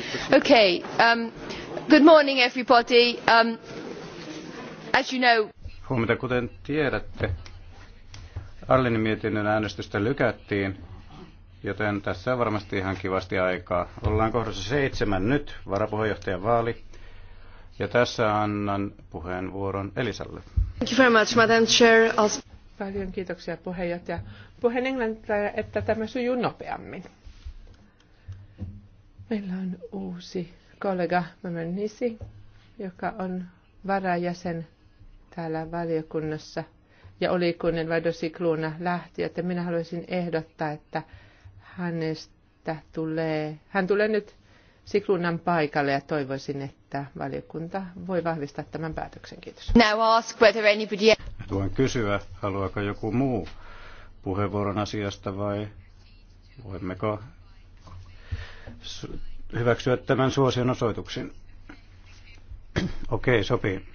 Um, good morning everybody. Um, as you know... Huomenta, kuten tiedätte, Arlinin mietinnön äänestystä lykättiin, joten tässä on varmasti ihan kivasti aikaa. Ollaan kohdassa seitsemän nyt, varapuheenjohtajan vaali. Ja tässä annan puheenvuoron Elisalle. Thank you very much, Madam Chair. Paljon kiitoksia puheenjohtaja. Puheen englantia, että tämä sujuu nopeammin. Meillä on uusi kollega Mamen Nisi, joka on varajäsen täällä valiokunnassa. Ja oli kunnen Vadosi Kluuna lähti, että minä haluaisin ehdottaa, että hänestä tulee, hän tulee nyt Siklunan paikalle ja toivoisin, että valiokunta voi vahvistaa tämän päätöksen. Kiitos. Now ask whether anybody... voin kysyä, haluaako joku muu puheenvuoron asiasta vai voimmeko hyväksyä tämän suosion osoituksen. Okei, okay, sopii.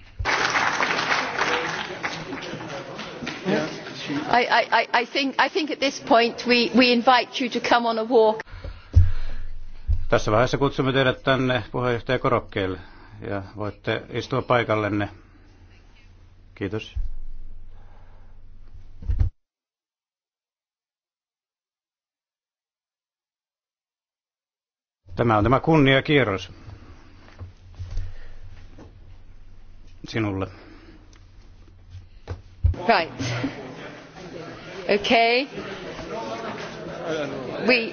I, I, I, think, I think at this point we, we invite you to come on a walk. Tässä vaiheessa kutsumme teidät tänne Korokkeelle ja voitte istua paikallenne. Kiitos. Tämä on tämä kunniakierros sinulle. Right. Okay. We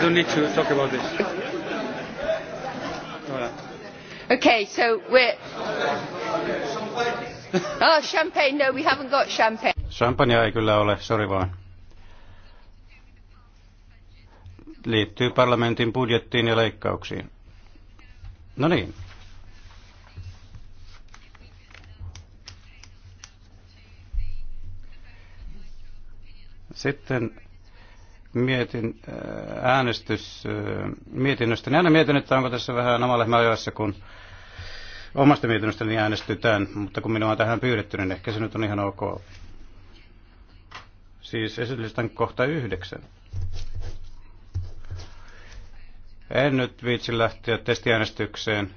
don't need to talk about this. Okay, so we're. Oh, champagne. No, we haven't got champagne. Champagne ei kyllä ole, sorry vaan. liittyy parlamentin budjettiin ja leikkauksiin. No niin. Sitten mietin äh, äänestys äh, mietinnöstä. Niin aina mietin, että onko tässä vähän omalehmä lehmä ajoissa, kun omasta mietinnöstäni niin äänestytään, mutta kun minua on tähän pyydetty, niin ehkä se nyt on ihan ok. Siis esitellään kohta yhdeksän. En nyt viitsi lähteä testiäänestykseen.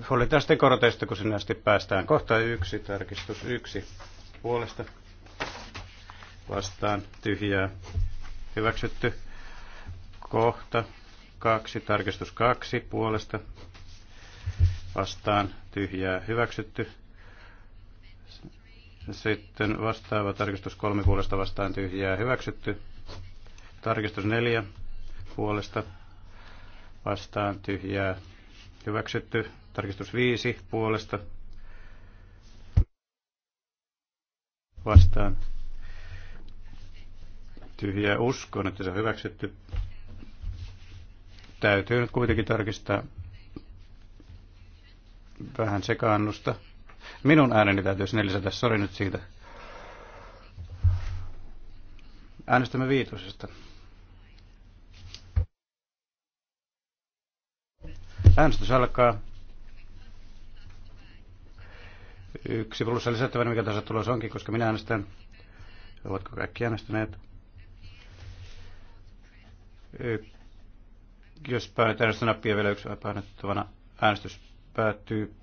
Äh, Oli tästä koroteista, kun sinne asti päästään. Kohta yksi, tarkistus yksi. Puolesta vastaan tyhjää. Hyväksytty. Kohta kaksi, tarkistus kaksi puolesta vastaan tyhjää. Hyväksytty. Sitten vastaava tarkistus kolme puolesta vastaan tyhjää. Hyväksytty. Tarkistus neljä puolesta vastaan tyhjää hyväksytty. Tarkistus 5 puolesta vastaan tyhjää uskon, että se on hyväksytty. Täytyy nyt kuitenkin tarkistaa vähän sekaannusta. Minun ääneni täytyy sinne lisätä, sori nyt siitä. Äänestämme viitosesta. Äänestys alkaa. Yksi plussa lisättävänä, mikä tässä tulos onkin, koska minä äänestän. Ovatko kaikki äänestäneet? Jos painat nappia vielä yksi painettavana, äänestys päättyy.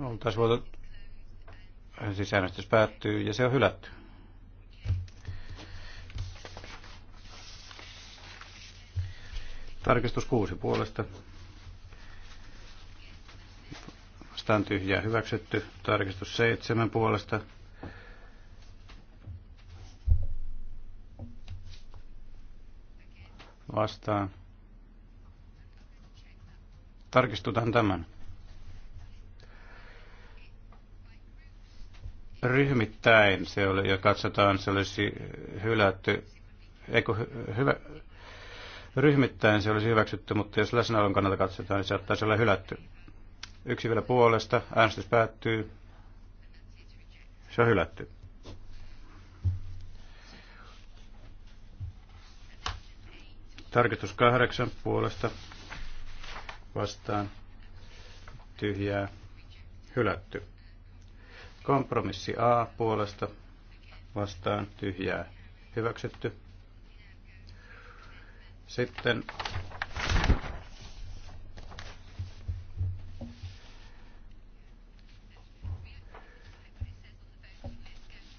Oltaisiin voitu, siis äänestys päättyy ja se on hylätty. Tarkistus kuusi puolesta. Vastaan tyhjää hyväksytty. Tarkistus seitsemän puolesta. Vastaan. Tarkistutaan tämän. Ryhmittäin se oli, ja katsotaan, se olisi hylätty, eikö hyvä, ryhmittäin se olisi hyväksytty, mutta jos läsnäolon kannalta katsotaan, niin saattaisi olla hylätty. Yksi vielä puolesta, äänestys päättyy, se on hylätty. Tarkistus kahdeksan puolesta vastaan tyhjää hylätty. Kompromissi A puolesta vastaan tyhjää hyväksytty. Sitten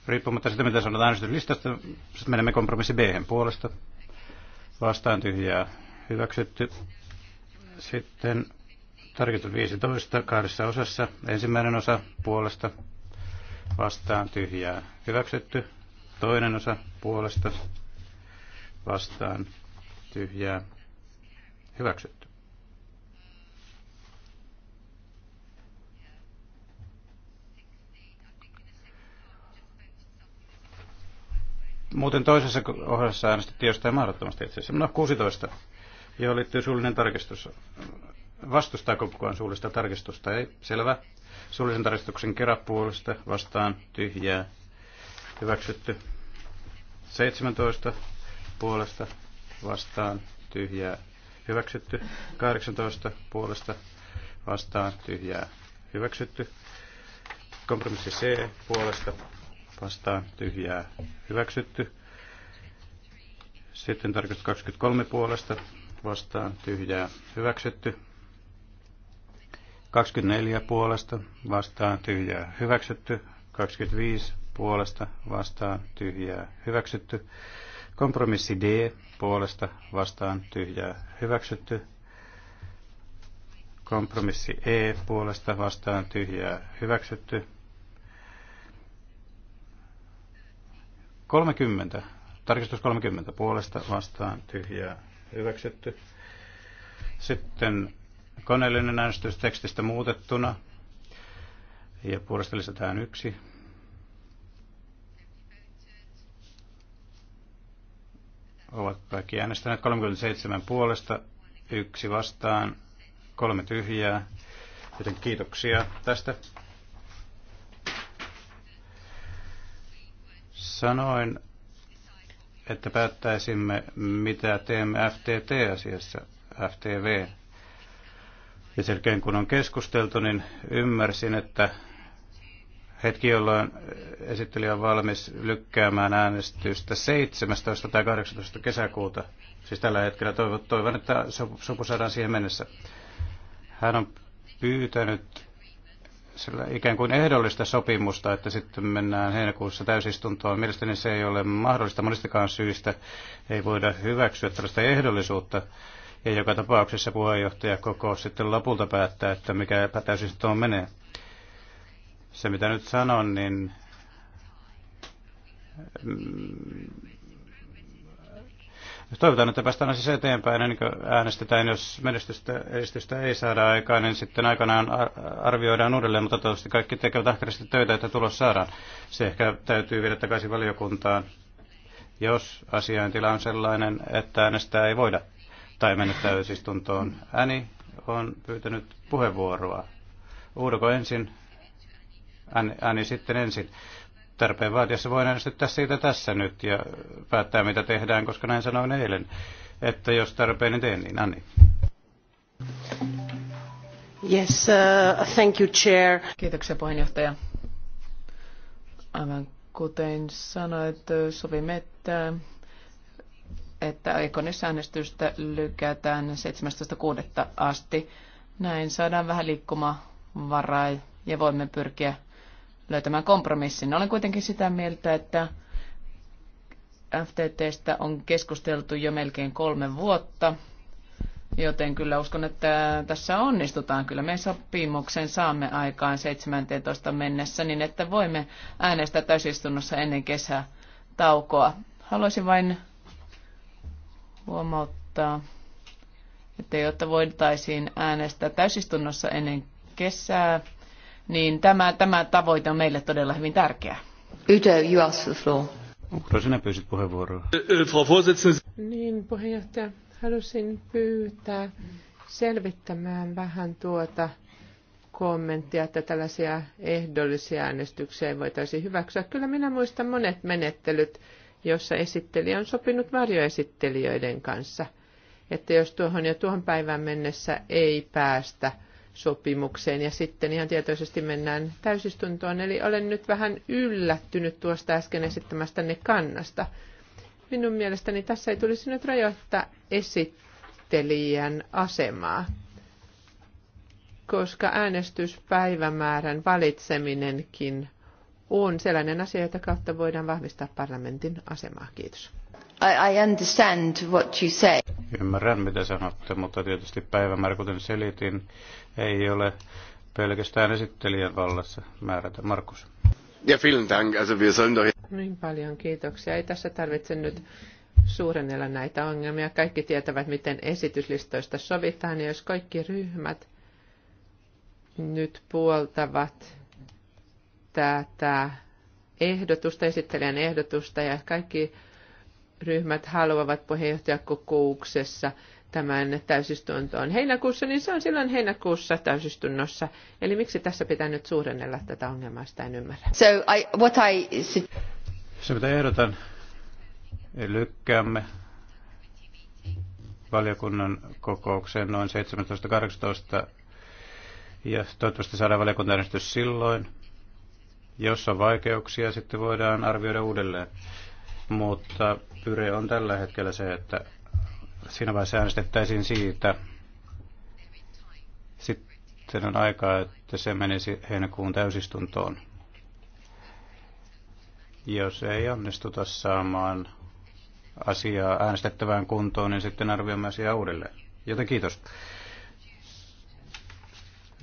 riippumatta siitä, mitä sanotaan äänestyslistasta, sitten menemme kompromissi b puolesta. Vastaan tyhjää hyväksytty. Sitten tarkistus 15 kahdessa osassa. Ensimmäinen osa puolesta vastaan tyhjää hyväksytty. Toinen osa puolesta vastaan tyhjää hyväksytty. Muuten toisessa ohjassa äänestettiin jostain mahdottomasti itse asiassa. No 16, johon liittyy suullinen tarkistus. vastustaa kukaan suullista tarkistusta? Ei, selvä. Suullisen tarkistuksen keräpuolista vastaan tyhjää. Hyväksytty. 17 puolesta vastaan tyhjää hyväksytty. 18 puolesta vastaan tyhjää hyväksytty. Kompromissi C puolesta vastaan tyhjää hyväksytty. Sitten tarkoitus 23 puolesta vastaan tyhjää hyväksytty. 24 puolesta vastaan tyhjää hyväksytty. 25 puolesta vastaan tyhjää hyväksytty. Kompromissi D puolesta vastaan tyhjää hyväksytty. Kompromissi E puolesta vastaan tyhjää hyväksytty. 30. Tarkistus 30 puolesta vastaan tyhjää hyväksytty. Sitten koneellinen äänestys tekstistä muutettuna ja puolesta lisätään yksi. Ovat kaikki äänestäneet 37 puolesta, yksi vastaan, kolme tyhjää. Joten kiitoksia tästä. Sanoin, että päättäisimme, mitä teemme FTT-asiassa, FTV. Ja selkeän kun on keskusteltu, niin ymmärsin, että hetki, jolloin esittelijä on valmis lykkäämään äänestystä 17. tai 18. kesäkuuta. Siis tällä hetkellä toivon, että sopu saadaan siihen mennessä. Hän on pyytänyt sillä ikään kuin ehdollista sopimusta, että sitten mennään heinäkuussa täysistuntoon. Mielestäni se ei ole mahdollista monistakaan syistä. Ei voida hyväksyä tällaista ehdollisuutta. Ja joka tapauksessa koko sitten lopulta päättää, että mikä täysistuntoon menee. Se mitä nyt sanon, niin mm, toivotaan, että päästään siis eteenpäin ennen niin kuin äänestetään. Jos menestystä edistystä ei saada aikaan, niin sitten aikanaan arvioidaan uudelleen, mutta toivottavasti kaikki tekevät ahkerasti töitä, että tulos saadaan. Se ehkä täytyy viedä takaisin valiokuntaan, jos asiaintila on sellainen, että äänestää ei voida tai mennä täysistuntoon. Äni on pyytänyt puheenvuoroa. Uudoko ensin? ääni sitten ensin. Tarpeen vaatiessa voin äänestyttää siitä tässä nyt ja päättää mitä tehdään, koska näin sanoin eilen, että jos tarpeen, niin teen niin. Anni. Yes, uh, thank you, chair. Kiitoksia puheenjohtaja. Aivan kuten sanoit, sovimme, että että Ekonissa äänestystä lykätään 17.6. asti. Näin saadaan vähän liikkumavaraa ja voimme pyrkiä löytämään kompromissin. Olen kuitenkin sitä mieltä, että FTTstä on keskusteltu jo melkein kolme vuotta, joten kyllä uskon, että tässä onnistutaan. Kyllä me sopimuksen saamme aikaan 17 mennessä niin, että voimme äänestää täysistunnossa ennen kesätaukoa. Haluaisin vain huomauttaa, että jotta voitaisiin äänestää täysistunnossa ennen kesää, niin tämä, tämä tavoite on meille todella hyvin tärkeä. Udo, you ask the floor. Ukra, sinä pyysit puheenvuoroa. Niin, puheenjohtaja, halusin pyytää selvittämään vähän tuota kommenttia, että tällaisia ehdollisia äänestyksiä ei voitaisi hyväksyä. Kyllä minä muistan monet menettelyt, jossa esittelijä on sopinut varjoesittelijöiden kanssa, että jos tuohon ja tuohon päivään mennessä ei päästä – sopimukseen ja sitten ihan tietoisesti mennään täysistuntoon. Eli olen nyt vähän yllättynyt tuosta äsken esittämästänne kannasta. Minun mielestäni tässä ei tulisi nyt rajoittaa esittelijän asemaa, koska äänestyspäivämäärän valitseminenkin on sellainen asia, jota kautta voidaan vahvistaa parlamentin asemaa. Kiitos. I, I understand what you say. Ymmärrän, mitä sanotte, mutta tietysti päivämäärä, kuten selitin, ei ole pelkästään esittelijän vallassa määrätä. Markus. Ja vielen dank. Also wir sollen doch... Niin paljon kiitoksia. Ei tässä tarvitse nyt suurennella näitä ongelmia. Kaikki tietävät, miten esityslistoista sovitaan. Ja jos kaikki ryhmät nyt puoltavat tätä ehdotusta, esittelijän ehdotusta ja kaikki ryhmät haluavat puheenjohtajakokouksessa – tämän täysistuntoon heinäkuussa, niin se on silloin heinäkuussa täysistunnossa. Eli miksi tässä pitää nyt suurennella tätä ongelmaa, sitä en ymmärrä. So I, what I... Se mitä ehdotan, lykkäämme valiokunnan kokoukseen noin 17.18 ja toivottavasti saadaan valiokuntaäänestys silloin. Jos on vaikeuksia, sitten voidaan arvioida uudelleen. Mutta pyre on tällä hetkellä se, että siinä vaiheessa äänestettäisiin siitä. Sitten on aikaa, että se menisi heinäkuun täysistuntoon. Jos ei onnistuta saamaan asiaa äänestettävään kuntoon, niin sitten arvioimme asiaa uudelleen. Joten kiitos.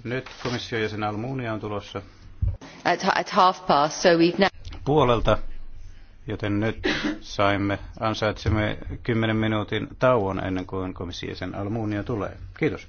Nyt komission jäsen Almunia on tulossa. At, at half past, so we've now... Puolelta Joten nyt saimme, ansaitsemme 10 minuutin tauon ennen kuin komission sen Almunia tulee. Kiitos.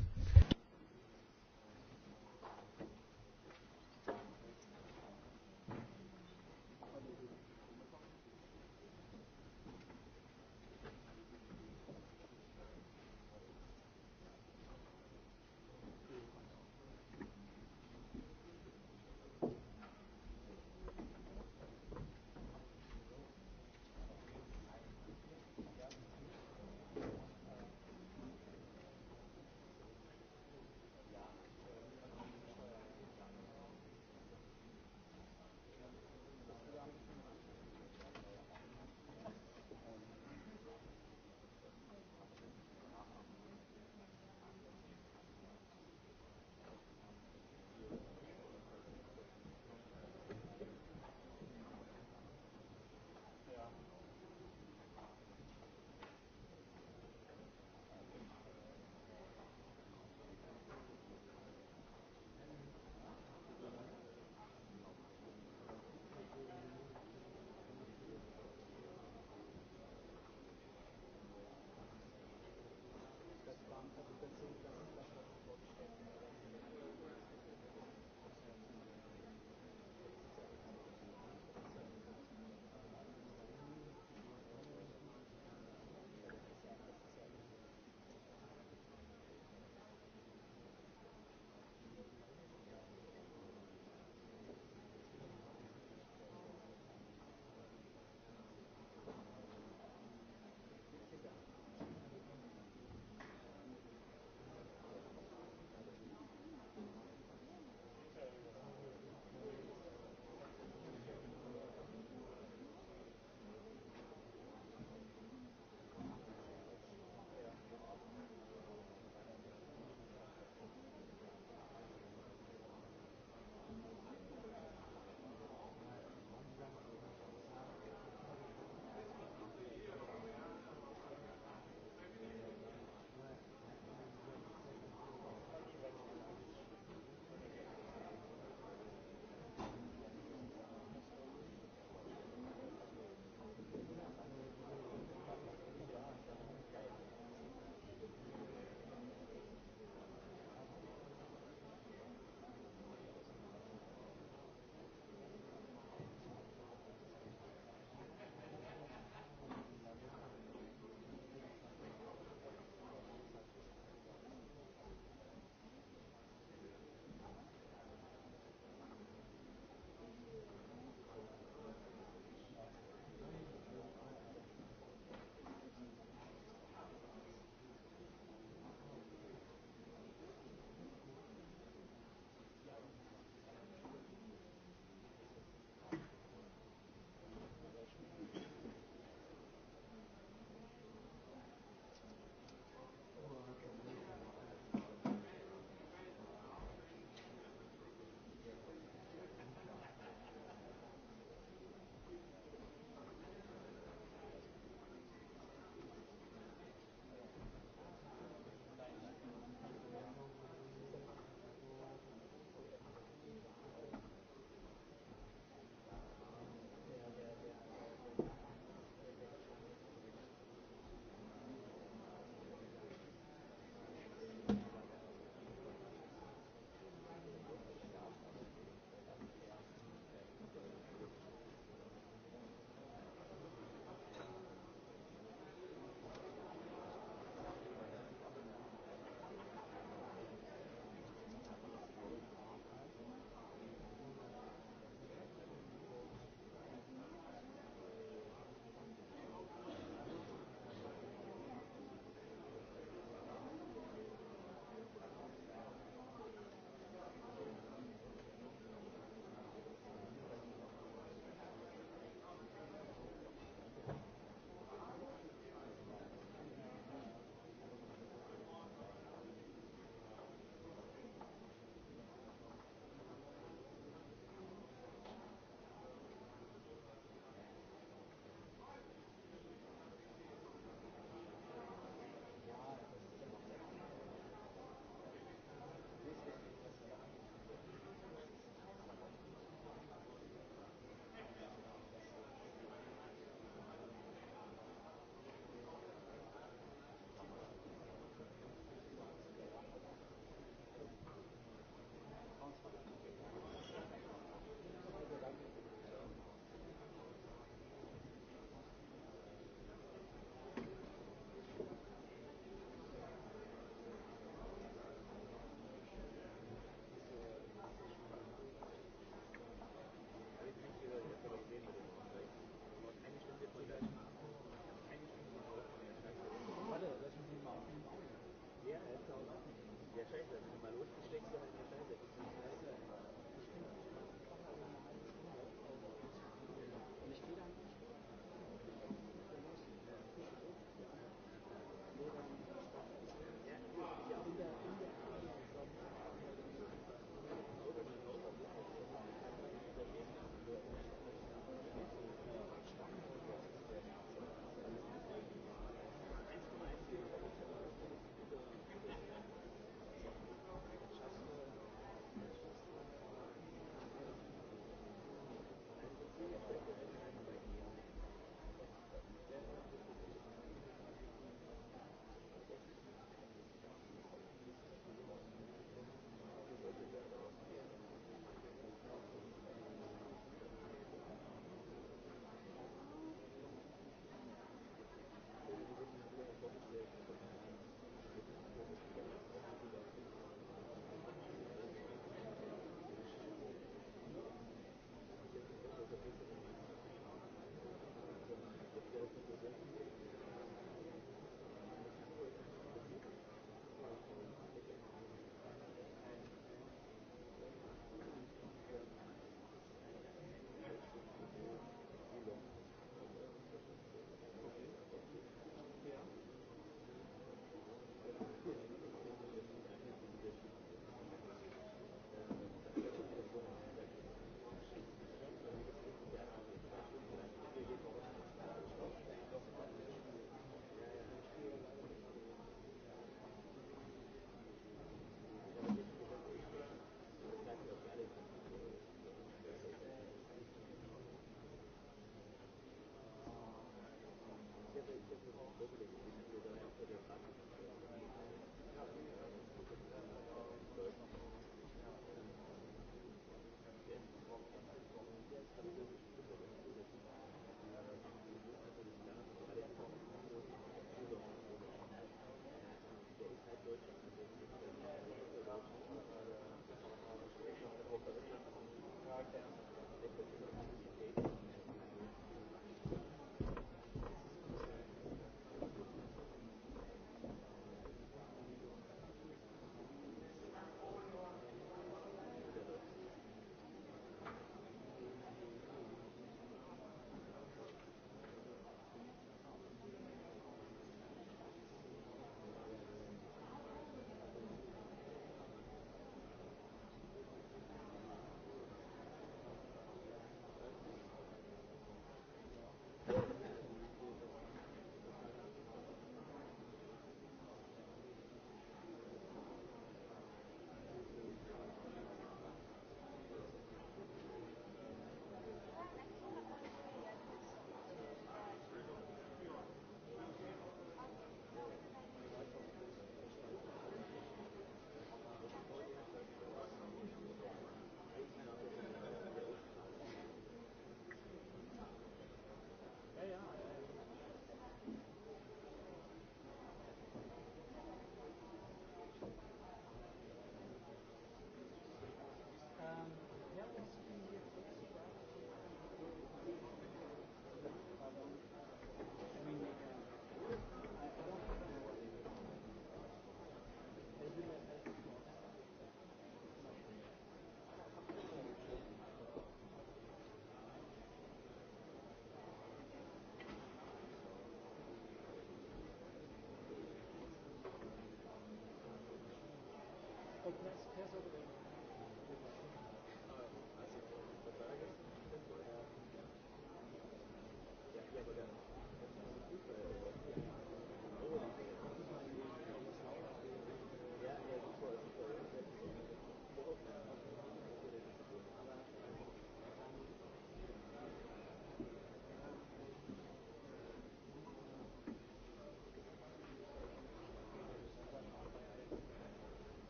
Ja, ja, ja.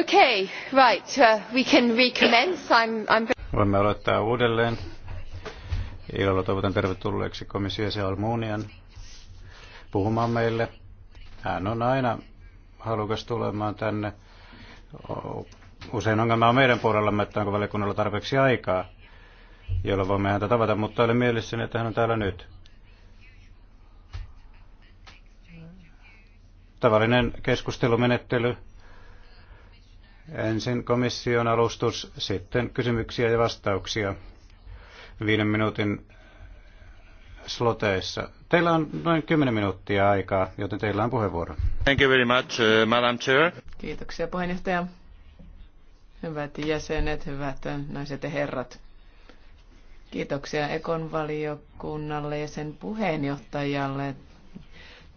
Okay, right, uh, we can recommence. I'm, I'm... Voimme aloittaa uudelleen. Ilolla toivotan tervetulleeksi komissiosi Almunian puhumaan meille. Hän on aina halukas tulemaan tänne. Usein ongelma on meidän puolellamme, että onko valiokunnalla tarpeeksi aikaa, jolla voimme häntä tavata, mutta olen mielessäni, että hän on täällä nyt. Tavallinen keskustelumenettely Ensin komission alustus, sitten kysymyksiä ja vastauksia viiden minuutin sloteissa. Teillä on noin 10 minuuttia aikaa, joten teillä on puheenvuoro. Thank you very much, uh, Madam Chair. Kiitoksia puheenjohtaja. Hyvät jäsenet, hyvät naiset ja herrat. Kiitoksia Ekon valiokunnalle ja sen puheenjohtajalle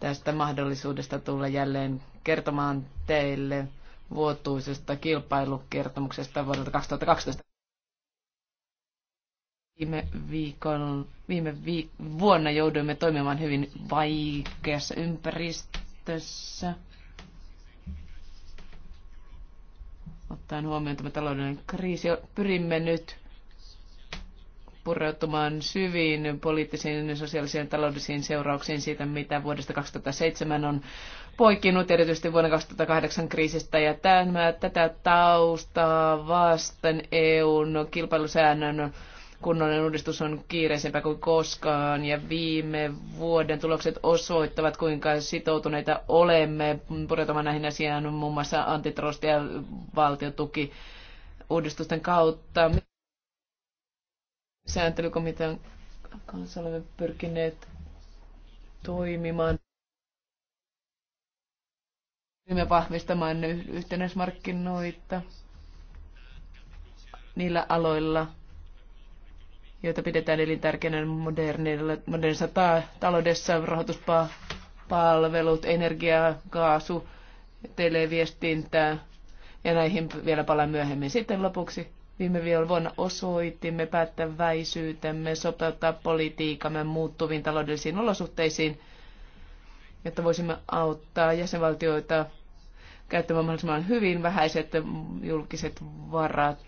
tästä mahdollisuudesta tulla jälleen kertomaan teille vuotuisesta kilpailukertomuksesta vuodelta 2012. Viime, viikon, viime viik- vuonna jouduimme toimimaan hyvin vaikeassa ympäristössä. Ottaen huomioon tämä taloudellinen kriisi, pyrimme nyt pureutumaan syviin poliittisiin, sosiaalisiin ja taloudellisiin seurauksiin siitä, mitä vuodesta 2007 on poikinut erityisesti vuonna 2008 kriisistä ja tämä, tätä taustaa vasten EUn kilpailusäännön kunnollinen uudistus on kiireisempää kuin koskaan ja viime vuoden tulokset osoittavat, kuinka sitoutuneita olemme pureutumaan näihin asiaan muun muassa antitrust- ja valtiotuki uudistusten kautta. Sääntelykomitean kanssa olemme pyrkineet toimimaan pyrimme vahvistamaan yhtenäismarkkinoita niillä aloilla, joita pidetään elintärkeänä modernissa ta- taloudessa, rahoituspalvelut, energia, kaasu, televiestintää ja näihin vielä palaan myöhemmin. Sitten lopuksi viime vuonna osoitimme päättäväisyytemme sopeuttaa politiikamme muuttuviin taloudellisiin olosuhteisiin, jotta voisimme auttaa jäsenvaltioita käyttämään mahdollisimman hyvin vähäiset julkiset varat.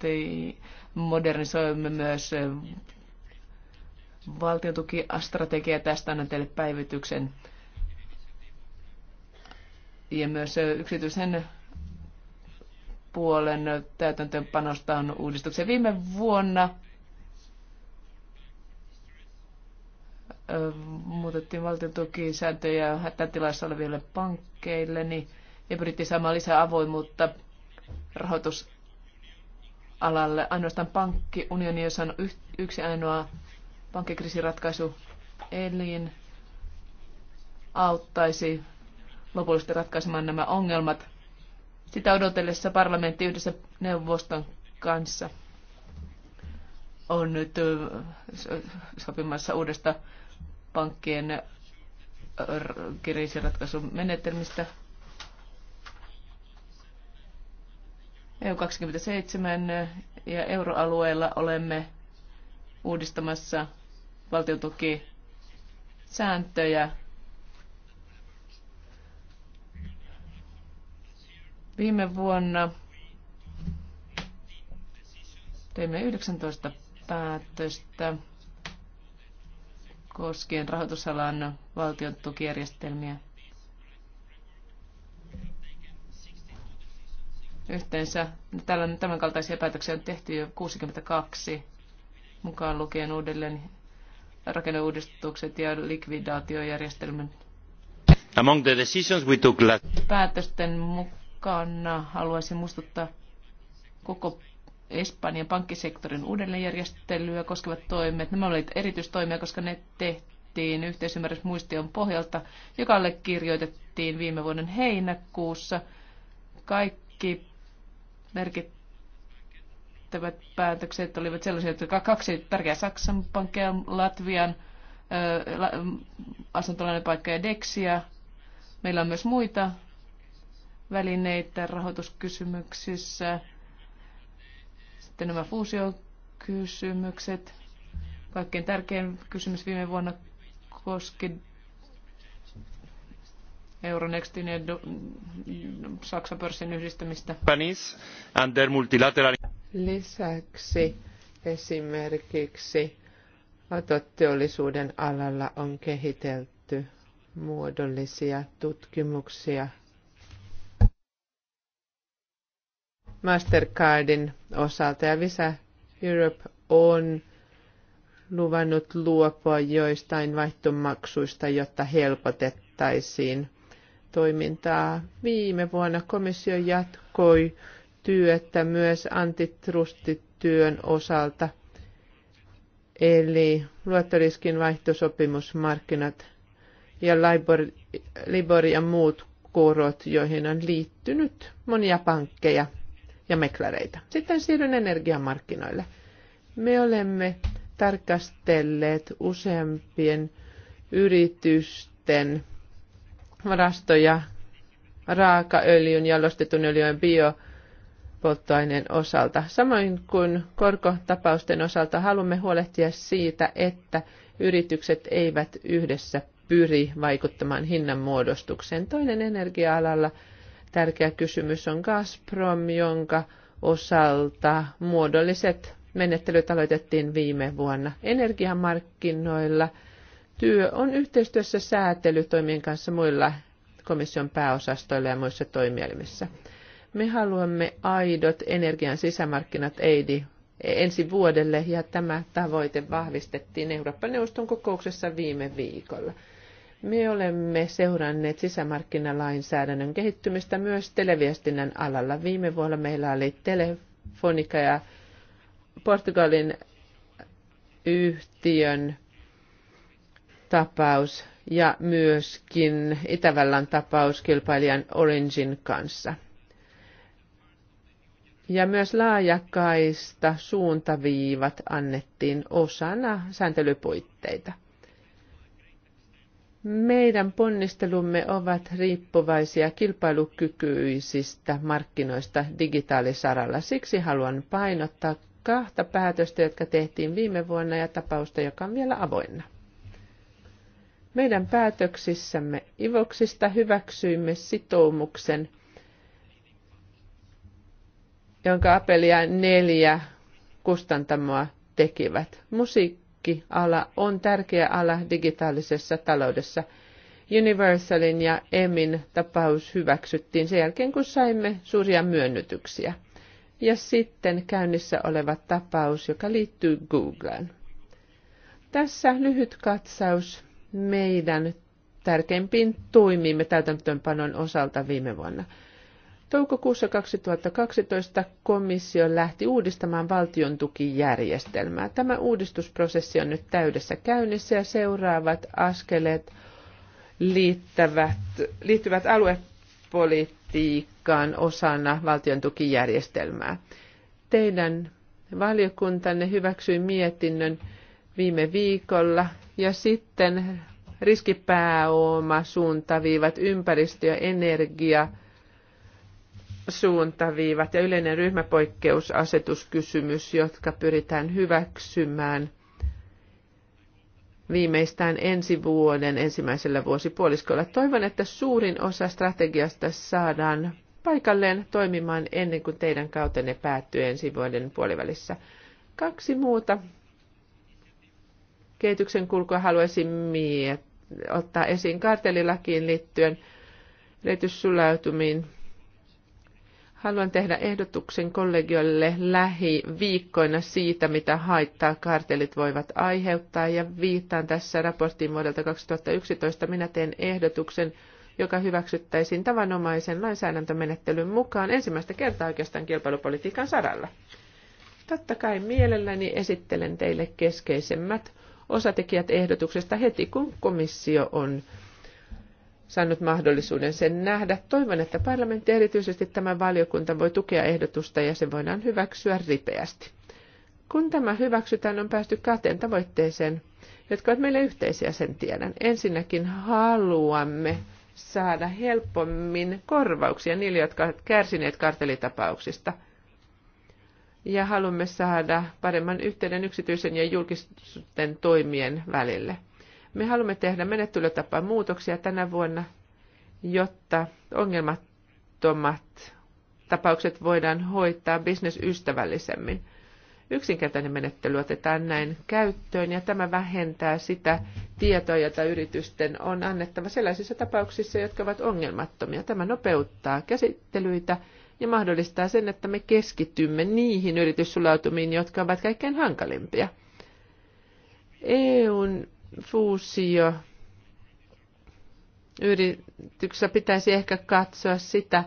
Modernisoimme myös valtiotukiastrategia Tästä annan teille päivityksen. Ja myös yksityisen puolen täytäntöönpanosta on uudistuksen Viime vuonna muutettiin valtion tukisääntöjä hätätilassa oleville pankkeille, niin ja pyrittiin saamaan lisää avoimuutta rahoitusalalle. Ainoastaan pankkiunioni, saanut yh- yksi ainoa pankkikriisiratkaisu elin, auttaisi lopullisesti ratkaisemaan nämä ongelmat. Sitä odotellessa parlamentti yhdessä neuvoston kanssa on nyt sopimassa uudesta pankkien kriisiratkaisumenetelmistä. menetelmistä EU27 ja euroalueella olemme uudistamassa valtiotukisääntöjä. Viime vuonna teimme 19 päätöstä koskien rahoitusalan valtion Yhteensä tällainen, tämän kaltaisia päätöksiä on tehty jo 62 mukaan lukien uudelleen rakenneuudistukset ja likvidaatiojärjestelmän. Among the decisions we took last... Päätösten mukana haluaisin muistuttaa koko Espanjan pankkisektorin uudelleenjärjestelyä koskevat toimet. Nämä olivat erityistoimia, koska ne tehtiin yhteisymmärrysmuistion pohjalta, joka allekirjoitettiin viime vuoden heinäkuussa. Kaikki merkittävät päätökset olivat sellaisia, jotka kaksi tärkeää Saksan pankkeja, Latvian asuntolainen paikka ja Dexia. Meillä on myös muita välineitä rahoituskysymyksissä. Sitten nämä fuusiokysymykset. Kaikkein tärkein kysymys viime vuonna koski Euronextin ja do, Saksan pörssin yhdistämistä. And their multilateral... Lisäksi esimerkiksi autoteollisuuden alalla on kehitelty muodollisia tutkimuksia Mastercardin osalta ja Visa Europe on luvannut luopua joistain vaihtomaksuista, jotta helpotettaisiin toimintaa. Viime vuonna komissio jatkoi työtä myös antitrustityön osalta, eli luottoriskin vaihtosopimusmarkkinat ja Libor, Libor ja muut korot, joihin on liittynyt monia pankkeja ja meklareita. Sitten siirryn energiamarkkinoille. Me olemme tarkastelleet useampien yritysten varastoja raakaöljyn, jalostetun öljyn, biopolttoaineen osalta. Samoin kuin korkotapausten osalta haluamme huolehtia siitä, että yritykset eivät yhdessä pyri vaikuttamaan hinnan muodostukseen Toinen energia-alalla tärkeä kysymys on Gazprom, jonka osalta muodolliset menettelyt aloitettiin viime vuonna energiamarkkinoilla – työ on yhteistyössä säätelytoimien kanssa muilla komission pääosastoilla ja muissa toimielimissä. Me haluamme aidot energian sisämarkkinat EIDI ensi vuodelle ja tämä tavoite vahvistettiin Euroopan neuvoston kokouksessa viime viikolla. Me olemme seuranneet sisämarkkinalainsäädännön kehittymistä myös televiestinnän alalla. Viime vuonna meillä oli telefonika ja Portugalin yhtiön tapaus ja myöskin Itävallan tapaus kilpailijan Orangein kanssa. Ja myös laajakaista suuntaviivat annettiin osana sääntelypuitteita. Meidän ponnistelumme ovat riippuvaisia kilpailukykyisistä markkinoista digitaalisaralla. Siksi haluan painottaa kahta päätöstä, jotka tehtiin viime vuonna ja tapausta, joka on vielä avoinna. Meidän päätöksissämme Ivoksista hyväksyimme sitoumuksen, jonka Apelia neljä kustantamoa tekivät. Musiikkiala on tärkeä ala digitaalisessa taloudessa. Universalin ja Emin tapaus hyväksyttiin sen jälkeen, kun saimme suuria myönnytyksiä. Ja sitten käynnissä oleva tapaus, joka liittyy Googleen. Tässä lyhyt katsaus meidän tärkeimpiin toimiimme täytäntöönpanon osalta viime vuonna. Toukokuussa 2012 komissio lähti uudistamaan valtion tukijärjestelmää. Tämä uudistusprosessi on nyt täydessä käynnissä ja seuraavat askeleet liittävät, liittyvät aluepolitiikkaan osana valtion tukijärjestelmää. Teidän valiokuntanne hyväksyi mietinnön, viime viikolla. Ja sitten riskipääoma suuntaviivat, ympäristö- ja energia suuntaviivat ja yleinen ryhmäpoikkeusasetuskysymys, jotka pyritään hyväksymään viimeistään ensi vuoden ensimmäisellä vuosipuoliskolla. Toivon, että suurin osa strategiasta saadaan paikalleen toimimaan ennen kuin teidän kautenne päättyy ensi vuoden puolivälissä. Kaksi muuta kehityksen kulkua haluaisin miet- ottaa esiin kartelilakiin liittyen yrityssulautumiin. Haluan tehdä ehdotuksen kollegiolle lähiviikkoina siitä, mitä haittaa kartelit voivat aiheuttaa, ja viittaan tässä raporttiin vuodelta 2011. Minä teen ehdotuksen, joka hyväksyttäisiin tavanomaisen lainsäädäntömenettelyn mukaan ensimmäistä kertaa oikeastaan kilpailupolitiikan saralla. Totta kai mielelläni esittelen teille keskeisemmät osatekijät ehdotuksesta heti, kun komissio on saanut mahdollisuuden sen nähdä. Toivon, että parlamentti erityisesti tämä valiokunta voi tukea ehdotusta ja se voidaan hyväksyä ripeästi. Kun tämä hyväksytään, on päästy kahteen tavoitteeseen, jotka ovat meille yhteisiä, sen tiedän. Ensinnäkin haluamme saada helpommin korvauksia niille, jotka ovat kärsineet kartelitapauksista – ja haluamme saada paremman yhteyden yksityisen ja julkisten toimien välille. Me haluamme tehdä menettelytapaan muutoksia tänä vuonna, jotta ongelmattomat tapaukset voidaan hoitaa bisnesystävällisemmin. Yksinkertainen menettely otetaan näin käyttöön ja tämä vähentää sitä tietoa, jota yritysten on annettava sellaisissa tapauksissa, jotka ovat ongelmattomia. Tämä nopeuttaa käsittelyitä ja mahdollistaa sen, että me keskitymme niihin yrityssulautumiin, jotka ovat kaikkein hankalimpia. EUn fuusio yrityksessä pitäisi ehkä katsoa sitä,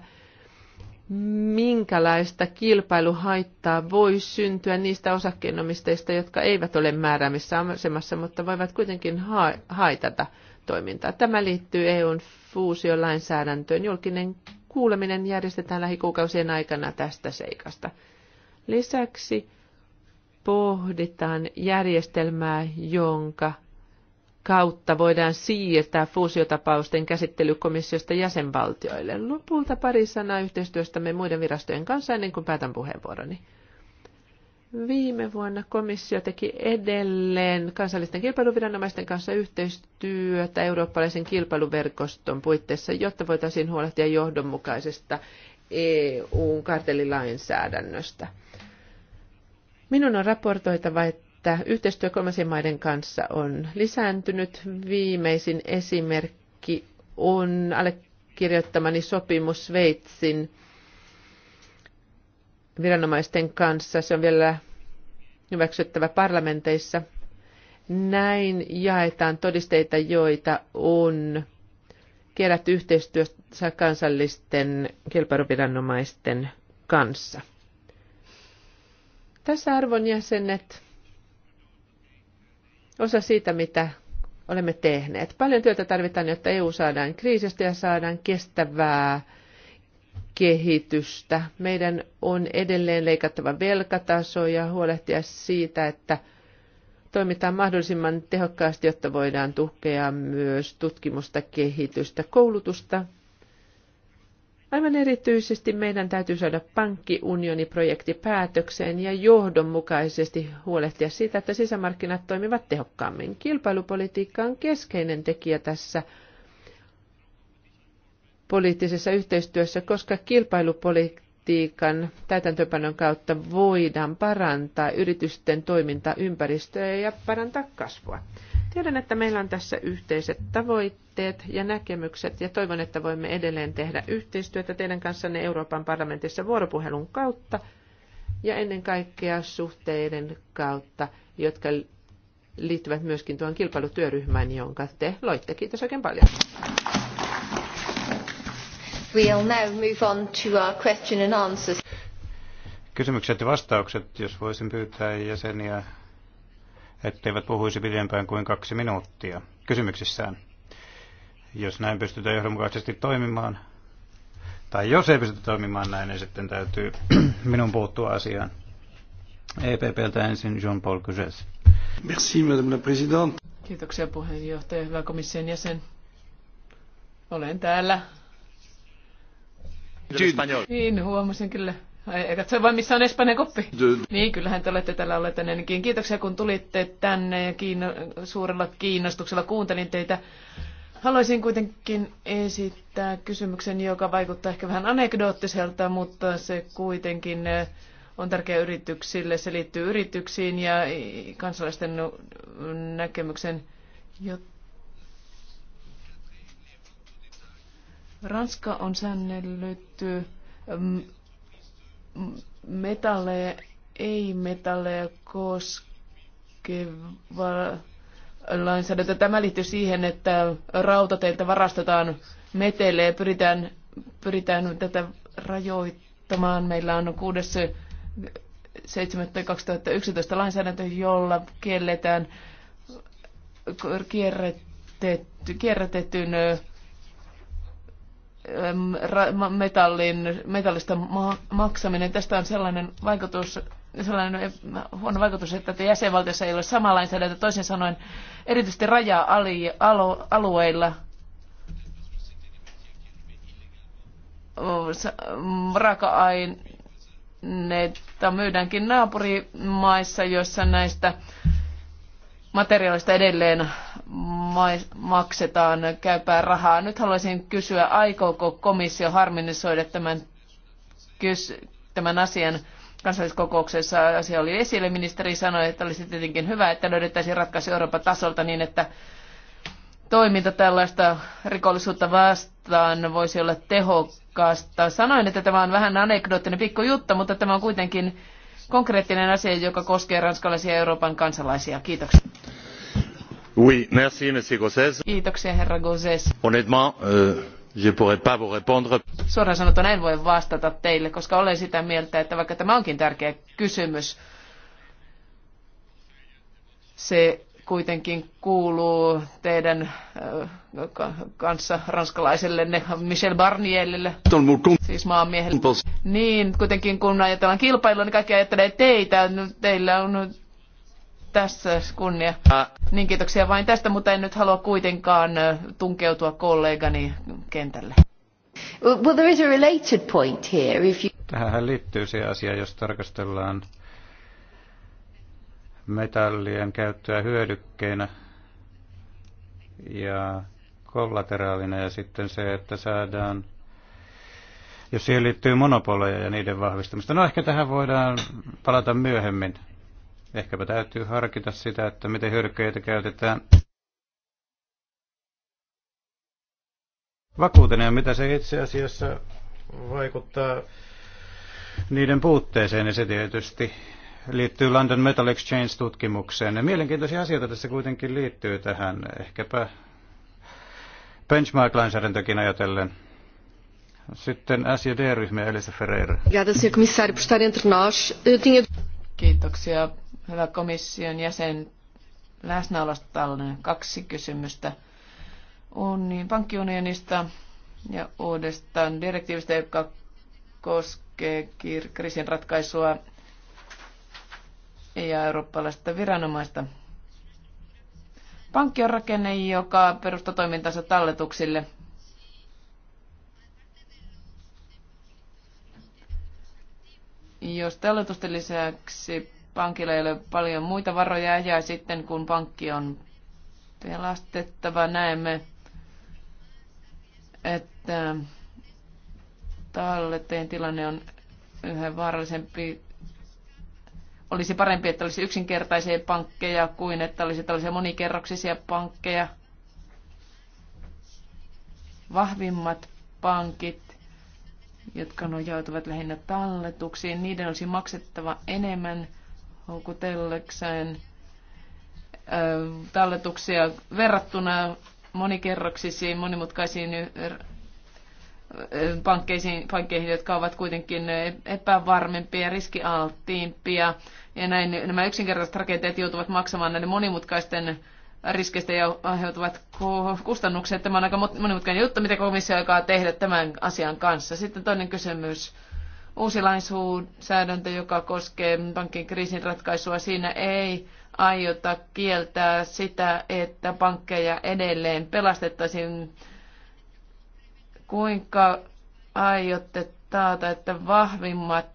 minkälaista kilpailuhaittaa voi syntyä niistä osakkeenomistajista, jotka eivät ole määräämissä asemassa, mutta voivat kuitenkin ha- haitata toimintaa. Tämä liittyy EUn fuusiolainsäädäntöön. Julkinen kuuleminen järjestetään lähikuukausien aikana tästä seikasta. Lisäksi pohditaan järjestelmää, jonka kautta voidaan siirtää fuusiotapausten käsittelykomissiosta jäsenvaltioille. Lopulta pari sanaa yhteistyöstämme muiden virastojen kanssa ennen kuin päätän puheenvuoroni. Viime vuonna komissio teki edelleen kansallisten kilpailuviranomaisten kanssa yhteistyötä eurooppalaisen kilpailuverkoston puitteissa, jotta voitaisiin huolehtia johdonmukaisesta EUn kartellilainsäädännöstä. Minun on raportoitava, että yhteistyö kolmansien maiden kanssa on lisääntynyt. Viimeisin esimerkki on allekirjoittamani sopimus Sveitsin viranomaisten kanssa. Se on vielä hyväksyttävä parlamenteissa. Näin jaetaan todisteita, joita on kerätty yhteistyössä kansallisten kilpailuviranomaisten kanssa. Tässä arvon jäsenet, osa siitä, mitä olemme tehneet. Paljon työtä tarvitaan, jotta EU saadaan kriisistä ja saadaan kestävää kehitystä. Meidän on edelleen leikattava velkatasoa ja huolehtia siitä, että toimitaan mahdollisimman tehokkaasti, jotta voidaan tukea myös tutkimusta, kehitystä, koulutusta. Aivan erityisesti meidän täytyy saada pankkiunioniprojekti päätökseen ja johdonmukaisesti huolehtia siitä, että sisämarkkinat toimivat tehokkaammin. Kilpailupolitiikka on keskeinen tekijä tässä – poliittisessa yhteistyössä, koska kilpailupolitiikan täytäntöpanon kautta voidaan parantaa yritysten toimintaympäristöä ja parantaa kasvua. Tiedän, että meillä on tässä yhteiset tavoitteet ja näkemykset ja toivon, että voimme edelleen tehdä yhteistyötä teidän kanssanne Euroopan parlamentissa vuoropuhelun kautta ja ennen kaikkea suhteiden kautta, jotka liittyvät myöskin tuon kilpailutyöryhmään, jonka te loitte. Kiitos oikein paljon. We'll now move on to our question and answers. Kysymykset ja vastaukset, jos voisin pyytää jäseniä, etteivät puhuisi pidempään kuin kaksi minuuttia kysymyksissään. Jos näin pystytään johdonmukaisesti toimimaan, tai jos ei pystytä toimimaan näin, niin sitten täytyy minun puuttua asiaan. EPPltä ensin Jean-Paul Cuses. Merci, madame la présidente. Kiitoksia puheenjohtaja, hyvä komission jäsen. Olen täällä niin, huomasin kyllä. Eikä se vain missä on Espanjan koppi. Niin, kyllähän te olette täällä olleet ennenkin. Kiitoksia kun tulitte tänne ja kiino- suurella kiinnostuksella kuuntelin teitä. Haluaisin kuitenkin esittää kysymyksen, joka vaikuttaa ehkä vähän anekdoottiselta, mutta se kuitenkin eh, on tärkeä yrityksille. Se liittyy yrityksiin ja kansalaisten näkemyksen, jotta Ranska on säännellyt mm, mm, metalleja, ei-metalleja koskeva lainsäädäntö. Tämä liittyy siihen, että rautateiltä varastetaan metelejä ja pyritään, pyritään tätä rajoittamaan. Meillä on 6.7.2011 lainsäädäntö, jolla kielletään kierrätetty, kierrätetyn Ähm, metallin, metallista maksaminen. Tästä on sellainen vaikutus, sellainen huono vaikutus, että jäsenvaltiossa ei ole sama lainsäädäntö. Toisin sanoen erityisesti raja-alueilla raaka-aineita myydäänkin naapurimaissa, joissa näistä materiaalista edelleen maksetaan käypää rahaa. Nyt haluaisin kysyä, aikooko komissio harminisoida tämän, tämän asian kansalliskokouksessa asia oli esille. Ministeri sanoi, että olisi tietenkin hyvä, että löydettäisiin ratkaisu Euroopan tasolta niin, että toiminta tällaista rikollisuutta vastaan voisi olla tehokkaasta. Sanoin, että tämä on vähän anekdoottinen pikkujuttu, mutta tämä on kuitenkin konkreettinen asia, joka koskee ranskalaisia ja Euroopan kansalaisia. Kiitoksia. Kiitoksia, herra Gosses. Euh, Suoraan sanottuna en voi vastata teille, koska olen sitä mieltä, että vaikka tämä onkin tärkeä kysymys, se kuitenkin kuuluu teidän äh, kanssanne ranskalaisellenne Michel Barnierille, siis maanmiehelle. Niin, kuitenkin kun ajatellaan kilpailua, niin kaikki ajattelee teitä. No, teillä on tässä kunnia. Ah. Niin kiitoksia vain tästä, mutta en nyt halua kuitenkaan tunkeutua kollegani kentälle. Well, there is a related point here. If you... Tähän liittyy se asia, jos tarkastellaan metallien käyttöä hyödykkeinä ja kollateraalina ja sitten se, että saadaan, jos siihen liittyy monopoleja ja niiden vahvistamista. No ehkä tähän voidaan palata myöhemmin. Ehkäpä täytyy harkita sitä, että miten hyrkkeitä käytetään. Vakuutena mitä se itse asiassa vaikuttaa niiden puutteeseen, niin se tietysti liittyy London Metal Exchange-tutkimukseen. mielenkiintoisia asioita tässä kuitenkin liittyy tähän, ehkäpä benchmark-lainsäädäntökin ajatellen. Sitten SJD-ryhmä Elisa Ferreira. Kiitoksia hyvä komission jäsen läsnäolosta kaksi kysymystä. On niin pankkiunionista ja uudestaan direktiivistä, joka koskee kriisin ratkaisua ja eurooppalaista viranomaista. Pankki on rakenne, joka perustaa toimintansa talletuksille. Jos talletusten lisäksi pankilla ei ole paljon muita varoja ja sitten kun pankki on pelastettava, näemme, että talleteen tilanne on yhä vaarallisempi. Olisi parempi, että olisi yksinkertaisia pankkeja kuin että olisi tällaisia monikerroksisia pankkeja. Vahvimmat pankit, jotka nojautuvat lähinnä talletuksiin, niiden olisi maksettava enemmän – houkutellekseen talletuksia verrattuna monikerroksisiin, monimutkaisiin pankkeisiin, pankkeihin, jotka ovat kuitenkin epävarmempia riskialttiimpia. Ja näin nämä yksinkertaiset rakenteet joutuvat maksamaan näiden monimutkaisten riskeistä ja aiheutuvat kustannukset. Tämä on aika monimutkainen juttu, mitä komissio aikaa tehdä tämän asian kanssa. Sitten toinen kysymys uusi lainsäädäntö, joka koskee pankin kriisin ratkaisua. Siinä ei aiota kieltää sitä, että pankkeja edelleen pelastettaisiin. Kuinka aiotte taata, että vahvimmat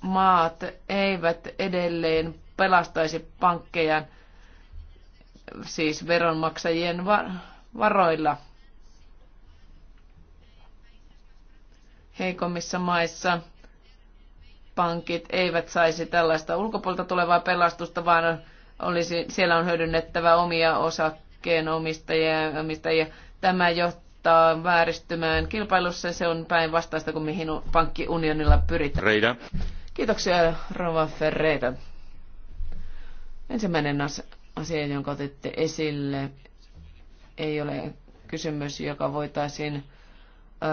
maat eivät edelleen pelastaisi pankkeja, siis veronmaksajien varoilla? Heikommissa maissa pankit eivät saisi tällaista ulkopuolta tulevaa pelastusta, vaan olisi, siellä on hyödynnettävä omia osakkeenomistajia. Omistajia. Tämä johtaa vääristymään kilpailussa. Se on päinvastaista kuin mihin pankkiunionilla pyritään. Reida. Kiitoksia, Rova Ferreira. Ensimmäinen asia, jonka otitte esille, ei ole kysymys, joka voitaisiin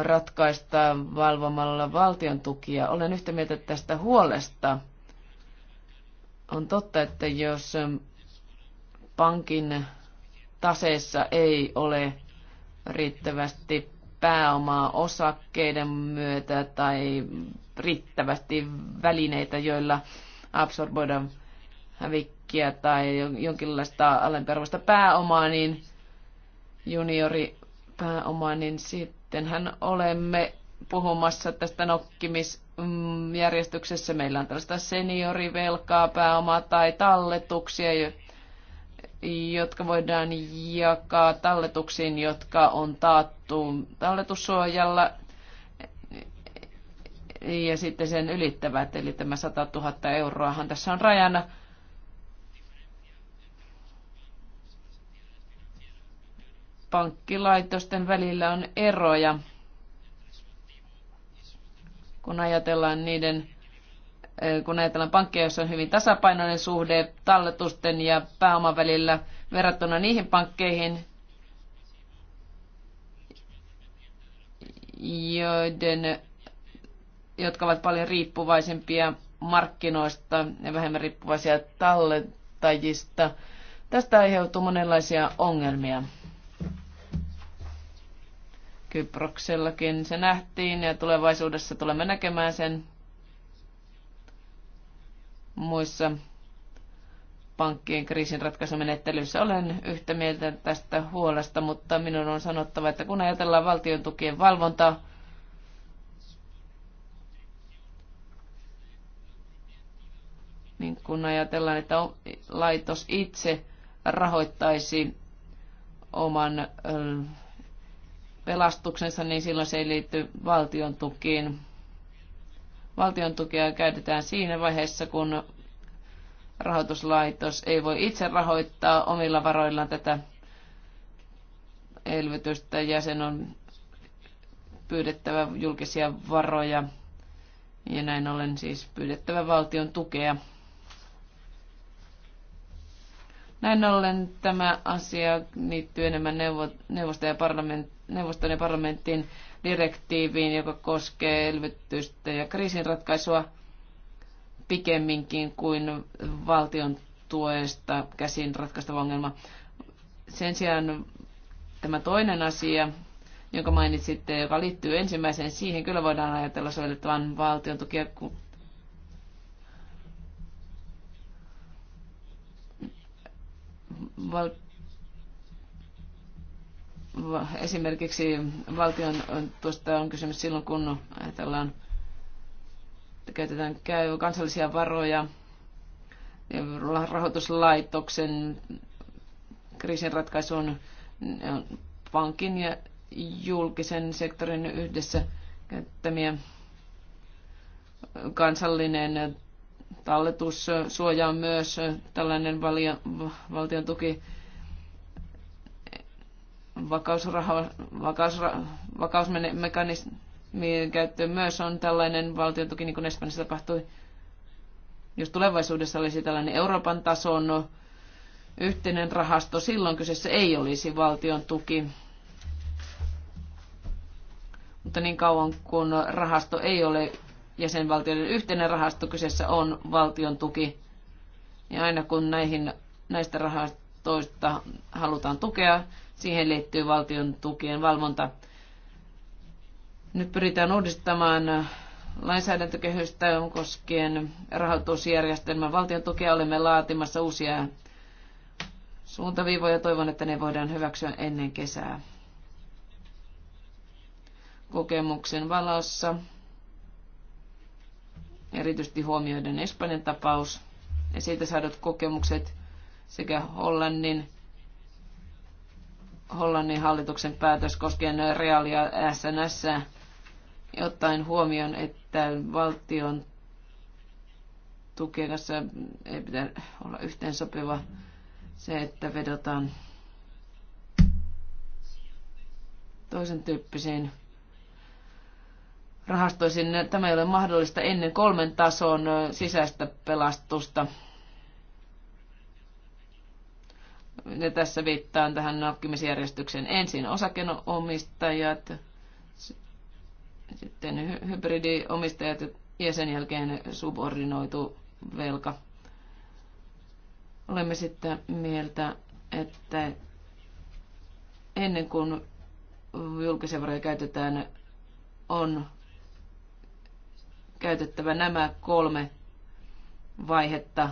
ratkaista valvomalla valtion tukia. Olen yhtä mieltä tästä huolesta. On totta, että jos pankin taseessa ei ole riittävästi pääomaa osakkeiden myötä tai riittävästi välineitä, joilla absorboidaan hävikkiä tai jonkinlaista alempiarvoista pääomaa, niin juniori pääomaa, niin siitä Sittenhän olemme puhumassa tästä nokkimisjärjestyksessä. Meillä on tällaista seniorivelkaa, pääomaa tai talletuksia, jotka voidaan jakaa talletuksiin, jotka on taattu talletussuojalla ja sitten sen ylittävät, eli tämä 100 000 euroahan tässä on rajana. pankkilaitosten välillä on eroja, kun ajatellaan niiden eh, kun ajatellaan pankkeja, joissa on hyvin tasapainoinen suhde talletusten ja pääoman välillä verrattuna niihin pankkeihin, joiden, jotka ovat paljon riippuvaisempia markkinoista ja vähemmän riippuvaisia tallentajista. Tästä aiheutuu monenlaisia ongelmia. Kyproksellakin se nähtiin ja tulevaisuudessa tulemme näkemään sen muissa pankkien kriisinratkaisumenettelyissä. Olen yhtä mieltä tästä huolesta, mutta minun on sanottava, että kun ajatellaan valtion tukien valvontaa, niin kun ajatellaan, että laitos itse rahoittaisi oman pelastuksensa, niin silloin se ei liitty valtion tukiin. Valtion tukea käytetään siinä vaiheessa, kun rahoituslaitos ei voi itse rahoittaa omilla varoillaan tätä elvytystä ja sen on pyydettävä julkisia varoja ja näin ollen siis pyydettävä valtion tukea. Näin ollen tämä asia liittyy enemmän neuvo- neuvosto- ja parlament- neuvoston ja parlamentin direktiiviin, joka koskee elvytystä ja kriisinratkaisua pikemminkin kuin valtion tuesta käsin ratkaistava ongelma. Sen sijaan tämä toinen asia, jonka mainitsitte, joka liittyy ensimmäiseen, siihen kyllä voidaan ajatella sovellettavan valtion tukia. Val- esimerkiksi valtion tuosta on kysymys silloin, kun ajatellaan, että käytetään käy kansallisia varoja ja rahoituslaitoksen kriisinratkaisuun pankin ja julkisen sektorin yhdessä käyttämiä kansallinen talletussuoja on myös tällainen valio, valtion tuki vakausraho, vakausra, vakausmekanismien käyttöön myös on tällainen valtio-tuki, niin kuin Espanjassa tapahtui. Jos tulevaisuudessa olisi tällainen Euroopan tason yhteinen rahasto, silloin kyseessä ei olisi valtion tuki. Mutta niin kauan kun rahasto ei ole jäsenvaltioiden yhteinen rahasto, kyseessä on valtion tuki. Ja aina kun näihin, näistä rahastoista halutaan tukea, Siihen liittyy valtion tukien valvonta. Nyt pyritään uudistamaan lainsäädäntökehystä koskien rahoitusjärjestelmän valtion tukea. Olemme laatimassa uusia suuntaviivoja. Toivon, että ne voidaan hyväksyä ennen kesää. Kokemuksen valossa, erityisesti huomioiden Espanjan tapaus ja siitä saadut kokemukset sekä Hollannin Hollannin hallituksen päätös koskien reaalia SNS, ottaen huomioon, että valtion tukien kanssa ei pitää olla yhteen sopiva se, että vedotaan toisen tyyppisiin rahastoisin. Tämä ei ole mahdollista ennen kolmen tason sisäistä pelastusta. Ja tässä viittaan tähän nakkimisjärjestykseen Ensin osakenomistajat, sitten hybridiomistajat ja sen jälkeen subordinoitu velka. Olemme sitten mieltä, että ennen kuin julkisen varoja käytetään, on käytettävä nämä kolme vaihetta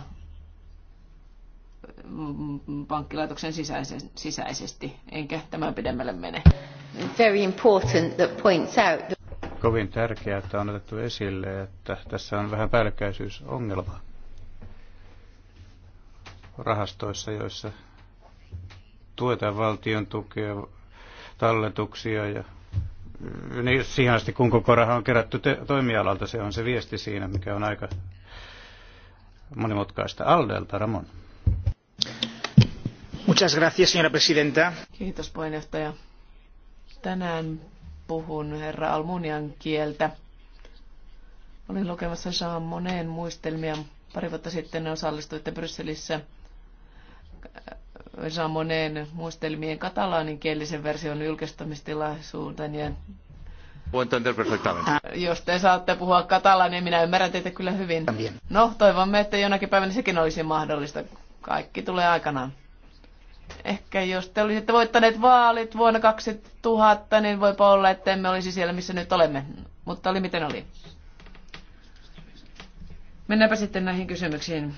pankkilaitoksen sisäisesti, enkä tämän pidemmälle mene. Very important that points out that kovin tärkeää, että on otettu esille, että tässä on vähän päällekkäisyysongelma rahastoissa, joissa tuetaan valtion tukea, talletuksia ja niin siihen asti, kun koko raha on kerätty te- toimialalta, se on se viesti siinä, mikä on aika monimutkaista. Aldelta, Ramon. Muchas gracias, señora presidenta. Tänään puhun herra Almunian kieltä. Olin lukemassa Jean Monnetin muistelmia. Pari vuotta sitten osallistuitte Brysselissä äh, Jean Monnetin muistelmien katalaaninkielisen version julkistamistilaisuuteen. Ja jos te saatte puhua katalania, minä ymmärrän teitä kyllä hyvin. No, toivomme, että jonakin päivänä sekin olisi mahdollista. Kaikki tulee aikanaan. Ehkä jos te olisitte voittaneet vaalit vuonna 2000, niin voi olla, että emme olisi siellä, missä nyt olemme. Mutta oli miten oli. Mennäänpä sitten näihin kysymyksiin.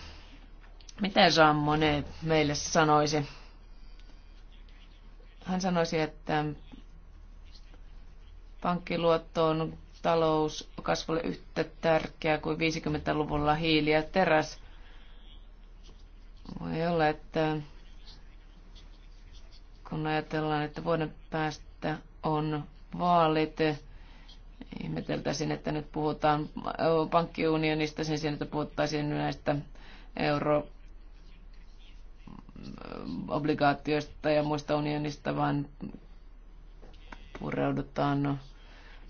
Miten Sammone meille sanoisi? Hän sanoisi, että pankkiluotto on talouskasvulle yhtä tärkeää kuin 50-luvulla hiili ja teräs. Voi olla, että kun ajatellaan, että vuoden päästä on vaalit, ihmeteltäisiin, että nyt puhutaan pankkiunionista sen sijaan, että puhuttaisiin näistä euro obligaatioista ja muista unionista, vaan pureudutaan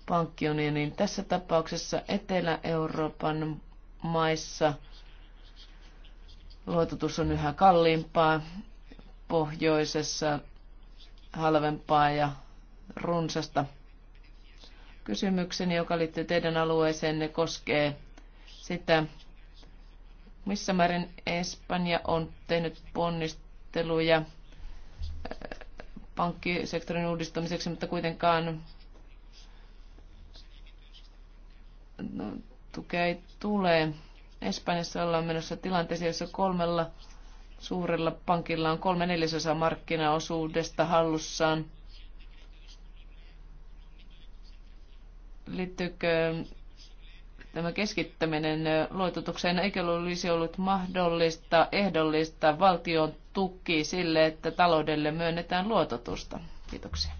pankkiunioniin. Tässä tapauksessa Etelä-Euroopan maissa – luototus on yhä kalliimpaa, pohjoisessa halvempaa ja runsasta. Kysymykseni, joka liittyy teidän alueeseenne, koskee sitä, missä määrin Espanja on tehnyt ponnisteluja äh, pankkisektorin uudistamiseksi, mutta kuitenkaan no, tukea ei tule. Espanjassa ollaan menossa tilanteeseen, jossa kolmella suurella pankilla on kolme neljäsosa markkinaosuudesta hallussaan. Liittyykö tämä keskittäminen luototukseen? Eikö olisi ollut mahdollista ehdollista valtion tuki sille, että taloudelle myönnetään luototusta? Kiitoksia.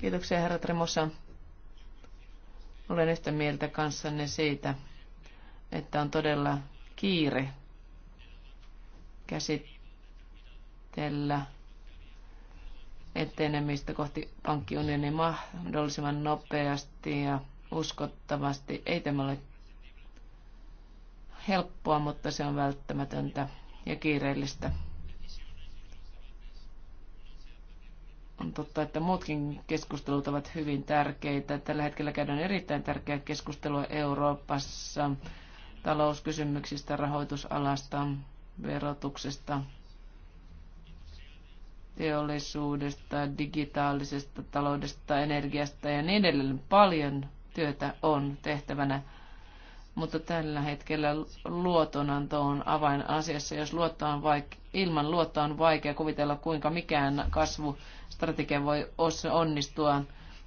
Kiitoksia, herra Tremosa. Olen yhtä mieltä kanssanne siitä, että on todella kiire käsitellä etenemistä kohti pankkiunionia mahdollisimman nopeasti ja uskottavasti. Ei tämä ole helppoa, mutta se on välttämätöntä ja kiireellistä. On totta, että muutkin keskustelut ovat hyvin tärkeitä. Tällä hetkellä käydään erittäin tärkeää keskustelua Euroopassa talouskysymyksistä, rahoitusalasta, verotuksesta, teollisuudesta, digitaalisesta taloudesta, energiasta ja niin edelleen. Paljon työtä on tehtävänä, mutta tällä hetkellä luotonanto on avainasiassa. Jos luotto on vaike- ilman luottoa on vaikea kuvitella, kuinka mikään kasvustrategia voi onnistua,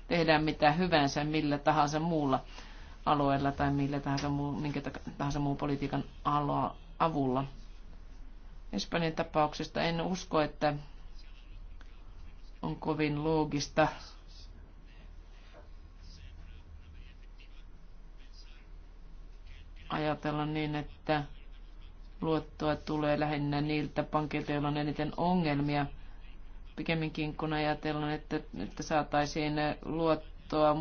tehdään mitä hyvänsä millä tahansa muulla alueella tai millä tahansa muu, minkä tahansa muu politiikan aloa, avulla. Espanjan tapauksesta en usko, että on kovin loogista ajatella niin, että luottoa tulee lähinnä niiltä pankilta, joilla on eniten ongelmia. Pikemminkin kun ajatellaan, että, että saataisiin luottoa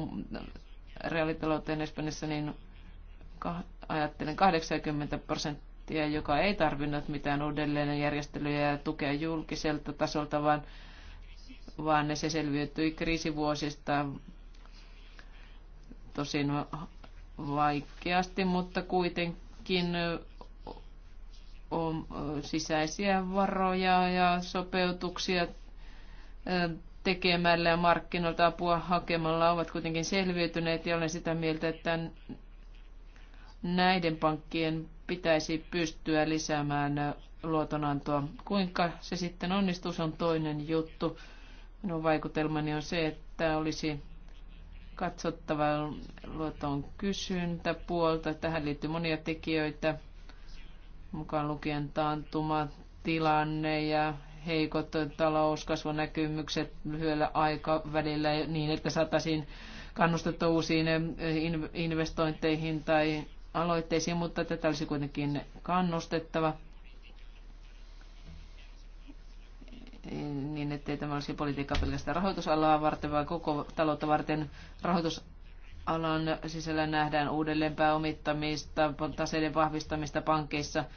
reaalitalouteen Espanjassa, niin ajattelen 80 prosenttia, joka ei tarvinnut mitään uudelleenjärjestelyjä ja tukea julkiselta tasolta, vaan, vaan ne se selviytyi kriisivuosista tosin vaikeasti, mutta kuitenkin on sisäisiä varoja ja sopeutuksia tekemällä ja markkinoilta apua hakemalla ovat kuitenkin selviytyneet ja olen sitä mieltä, että näiden pankkien pitäisi pystyä lisäämään luotonantoa. Kuinka se sitten onnistuu, se on toinen juttu. Minun vaikutelmani on se, että olisi katsottava luoton kysyntäpuolta. Tähän liittyy monia tekijöitä, mukaan lukien taantuma, tilanne ja heikot talouskasvunäkymykset lyhyellä aikavälillä niin, että saataisiin kannustettu uusiin eh, investointeihin tai aloitteisiin, mutta tätä olisi kuitenkin kannustettava niin, ettei tämä olisi politiikka pelkästään rahoitusalaa varten, vaan koko taloutta varten rahoitus alan sisällä nähdään uudelleen pääomittamista, taseiden vahvistamista pankeissa –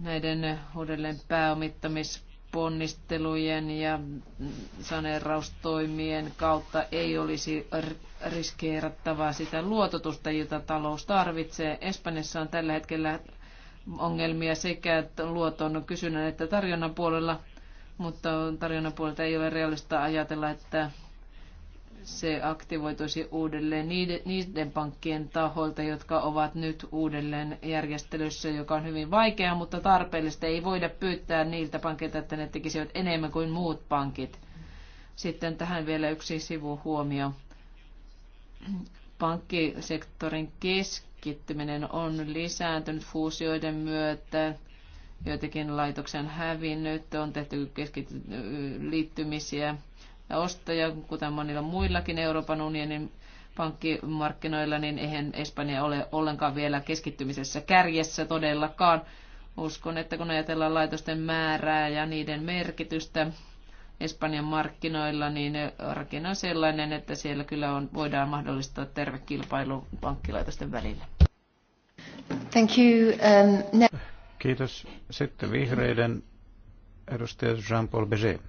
näiden uudelleen pääomittamisponnistelujen ja saneeraustoimien kautta ei olisi riskeerattavaa sitä luototusta, jota talous tarvitsee. Espanjassa on tällä hetkellä ongelmia sekä luoton kysynnän että tarjonnan puolella, mutta tarjonnan puolelta ei ole realista ajatella, että se aktivoituisi uudelleen niiden, niiden pankkien taholta, jotka ovat nyt uudelleen järjestelyssä, joka on hyvin vaikeaa, mutta tarpeellista. Ei voida pyytää niiltä pankkeilta, että ne tekisivät enemmän kuin muut pankit. Sitten tähän vielä yksi sivuhuomio. Pankkisektorin keskittyminen on lisääntynyt fuusioiden myötä. Joitakin laitoksen hävinnyt, on tehty keskity- liittymisiä ostaja, kuten monilla muillakin Euroopan unionin pankkimarkkinoilla, niin eihän Espanja ole ollenkaan vielä keskittymisessä kärjessä todellakaan. Uskon, että kun ajatellaan laitosten määrää ja niiden merkitystä Espanjan markkinoilla, niin rakenne on sellainen, että siellä kyllä on, voidaan mahdollistaa terve kilpailu pankkilaitosten välillä. Thank you. Um, ne- Kiitos. Sitten vihreiden edustaja Jean-Paul Beget.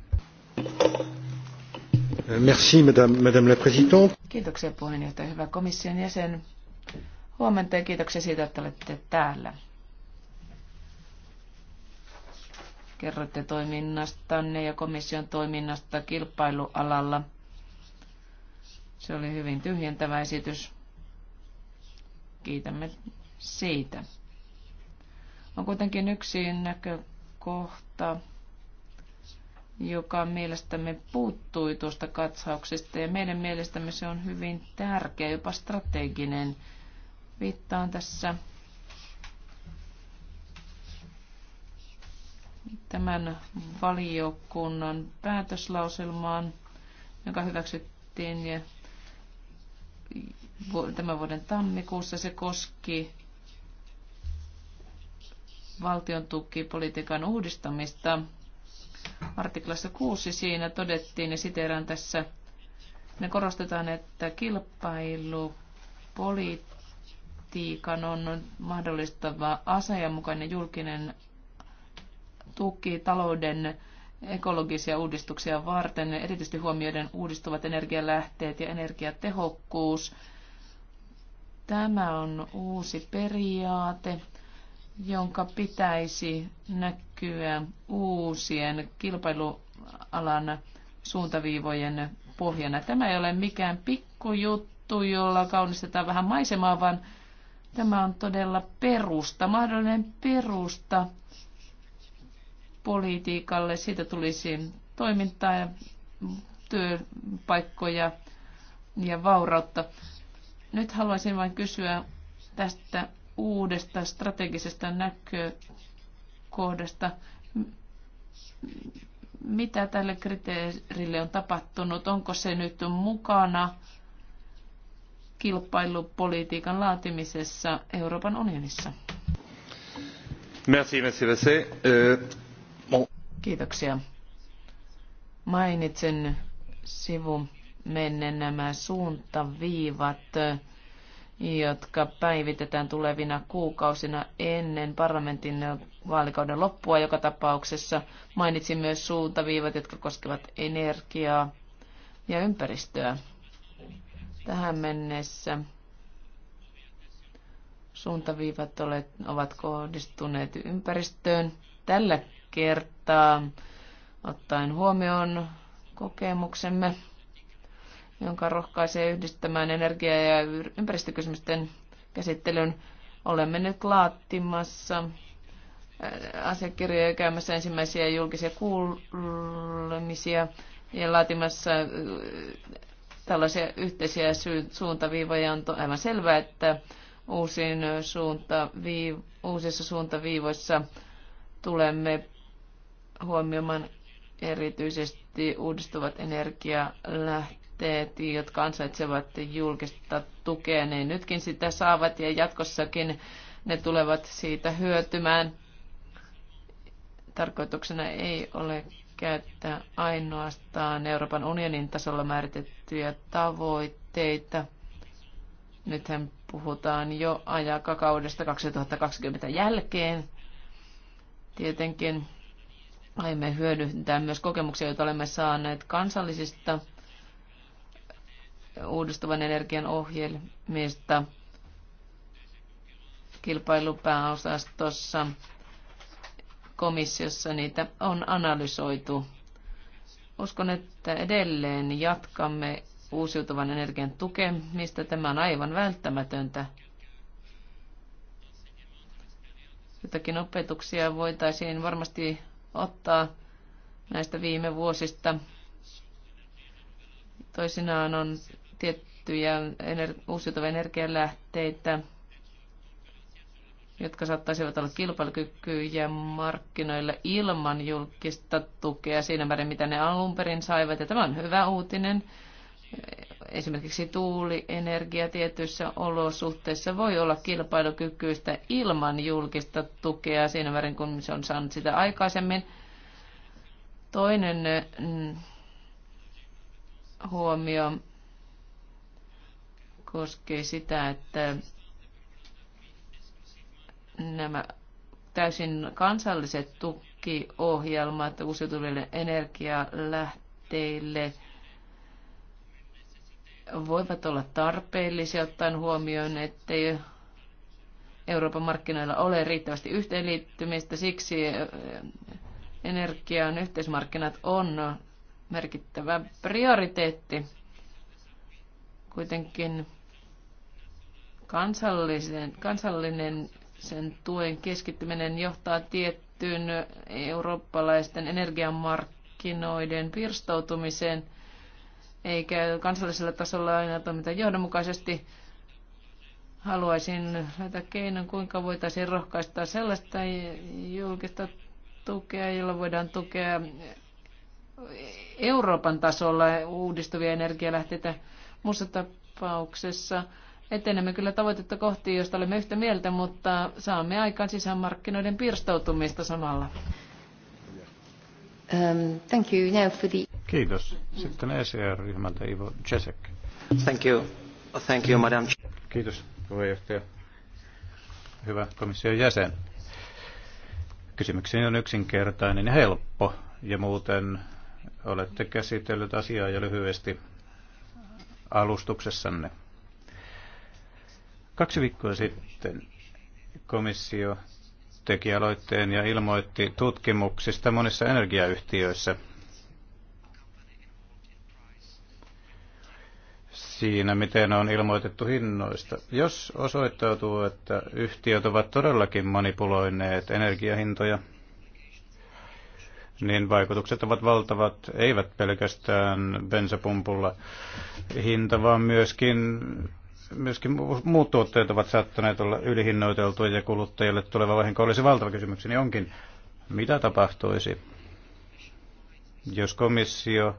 Merci, madame, la présidente. Kiitoksia puheenjohtaja. Hyvä komission jäsen. Huomenta ja kiitoksia siitä, että olette täällä. Kerroitte toiminnastanne ja komission toiminnasta kilpailualalla. Se oli hyvin tyhjentävä esitys. Kiitämme siitä. On kuitenkin yksi näkökohta, joka mielestämme puuttui tuosta katsauksesta ja meidän mielestämme se on hyvin tärkeä, jopa strateginen. Viittaan tässä tämän valiokunnan päätöslauselmaan, joka hyväksyttiin ja tämän vuoden tammikuussa. Se koski valtion tukipolitiikan uudistamista Artiklassa 6 siinä todettiin ja siteeraan tässä. Ne korostetaan, että kilpailupolitiikan on mahdollistava asianmukainen julkinen tuki talouden ekologisia uudistuksia varten, erityisesti huomioiden uudistuvat energialähteet ja energiatehokkuus. Tämä on uusi periaate, jonka pitäisi näkyä uusien kilpailualan suuntaviivojen pohjana. Tämä ei ole mikään pikkujuttu, jolla kaunistetaan vähän maisemaa, vaan tämä on todella perusta, mahdollinen perusta politiikalle. Siitä tulisi toimintaa ja työpaikkoja ja vaurautta. Nyt haluaisin vain kysyä tästä uudesta strategisesta näkökohdasta. Mitä tälle kriteerille on tapahtunut? Onko se nyt mukana kilpailupolitiikan laatimisessa Euroopan unionissa? Merci, merci, merci. Euh, Kiitoksia. Mainitsen sivu nämä suuntaviivat jotka päivitetään tulevina kuukausina ennen parlamentin vaalikauden loppua joka tapauksessa. Mainitsin myös suuntaviivat, jotka koskevat energiaa ja ympäristöä. Tähän mennessä suuntaviivat ovat kohdistuneet ympäristöön. Tällä kertaa ottaen huomioon kokemuksemme jonka rohkaisee yhdistämään energia- ja ympäristökysymysten käsittelyn. Olemme nyt laatimassa äh, asiakirjoja käymässä ensimmäisiä julkisia kuulemisia ja laatimassa äh, tällaisia yhteisiä suuntaviivoja. On aivan selvää, että uusin suuntaviiv- uusissa suuntaviivoissa tulemme huomioimaan erityisesti uudistuvat energialähteet kohteet, jotka ansaitsevat julkista tukea, ne niin nytkin sitä saavat ja jatkossakin ne tulevat siitä hyötymään. Tarkoituksena ei ole käyttää ainoastaan Euroopan unionin tasolla määritettyjä tavoitteita. Nythän puhutaan jo ajakakaudesta 2020 jälkeen. Tietenkin aiemme hyödyntää myös kokemuksia, joita olemme saaneet kansallisista uudistuvan energian ohjelmista kilpailupääosastossa komissiossa niitä on analysoitu. Uskon, että edelleen jatkamme uusiutuvan energian tukemista. Tämä on aivan välttämätöntä. Jotakin opetuksia voitaisiin varmasti ottaa näistä viime vuosista. Toisinaan on tiettyjä ener- uusiutuvia energialähteitä, jotka saattaisivat olla kilpailukykyjä markkinoilla ilman julkista tukea siinä määrin, mitä ne alun perin saivat. Ja tämä on hyvä uutinen. Esimerkiksi tuulienergia tietyissä olosuhteissa voi olla kilpailukykyistä ilman julkista tukea siinä määrin, kun se on saanut sitä aikaisemmin. Toinen mm, huomio koskee sitä, että nämä täysin kansalliset tukiohjelmat uusiutuville energialähteille voivat olla tarpeellisia ottaen huomioon, että Euroopan markkinoilla ole riittävästi yhteenliittymistä. Siksi eh, energian yhteismarkkinat on merkittävä prioriteetti. Kuitenkin Kansallisen, kansallinen sen tuen keskittyminen johtaa tiettyyn eurooppalaisten energiamarkkinoiden pirstoutumiseen, eikä kansallisella tasolla aina toimita johdonmukaisesti. Haluaisin löytää keinon, kuinka voitaisiin rohkaista sellaista julkista tukea, jolla voidaan tukea Euroopan tasolla uudistuvia energialähteitä. Muussa tapauksessa Etenemme kyllä tavoitetta kohti, josta olemme yhtä mieltä, mutta saamme aikaan sisämarkkinoiden pirstoutumista samalla. Um, thank you. Now for the... Kiitos. Sitten ECR-ryhmältä Ivo Czesek. Thank you. Thank you, madam. Kiitos, puheenjohtaja. Hyvä komission jäsen. Kysymykseni on yksinkertainen ja helppo, ja muuten olette käsitellyt asiaa jo lyhyesti alustuksessanne. Kaksi viikkoa sitten komissio teki aloitteen ja ilmoitti tutkimuksista monissa energiayhtiöissä. Siinä, miten on ilmoitettu hinnoista. Jos osoittautuu, että yhtiöt ovat todellakin manipuloineet energiahintoja, niin vaikutukset ovat valtavat, eivät pelkästään bensapumpulla hinta, vaan myöskin myöskin muut tuotteet ovat saattaneet olla ylihinnoiteltuja ja kuluttajille tuleva vahinko olisi valtava kysymykseni niin onkin, mitä tapahtuisi, jos komissio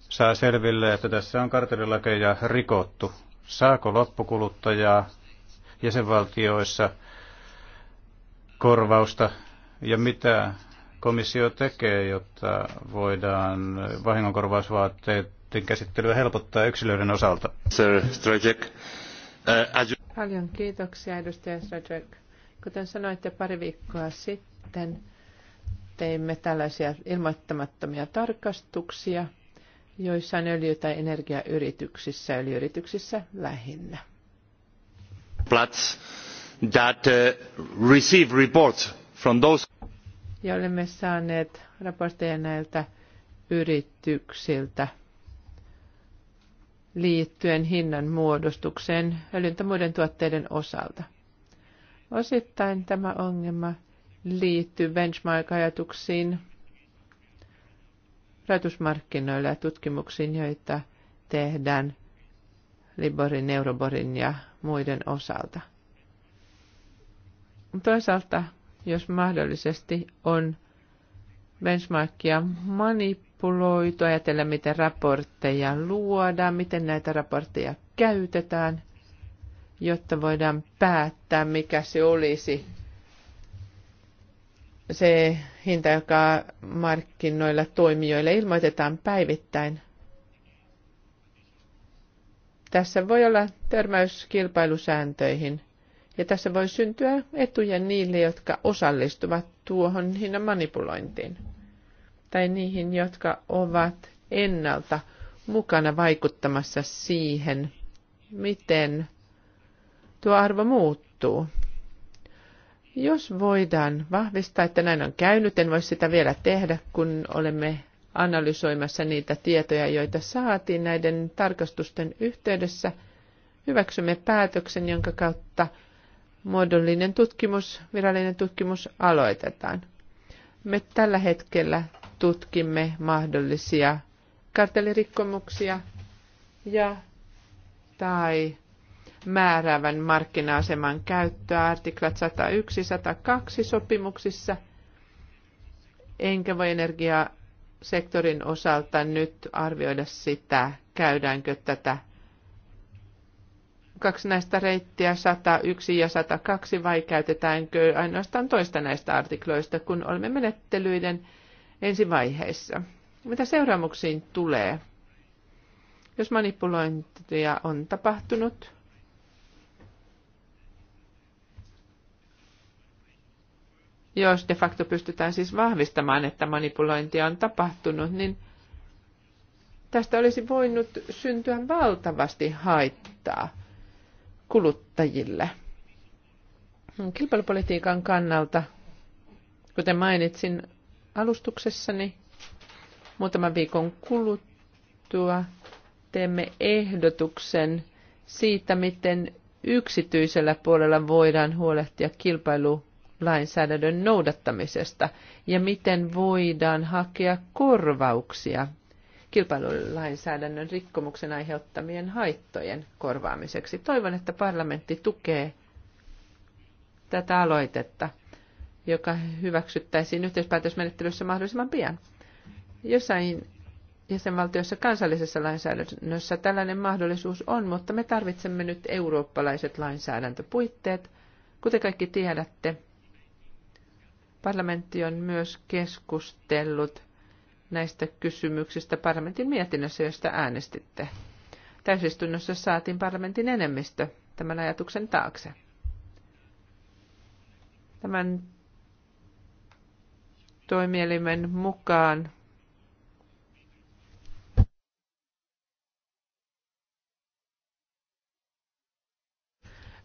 saa selville, että tässä on kartellilakeja rikottu. Saako loppukuluttajaa jäsenvaltioissa korvausta ja mitä komissio tekee, jotta voidaan vahingonkorvausvaatteet asioiden käsittelyä helpottaa yksilöiden osalta. Sir Strajek. Eh, Paljon kiitoksia edustaja Strajek. Kuten sanoitte pari viikkoa sitten, teimme tällaisia ilmoittamattomia tarkastuksia joissa on öljy- tai energiayrityksissä, öljyyrityksissä lähinnä. Plats that uh, receive reports from those ja olemme saaneet raportteja näiltä yrityksiltä liittyen hinnan muodostukseen öljyntämuiden tuotteiden osalta. Osittain tämä ongelma liittyy benchmark-ajatuksiin rahoitusmarkkinoilla ja tutkimuksiin, joita tehdään Liborin, Euroborin ja muiden osalta. Toisaalta, jos mahdollisesti on benchmarkia manip- manipuloitu, ajatella miten raportteja luodaan, miten näitä raportteja käytetään, jotta voidaan päättää, mikä se olisi se hinta, joka markkinoilla toimijoille ilmoitetaan päivittäin. Tässä voi olla törmäys kilpailusääntöihin ja tässä voi syntyä etuja niille, jotka osallistuvat tuohon hinnan manipulointiin tai niihin, jotka ovat ennalta mukana vaikuttamassa siihen, miten tuo arvo muuttuu. Jos voidaan vahvistaa, että näin on käynyt, en voi sitä vielä tehdä, kun olemme analysoimassa niitä tietoja, joita saatiin näiden tarkastusten yhteydessä. Hyväksymme päätöksen, jonka kautta muodollinen tutkimus, virallinen tutkimus aloitetaan. Me tällä hetkellä tutkimme mahdollisia kartellirikkomuksia ja tai määräävän markkina-aseman käyttöä artiklat 101 102 sopimuksissa. Enkä voi energiasektorin osalta nyt arvioida sitä, käydäänkö tätä kaksi näistä reittiä, 101 ja 102, vai käytetäänkö ainoastaan toista näistä artikloista, kun olemme menettelyiden ensivaiheessa. Mitä seuraamuksiin tulee? Jos manipulointia on tapahtunut, jos de facto pystytään siis vahvistamaan, että manipulointia on tapahtunut, niin tästä olisi voinut syntyä valtavasti haittaa kuluttajille. Kilpailupolitiikan kannalta, kuten mainitsin, alustuksessani. Muutaman viikon kuluttua teemme ehdotuksen siitä, miten yksityisellä puolella voidaan huolehtia kilpailulainsäädännön noudattamisesta ja miten voidaan hakea korvauksia kilpailulainsäädännön rikkomuksen aiheuttamien haittojen korvaamiseksi. Toivon, että parlamentti tukee tätä aloitetta joka hyväksyttäisiin yhteispäätösmenettelyssä mahdollisimman pian. Jossain jäsenvaltiossa kansallisessa lainsäädännössä tällainen mahdollisuus on, mutta me tarvitsemme nyt eurooppalaiset lainsäädäntöpuitteet. Kuten kaikki tiedätte, parlamentti on myös keskustellut näistä kysymyksistä parlamentin mietinnössä, josta äänestitte. Täysistunnossa saatiin parlamentin enemmistö tämän ajatuksen taakse. Tämän toimielimen mukaan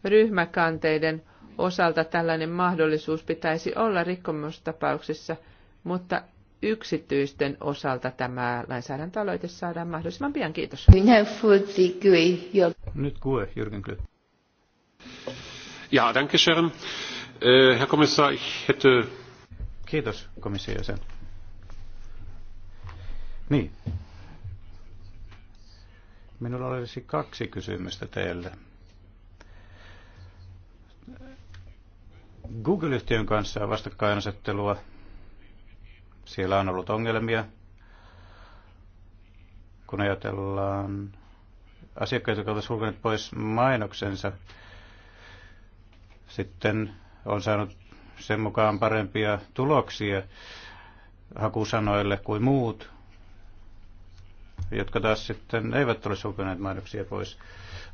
ryhmäkanteiden osalta tällainen mahdollisuus pitäisi olla rikkomustapauksissa, mutta yksityisten osalta tämä lainsäädäntöaloite saadaan mahdollisimman pian. Kiitos. Nyt kuue Jürgen Klö. Ja, danke schön. Äh, Herr Kommissar, ich hätte Kiitos komission jäsen. Niin. Minulla olisi kaksi kysymystä teille. Google-yhtiön kanssa on vastakkainasettelua. Siellä on ollut ongelmia, kun ajatellaan asiakkaita, jotka ovat sulkeneet pois mainoksensa. Sitten on saanut sen mukaan parempia tuloksia hakusanoille kuin muut, jotka taas sitten eivät ole sulkeneet mainoksia pois.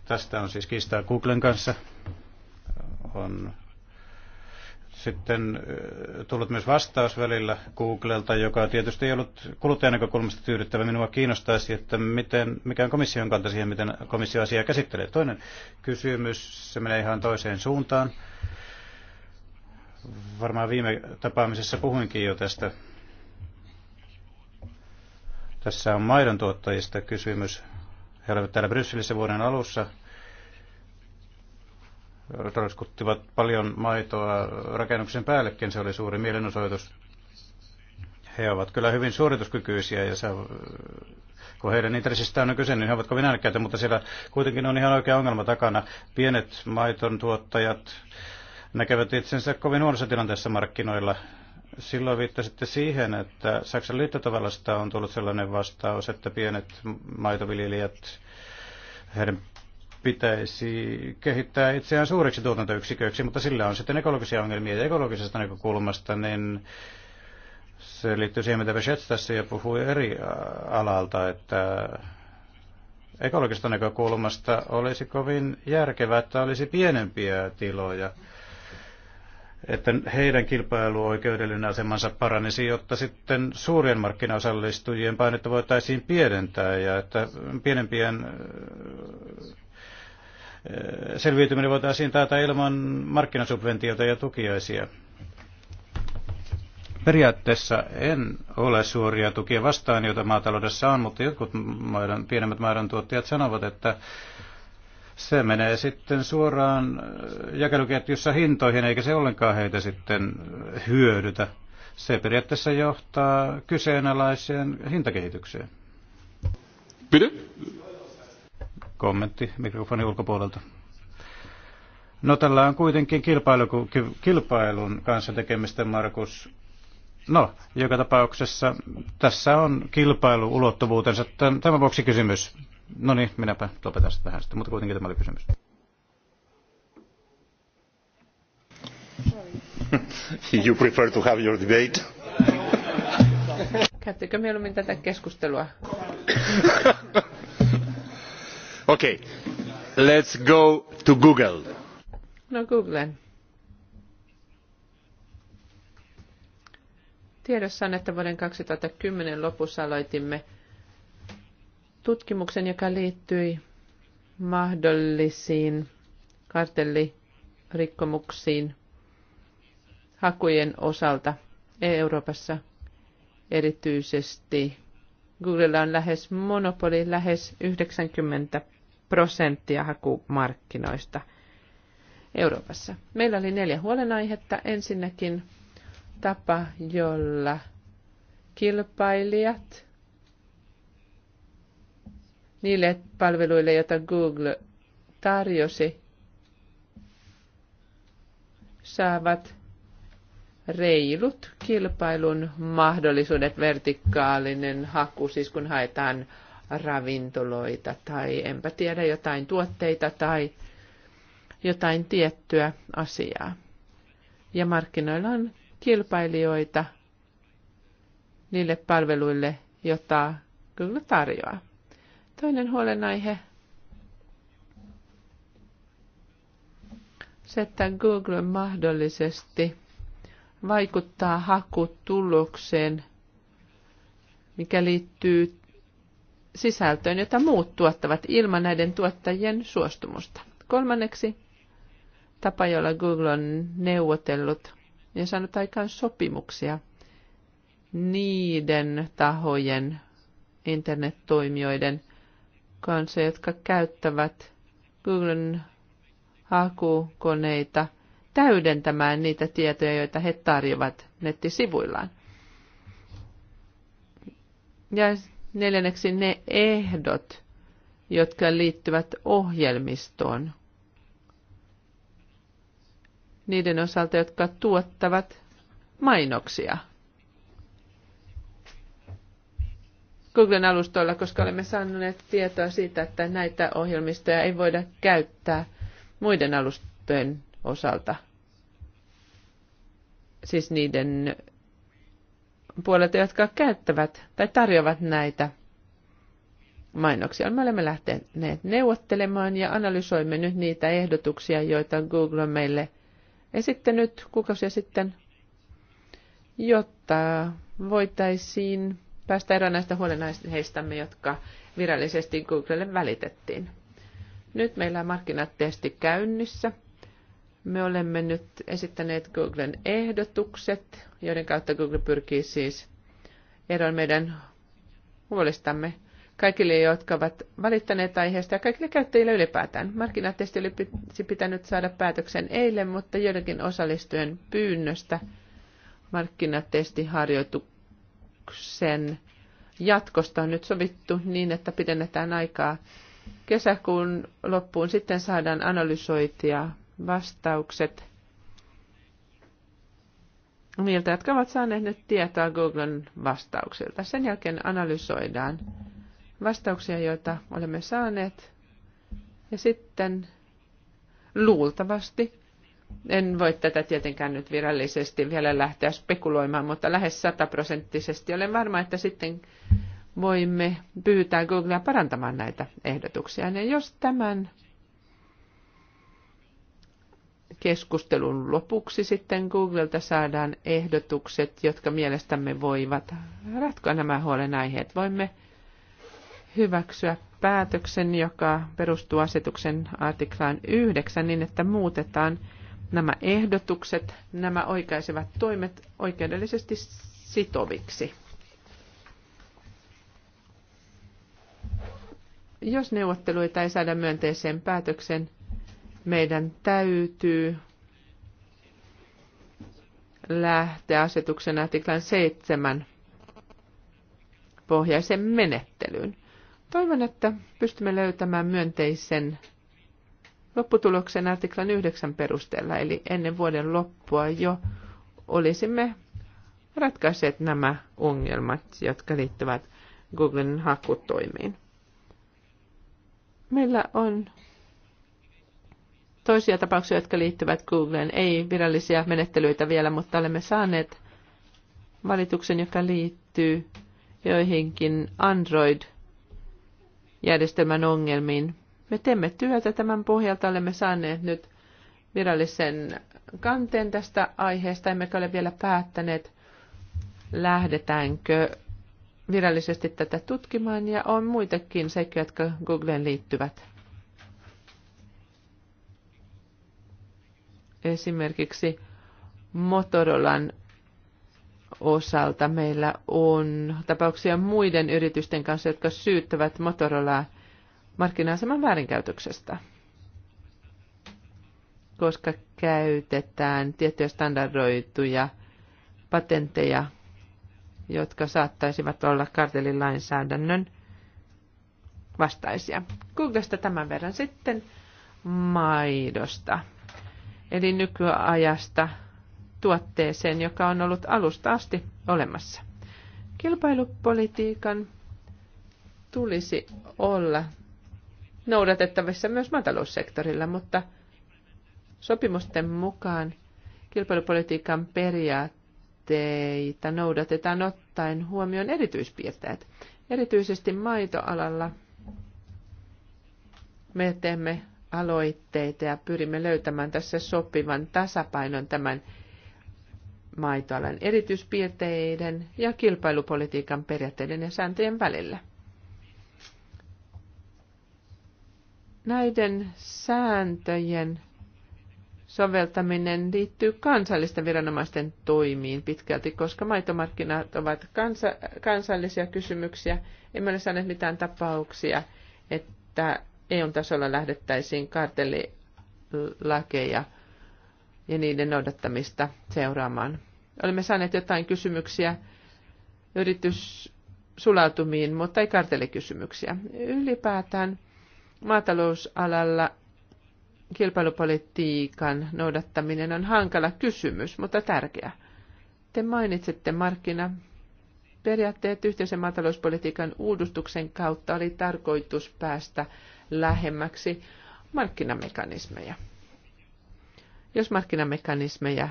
Tästä on siis kiistaa Googlen kanssa. On sitten tullut myös vastaus välillä Googlelta, joka tietysti ei ollut kuluttajan näkökulmasta tyydyttävä. Minua kiinnostaisi, että miten, mikä on komission kanta siihen, miten komissio asiaa käsittelee. Toinen kysymys, se menee ihan toiseen suuntaan. Varmaan viime tapaamisessa puhuinkin jo tästä. Tässä on maidon tuottajista kysymys. He olivat täällä Brysselissä vuoden alussa. Raskuttivat paljon maitoa rakennuksen päällekin. Se oli suuri mielenosoitus. He ovat kyllä hyvin suorituskykyisiä ja se, kun heidän intressistään on kyse, niin he ovat kovin älkkäitä, mutta siellä kuitenkin on ihan oikea ongelma takana. Pienet maiton tuottajat, näkevät itsensä kovin huonossa tilanteessa markkinoilla. Silloin viittasitte siihen, että Saksan liittotavallasta on tullut sellainen vastaus, että pienet maitoviljelijät, heidän pitäisi kehittää itseään suuriksi tuotantoyksiköiksi, mutta sillä on sitten ekologisia ongelmia ja ekologisesta näkökulmasta, niin se liittyy siihen, mitä Bechet tässä jo puhui eri alalta, että ekologisesta näkökulmasta olisi kovin järkevää, että olisi pienempiä tiloja että heidän kilpailuoikeudellinen asemansa paranisi, jotta sitten suurien markkinaosallistujien painetta voitaisiin pienentää ja että pienempien äh, selviytyminen voitaisiin taata ilman markkinasubventioita ja tukiaisia. Periaatteessa en ole suoria tukia vastaan, joita maataloudessa on, mutta jotkut maidon, pienemmät maidon tuottajat sanovat, että se menee sitten suoraan äh, jakeluketjussa hintoihin, eikä se ollenkaan heitä sitten äh, hyödytä. Se periaatteessa johtaa kyseenalaiseen hintakehitykseen. Pidä? Kommentti mikrofonin ulkopuolelta. No tällä on kuitenkin kilpailun kanssa tekemistä, Markus. No, joka tapauksessa tässä on kilpailuulottuvuutensa. Tämän vuoksi kysymys. No niin, minäpä lopetan sitä tähän sitten, mutta kuitenkin tämä oli kysymys. you prefer to have your debate? Käyttikö mieluummin tätä keskustelua? okay, let's go to Google. No Googlen. Tiedossa on, että vuoden 2010 lopussa aloitimme – tutkimuksen, joka liittyi mahdollisiin kartellirikkomuksiin hakujen osalta Euroopassa erityisesti. Googlella on lähes monopoli, lähes 90 prosenttia hakumarkkinoista Euroopassa. Meillä oli neljä huolenaihetta. Ensinnäkin tapa, jolla kilpailijat – niille palveluille, joita Google tarjosi, saavat reilut kilpailun mahdollisuudet, vertikaalinen haku, siis kun haetaan ravintoloita tai enpä tiedä jotain tuotteita tai jotain tiettyä asiaa. Ja markkinoilla on kilpailijoita niille palveluille, jota Google tarjoaa. Toinen huolenaihe. Se, että Google mahdollisesti vaikuttaa hakutulokseen, mikä liittyy sisältöön, jota muut tuottavat ilman näiden tuottajien suostumusta. Kolmanneksi tapa, jolla Google on neuvotellut ja saanut aikaan sopimuksia niiden tahojen, internettoimijoiden kanssa, jotka käyttävät Googlen hakukoneita täydentämään niitä tietoja, joita he tarjoavat nettisivuillaan. Ja neljänneksi ne ehdot, jotka liittyvät ohjelmistoon. Niiden osalta, jotka tuottavat mainoksia – Googlen alustoilla, koska olemme saaneet tietoa siitä, että näitä ohjelmistoja ei voida käyttää muiden alustojen osalta. Siis niiden puolelta, jotka käyttävät tai tarjoavat näitä mainoksia. Me olemme lähteneet neuvottelemaan ja analysoimme nyt niitä ehdotuksia, joita Google on meille esittänyt kuukausia sitten, jotta voitaisiin päästä eroon näistä huolenaiheistamme, jotka virallisesti Googlelle välitettiin. Nyt meillä on markkinatesti käynnissä. Me olemme nyt esittäneet Googlen ehdotukset, joiden kautta Google pyrkii siis eroon meidän huolistamme kaikille, jotka ovat valittaneet aiheesta ja kaikille käyttäjille ylipäätään. Markkinatesti olisi pitänyt saada päätöksen eilen, mutta joidenkin osallistujien pyynnöstä markkinatestiharjoituksen kokouksen jatkosta on nyt sovittu niin, että pidennetään aikaa kesäkuun loppuun. Sitten saadaan analysoitia vastaukset niiltä, jotka ovat saaneet nyt tietoa Googlen vastauksilta. Sen jälkeen analysoidaan vastauksia, joita olemme saaneet. Ja sitten luultavasti en voi tätä tietenkään nyt virallisesti vielä lähteä spekuloimaan, mutta lähes sataprosenttisesti olen varma, että sitten voimme pyytää Googlea parantamaan näitä ehdotuksia. Ja jos tämän keskustelun lopuksi sitten Googlelta saadaan ehdotukset, jotka mielestämme voivat ratkoa nämä huolenaiheet. Voimme hyväksyä päätöksen, joka perustuu asetuksen artiklaan 9 niin, että muutetaan – nämä ehdotukset, nämä oikaisevat toimet oikeudellisesti sitoviksi. Jos neuvotteluita ei saada myönteiseen päätöksen, meidän täytyy lähteä asetuksen artiklan 7 pohjaisen menettelyyn. Toivon, että pystymme löytämään myönteisen lopputuloksen artiklan 9 perusteella, eli ennen vuoden loppua jo olisimme ratkaisseet nämä ongelmat, jotka liittyvät Googlen hakutoimiin. Meillä on toisia tapauksia, jotka liittyvät Googleen. Ei virallisia menettelyitä vielä, mutta olemme saaneet valituksen, joka liittyy joihinkin Android-järjestelmän ongelmiin me teemme työtä tämän pohjalta, olemme saaneet nyt virallisen kanteen tästä aiheesta, emmekä ole vielä päättäneet, lähdetäänkö virallisesti tätä tutkimaan, ja on muitakin seikkoja, jotka Googleen liittyvät. Esimerkiksi Motorolan osalta meillä on tapauksia muiden yritysten kanssa, jotka syyttävät Motorolaa – markkina-aseman väärinkäytöksestä, koska käytetään tiettyjä standardoituja patentteja, jotka saattaisivat olla kartellilainsäädännön vastaisia. Googlesta tämän verran sitten maidosta, eli nykyajasta tuotteeseen, joka on ollut alusta asti olemassa. Kilpailupolitiikan tulisi olla noudatettavissa myös maataloussektorilla, mutta sopimusten mukaan kilpailupolitiikan periaatteita noudatetaan ottaen huomioon erityispiirteet. Erityisesti maitoalalla me teemme aloitteita ja pyrimme löytämään tässä sopivan tasapainon tämän maitoalan erityispiirteiden ja kilpailupolitiikan periaatteiden ja sääntöjen välillä. Näiden sääntöjen soveltaminen liittyy kansallisten viranomaisten toimiin pitkälti, koska maitomarkkinat ovat kansa- kansallisia kysymyksiä. Emme ole saaneet mitään tapauksia, että EU-tasolla lähdettäisiin kartellilakeja ja niiden noudattamista seuraamaan. Olemme saaneet jotain kysymyksiä yrityssulautumiin, mutta ei kartellikysymyksiä. Ylipäätään maatalousalalla kilpailupolitiikan noudattaminen on hankala kysymys, mutta tärkeä. Te mainitsette markkina periaatteet yhteisen maatalouspolitiikan uudistuksen kautta oli tarkoitus päästä lähemmäksi markkinamekanismeja. Jos markkinamekanismeja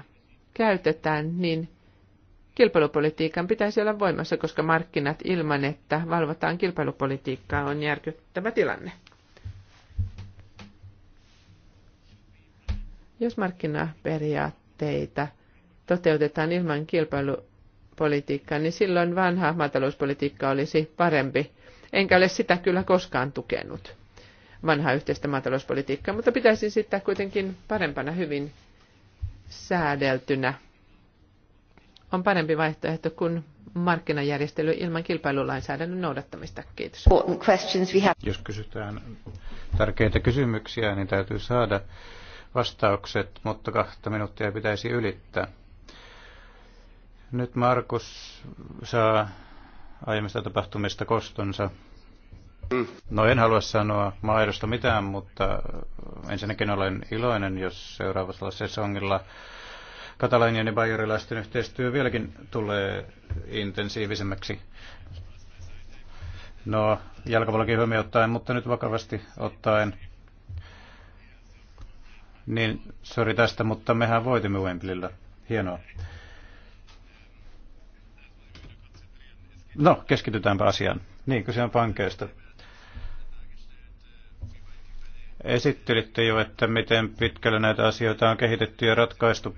käytetään, niin kilpailupolitiikan pitäisi olla voimassa, koska markkinat ilman, että valvotaan kilpailupolitiikkaa, on järkyttävä tilanne. Jos markkinaperiaatteita toteutetaan ilman kilpailupolitiikkaa, niin silloin vanha maatalouspolitiikka olisi parempi. Enkä ole sitä kyllä koskaan tukenut, vanhaa yhteistä maatalouspolitiikkaa, mutta pitäisin sitä kuitenkin parempana hyvin säädeltynä. On parempi vaihtoehto kuin markkinajärjestely ilman kilpailulainsäädännön noudattamista. Kiitos. Jos kysytään tärkeitä kysymyksiä, niin täytyy saada vastaukset, mutta kahta minuuttia pitäisi ylittää. Nyt Markus saa aiemmista tapahtumista kostonsa. No en halua sanoa maidosta mitään, mutta ensinnäkin olen iloinen, jos seuraavassa sesongilla katalainien ja bayerilaisten yhteistyö vieläkin tulee intensiivisemmäksi. No, jalkapallokin huomioon ottaen, mutta nyt vakavasti ottaen niin, sori tästä, mutta mehän voitimme Wembleyllä. Hienoa. No, keskitytäänpä asiaan. Niin, kyse on pankeista. Esittelitte jo, että miten pitkälle näitä asioita on kehitetty ja ratkaistu.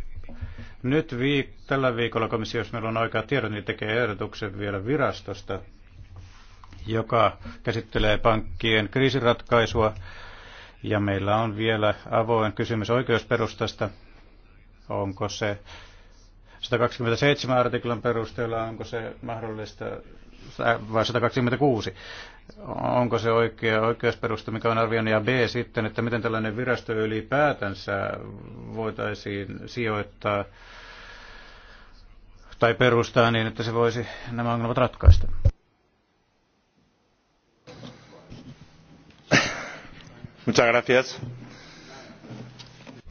Nyt viik- tällä viikolla komissio, jos meillä on aikaa tiedon, niin tekee ehdotuksen vielä virastosta, joka käsittelee pankkien kriisiratkaisua ja meillä on vielä avoin kysymys oikeusperustasta. Onko se 127 artiklan perusteella, onko se mahdollista, vai 126, onko se oikea oikeusperusta, mikä on ja B sitten, että miten tällainen virasto ylipäätänsä voitaisiin sijoittaa tai perustaa niin, että se voisi nämä ongelmat ratkaista.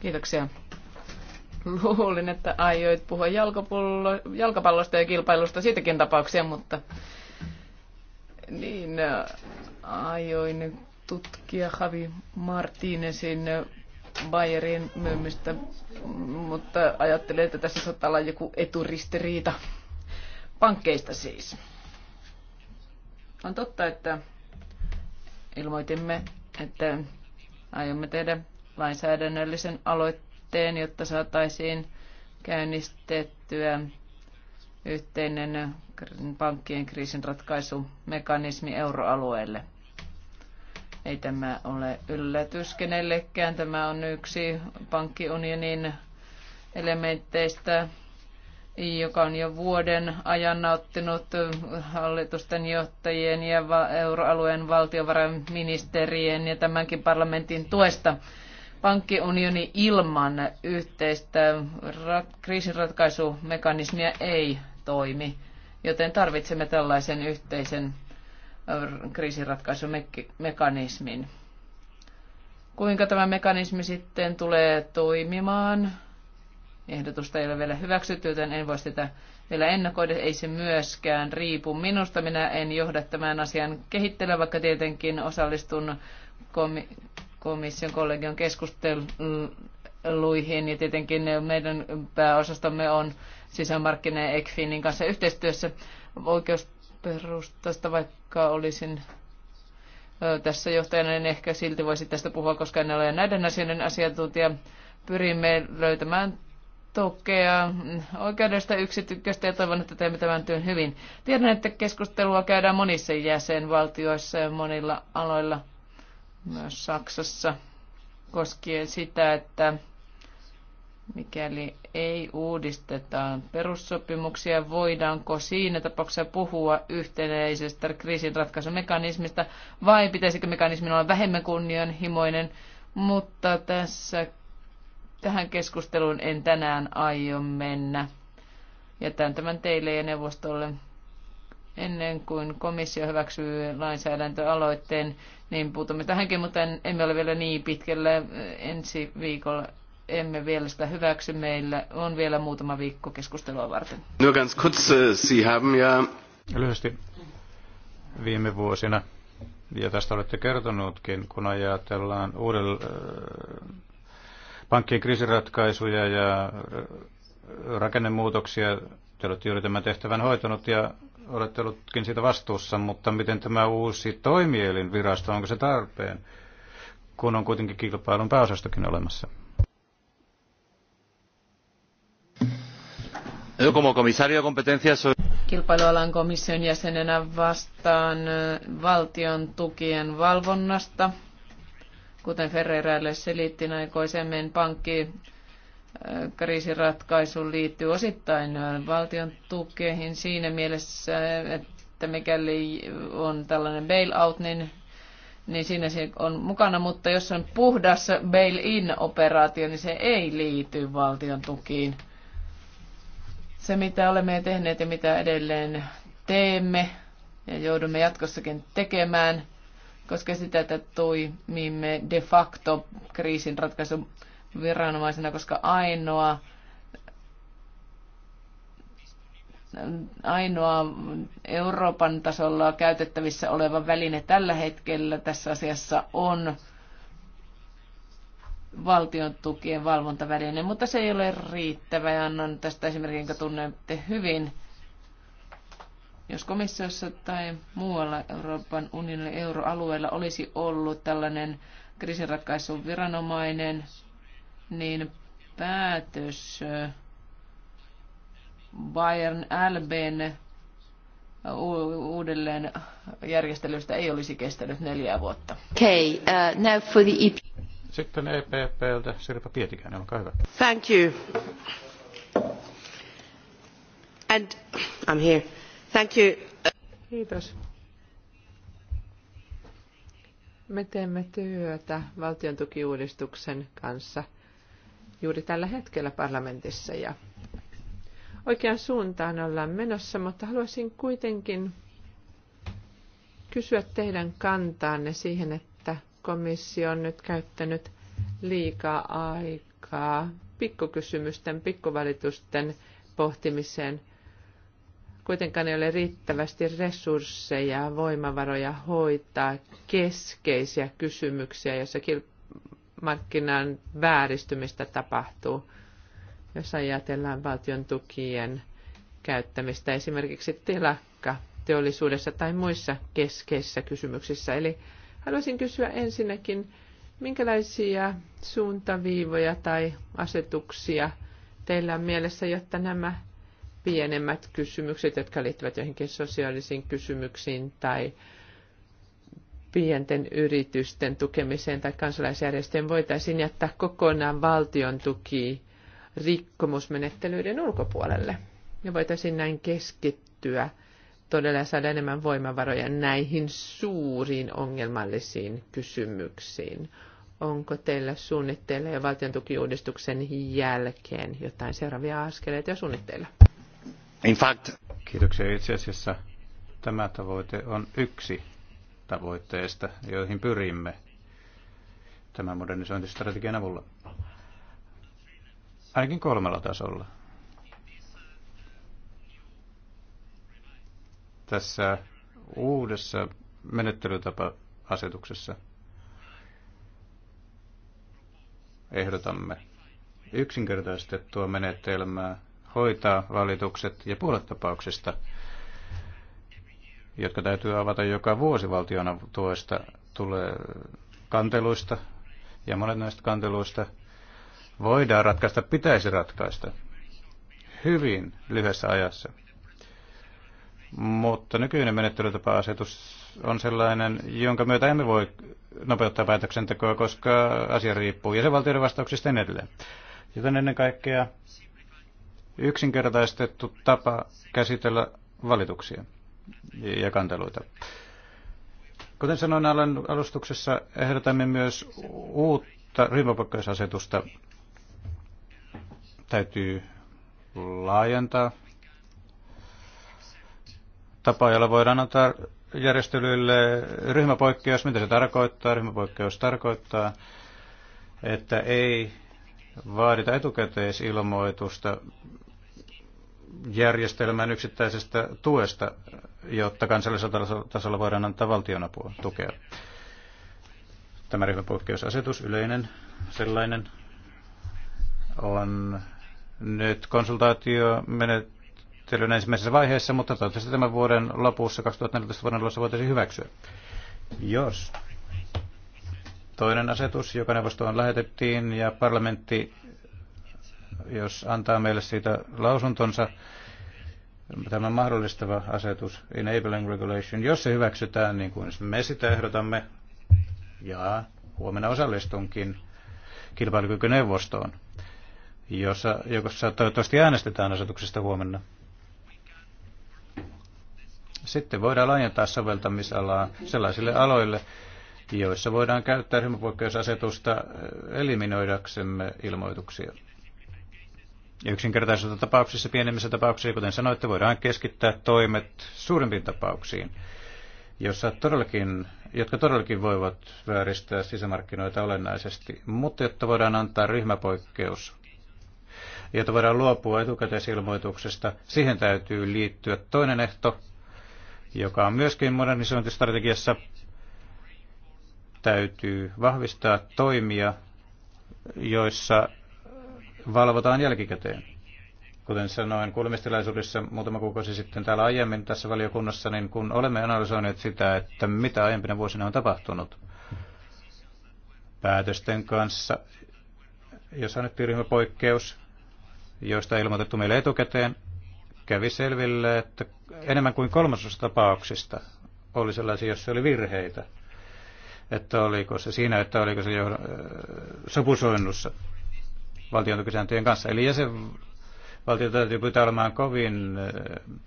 Kiitoksia. Luulin, että aioit puhua jalkapallosta ja kilpailusta, siitäkin tapauksia, mutta niin aioin tutkia Javi Martinezin Bayerin myymistä, mutta ajattelin, että tässä saattaa olla joku eturistiriita pankkeista siis. On totta, että ilmoitimme, että Aiomme tehdä lainsäädännöllisen aloitteen, jotta saataisiin käynnistettyä yhteinen pankkien kriisinratkaisumekanismi euroalueelle. Ei tämä ole yllätys kenellekään. Tämä on yksi pankkiunionin elementteistä joka on jo vuoden ajan nauttinut hallitusten johtajien ja euroalueen valtiovarainministerien ja tämänkin parlamentin tuesta. Pankkiunioni ilman yhteistä rat- kriisinratkaisumekanismia ei toimi, joten tarvitsemme tällaisen yhteisen kriisinratkaisumekanismin. Kuinka tämä mekanismi sitten tulee toimimaan? ehdotusta ei ole vielä hyväksytty, joten en voi sitä vielä ennakoida. Ei se myöskään riipu minusta. Minä en johda tämän asian kehittelyä, vaikka tietenkin osallistun komi- komission kollegion keskusteluihin ja tietenkin meidän pääosastomme on sisämarkkina ECFINin kanssa yhteistyössä oikeusperustasta, vaikka olisin tässä johtajana, en ehkä silti voisi tästä puhua, koska en ole näiden asioiden asiantuntija pyrimme löytämään tukea oikeudesta yksityköstä ja toivon, että teemme tämän työn hyvin. Tiedän, että keskustelua käydään monissa jäsenvaltioissa ja monilla aloilla, myös Saksassa, koskien sitä, että mikäli ei uudisteta perussopimuksia, voidaanko siinä tapauksessa puhua yhtenäisestä kriisinratkaisumekanismista vai pitäisikö mekanismin olla vähemmän kunnianhimoinen, mutta tässä Tähän keskusteluun en tänään aio mennä. Jätän tämän teille ja neuvostolle ennen kuin komissio hyväksyy lainsäädäntöaloitteen, niin puutumme tähänkin, mutta en, emme ole vielä niin pitkällä. Ensi viikolla emme vielä sitä hyväksy. Meillä on vielä muutama viikko keskustelua varten. No ganz kurz, äh, Sie haben ja... Lyhyesti viime vuosina, ja tästä olette kertonutkin, kun ajatellaan uudelleen, pankkien kriisiratkaisuja ja rakennemuutoksia. Te olette juuri tämän tehtävän hoitanut ja olette ollutkin siitä vastuussa, mutta miten tämä uusi toimielinvirasto, onko se tarpeen, kun on kuitenkin kilpailun pääosastokin olemassa? Kilpailualan komission jäsenenä vastaan valtion tukien valvonnasta Kuten Ferreiralle selitti aikoisemmin, pankki äh, kriisiratkaisuun liittyy osittain äh, valtion tukeihin siinä mielessä, että mikäli on tällainen bailout, niin niin siinä se on mukana, mutta jos on puhdas bail-in-operaatio, niin se ei liity valtion tukiin. Se, mitä olemme tehneet ja mitä edelleen teemme ja joudumme jatkossakin tekemään, koska sitä, että toimimme de facto kriisinratkaisun viranomaisena, koska ainoa ainoa Euroopan tasolla käytettävissä oleva väline tällä hetkellä tässä asiassa on valtion tukien valvontaväline, mutta se ei ole riittävä ja annan tästä esimerkin, jonka tunnette hyvin. Jos komissiossa tai muualla Euroopan unionin euroalueella olisi ollut tällainen kriisinratkaisun viranomainen, niin päätös äh, Bayern Alben äh, uudelleen järjestelystä ei olisi kestänyt neljää vuotta. Okay, uh, now for the EP. Sitten EPPltä Sirpa Pietikäinen, olkaa hyvä. Thank you. And I'm here. Kiitos. Me teemme työtä valtion tukiuudistuksen kanssa juuri tällä hetkellä parlamentissa ja oikeaan suuntaan ollaan menossa, mutta haluaisin kuitenkin kysyä teidän kantaanne siihen, että komissio on nyt käyttänyt liikaa aikaa pikkukysymysten, pikkuvalitusten pohtimiseen kuitenkaan ei ole riittävästi resursseja, voimavaroja hoitaa keskeisiä kysymyksiä, joissa markkinan vääristymistä tapahtuu, jos ajatellaan valtion tukien käyttämistä esimerkiksi telakka teollisuudessa tai muissa keskeisissä kysymyksissä. Eli haluaisin kysyä ensinnäkin, minkälaisia suuntaviivoja tai asetuksia teillä on mielessä, jotta nämä pienemmät kysymykset, jotka liittyvät johonkin sosiaalisiin kysymyksiin tai pienten yritysten tukemiseen tai kansalaisjärjestöjen voitaisiin jättää kokonaan valtion tuki rikkomusmenettelyiden ulkopuolelle. Ja voitaisiin näin keskittyä todella saada enemmän voimavaroja näihin suuriin ongelmallisiin kysymyksiin. Onko teillä suunnitteilla ja valtion tukiuudistuksen jälkeen jotain seuraavia askeleita ja suunnitteilla? In fact... Kiitoksia. Itse asiassa tämä tavoite on yksi tavoitteista, joihin pyrimme tämän modernisointistrategian avulla. Ainakin kolmella tasolla. Tässä uudessa menettelytapa-asetuksessa ehdotamme yksinkertaistettua menetelmää hoitaa valitukset ja puolet tapauksista, jotka täytyy avata joka vuosi valtion tuesta, tulee kanteluista ja monet näistä kanteluista voidaan ratkaista, pitäisi ratkaista hyvin lyhyessä ajassa. Mutta nykyinen menettelytapa-asetus on sellainen, jonka myötä emme voi nopeuttaa päätöksentekoa, koska asia riippuu jäsenvaltioiden vastauksista ja niin edelleen. Joten ennen kaikkea yksinkertaistettu tapa käsitellä valituksia ja kanteluita. Kuten sanoin alustuksessa, ehdotamme myös uutta ryhmäpoikkeusasetusta. Täytyy laajentaa tapa, jolla voidaan antaa järjestelyille ryhmäpoikkeus, mitä se tarkoittaa. Ryhmäpoikkeus tarkoittaa, että ei vaadita etukäteisilmoitusta järjestelmän yksittäisestä tuesta, jotta kansallisella tasolla voidaan antaa valtionapua tukea. Tämä ryhmäpoikkeusasetus, yleinen sellainen, on nyt konsultaatiomenettelyn ensimmäisessä vaiheessa, mutta toivottavasti tämän vuoden lopussa, 2014 vuoden lopussa voitaisiin hyväksyä. Jos toinen asetus, joka neuvostoon lähetettiin ja parlamentti jos antaa meille siitä lausuntonsa, tämä mahdollistava asetus, enabling regulation, jos se hyväksytään niin kuin me sitä ehdotamme, ja huomenna osallistunkin kilpailukykyneuvostoon, jossa, jossa toivottavasti äänestetään asetuksesta huomenna. Sitten voidaan laajentaa soveltamisalaa sellaisille aloille, joissa voidaan käyttää ryhmäpoikkeusasetusta eliminoidaksemme ilmoituksia. Yksinkertaisissa tapauksissa, pienemmissä tapauksissa, kuten sanoitte, voidaan keskittää toimet suurempiin tapauksiin, jossa todellakin, jotka todellakin voivat vääristää sisämarkkinoita olennaisesti, mutta jotta voidaan antaa ryhmäpoikkeus, jotta voidaan luopua etukäteisilmoituksesta, siihen täytyy liittyä toinen ehto, joka on myöskin modernisointistrategiassa, täytyy vahvistaa toimia, joissa valvotaan jälkikäteen. Kuten sanoin kuulemistilaisuudessa muutama kuukausi sitten täällä aiemmin tässä valiokunnassa, niin kun olemme analysoineet sitä, että mitä aiempina vuosina on tapahtunut päätösten kanssa, jos annettiin ryhmäpoikkeus, joista ei ilmoitettu meille etukäteen, kävi selville, että enemmän kuin kolmasosa tapauksista oli sellaisia, joissa oli virheitä. Että oliko se siinä, että oliko se jo äh, sopusoinnussa valtiontukisääntöjen kanssa. Eli jäsenvaltiot täytyy pyytää olemaan kovin eh,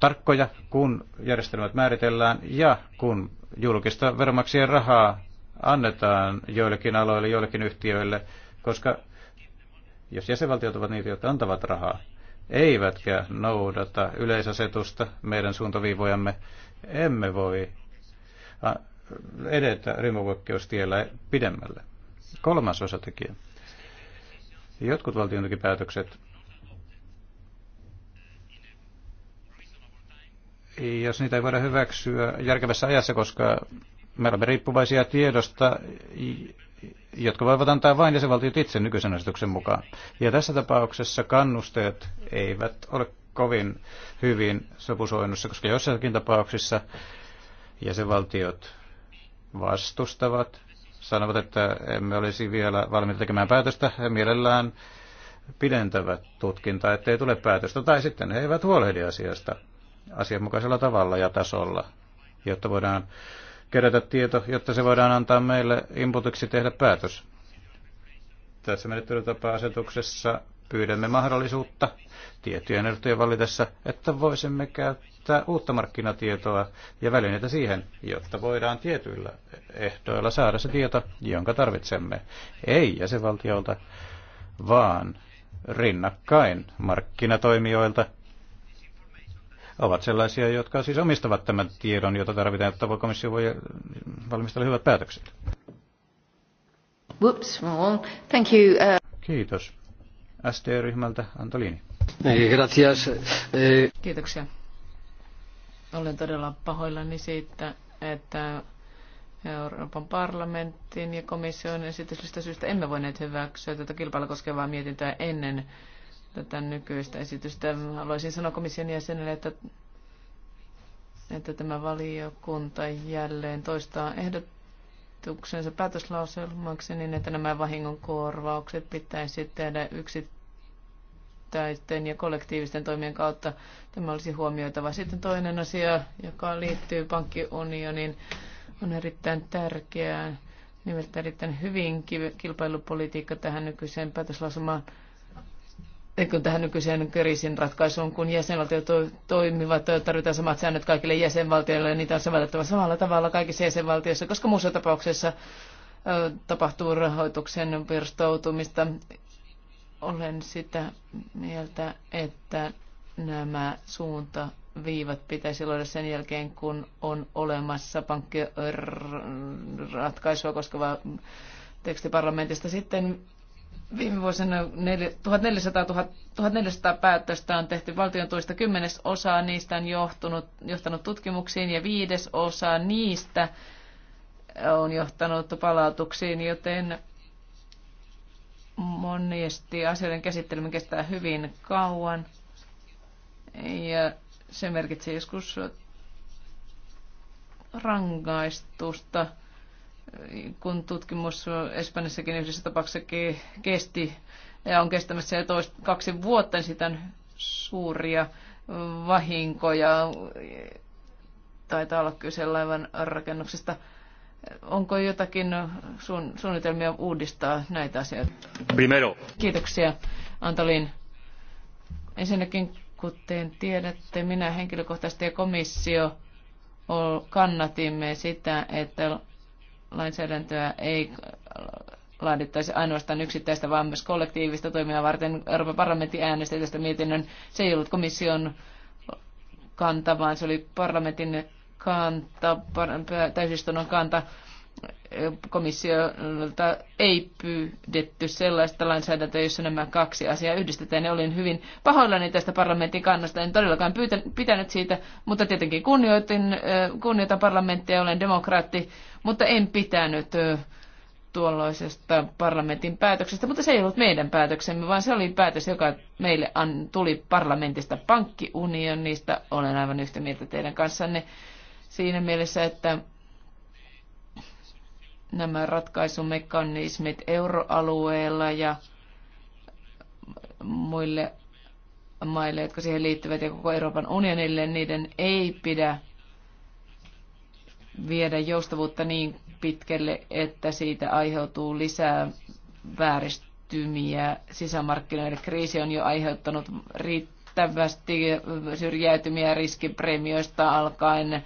tarkkoja, kun järjestelmät määritellään ja kun julkista veronmaksajien rahaa annetaan joillekin aloille, joillekin yhtiöille, koska jos jäsenvaltiot ovat niitä, jotka antavat rahaa, eivätkä noudata yleisasetusta meidän suuntaviivojamme, emme voi eh, edetä ryhmäpoikkeustiellä pidemmälle. Kolmas osatekijä. Jotkut valtiontukipäätökset, jos niitä ei voida hyväksyä järkevässä ajassa, koska me olemme riippuvaisia tiedosta, jotka voivat antaa vain jäsenvaltiot itse nykyisen asetuksen mukaan. Ja tässä tapauksessa kannusteet eivät ole kovin hyvin sopusoinnussa, koska joissakin tapauksissa jäsenvaltiot vastustavat sanovat, että emme olisi vielä valmiita tekemään päätöstä, he mielellään pidentävät tutkintaa, ettei tule päätöstä, tai sitten he eivät huolehdi asiasta asianmukaisella tavalla ja tasolla, jotta voidaan kerätä tieto, jotta se voidaan antaa meille inputiksi tehdä päätös. Tässä menettelytapa-asetuksessa pyydämme mahdollisuutta tiettyjen edustajien vallitessa, että voisimme käyttää kehittää uutta markkinatietoa ja välineitä siihen, jotta voidaan tietyillä ehdoilla saada se tieto, jonka tarvitsemme. Ei jäsenvaltiolta, vaan rinnakkain markkinatoimijoilta ovat sellaisia, jotka siis omistavat tämän tiedon, jota tarvitaan, jotta komissio voi valmistella hyvät päätökset. Whoops, wrong. Thank you. Uh... Kiitos. ST-ryhmältä Antolini. Gracias. Eh, kiitoksia olen todella pahoillani siitä, että Euroopan parlamentin ja komission esityksestä syystä emme voineet hyväksyä tätä kilpailua koskevaa mietintöä ennen tätä nykyistä esitystä. Haluaisin sanoa komission jäsenelle, että, että tämä valiokunta jälleen toistaa ehdotuksensa päätöslauselmaksi niin, että nämä vahingonkorvaukset pitäisi tehdä yksi yksittäisten ja kollektiivisten toimien kautta. Tämä olisi huomioitava. Sitten toinen asia, joka liittyy pankkiunioniin, on erittäin tärkeää. Nimeltään erittäin hyvin kilpailupolitiikka tähän nykyiseen päätöslausumaan kun tähän nykyiseen kriisin ratkaisuun, kun jäsenvaltiot toimivat, tarvitaan samat säännöt kaikille jäsenvaltioille, ja niitä on sovellettava samalla tavalla kaikissa jäsenvaltioissa, koska muussa tapauksessa tapahtuu rahoituksen virstoutumista olen sitä mieltä, että nämä suunta viivat pitäisi luoda sen jälkeen, kun on olemassa pankkiratkaisua koskeva teksti parlamentista. Sitten viime vuosina 1400, 1400 päätöstä on tehty valtion tuista. Kymmenes osa niistä on johtunut, johtanut tutkimuksiin ja viides osa niistä on johtanut palautuksiin, joten monesti asioiden käsittely kestää hyvin kauan. Ja se merkitsee joskus rangaistusta, kun tutkimus Espanjassakin yhdessä tapauksessa kesti ja on kestämässä jo toista, kaksi vuotta, niin sitä suuria vahinkoja. Taitaa olla kyse laivan rakennuksesta. Onko jotakin sun, suunnitelmia uudistaa näitä asioita? Primero. Kiitoksia, Antolin. Ensinnäkin, kuten tiedätte, minä henkilökohtaisesti ja komissio kannatimme sitä, että lainsäädäntöä ei laadittaisi ainoastaan yksittäistä, vaan myös kollektiivista toimia varten. Euroopan parlamentti äänesti tästä mietinnön. Se ei ollut komission kanta, vaan se oli parlamentin kanta, täysistunnon kanta eh, komissiolta ei pyydetty sellaista lainsäädäntöä, jossa nämä kaksi asiaa yhdistetään. Ne olin hyvin pahoillani tästä parlamentin kannasta. En todellakaan pyytä, pitänyt siitä, mutta tietenkin kunnioitin, eh, kunnioitan parlamenttia, olen demokraatti, mutta en pitänyt eh, tuolloisesta parlamentin päätöksestä, mutta se ei ollut meidän päätöksemme, vaan se oli päätös, joka meille tuli parlamentista pankkiunionista. Olen aivan yhtä mieltä teidän kanssanne siinä mielessä, että nämä ratkaisumekanismit euroalueella ja muille maille, jotka siihen liittyvät ja koko Euroopan unionille, niiden ei pidä viedä joustavuutta niin pitkälle, että siitä aiheutuu lisää vääristymiä sisämarkkinoiden. Kriisi on jo aiheuttanut riittävästi syrjäytymiä riskipremioista alkaen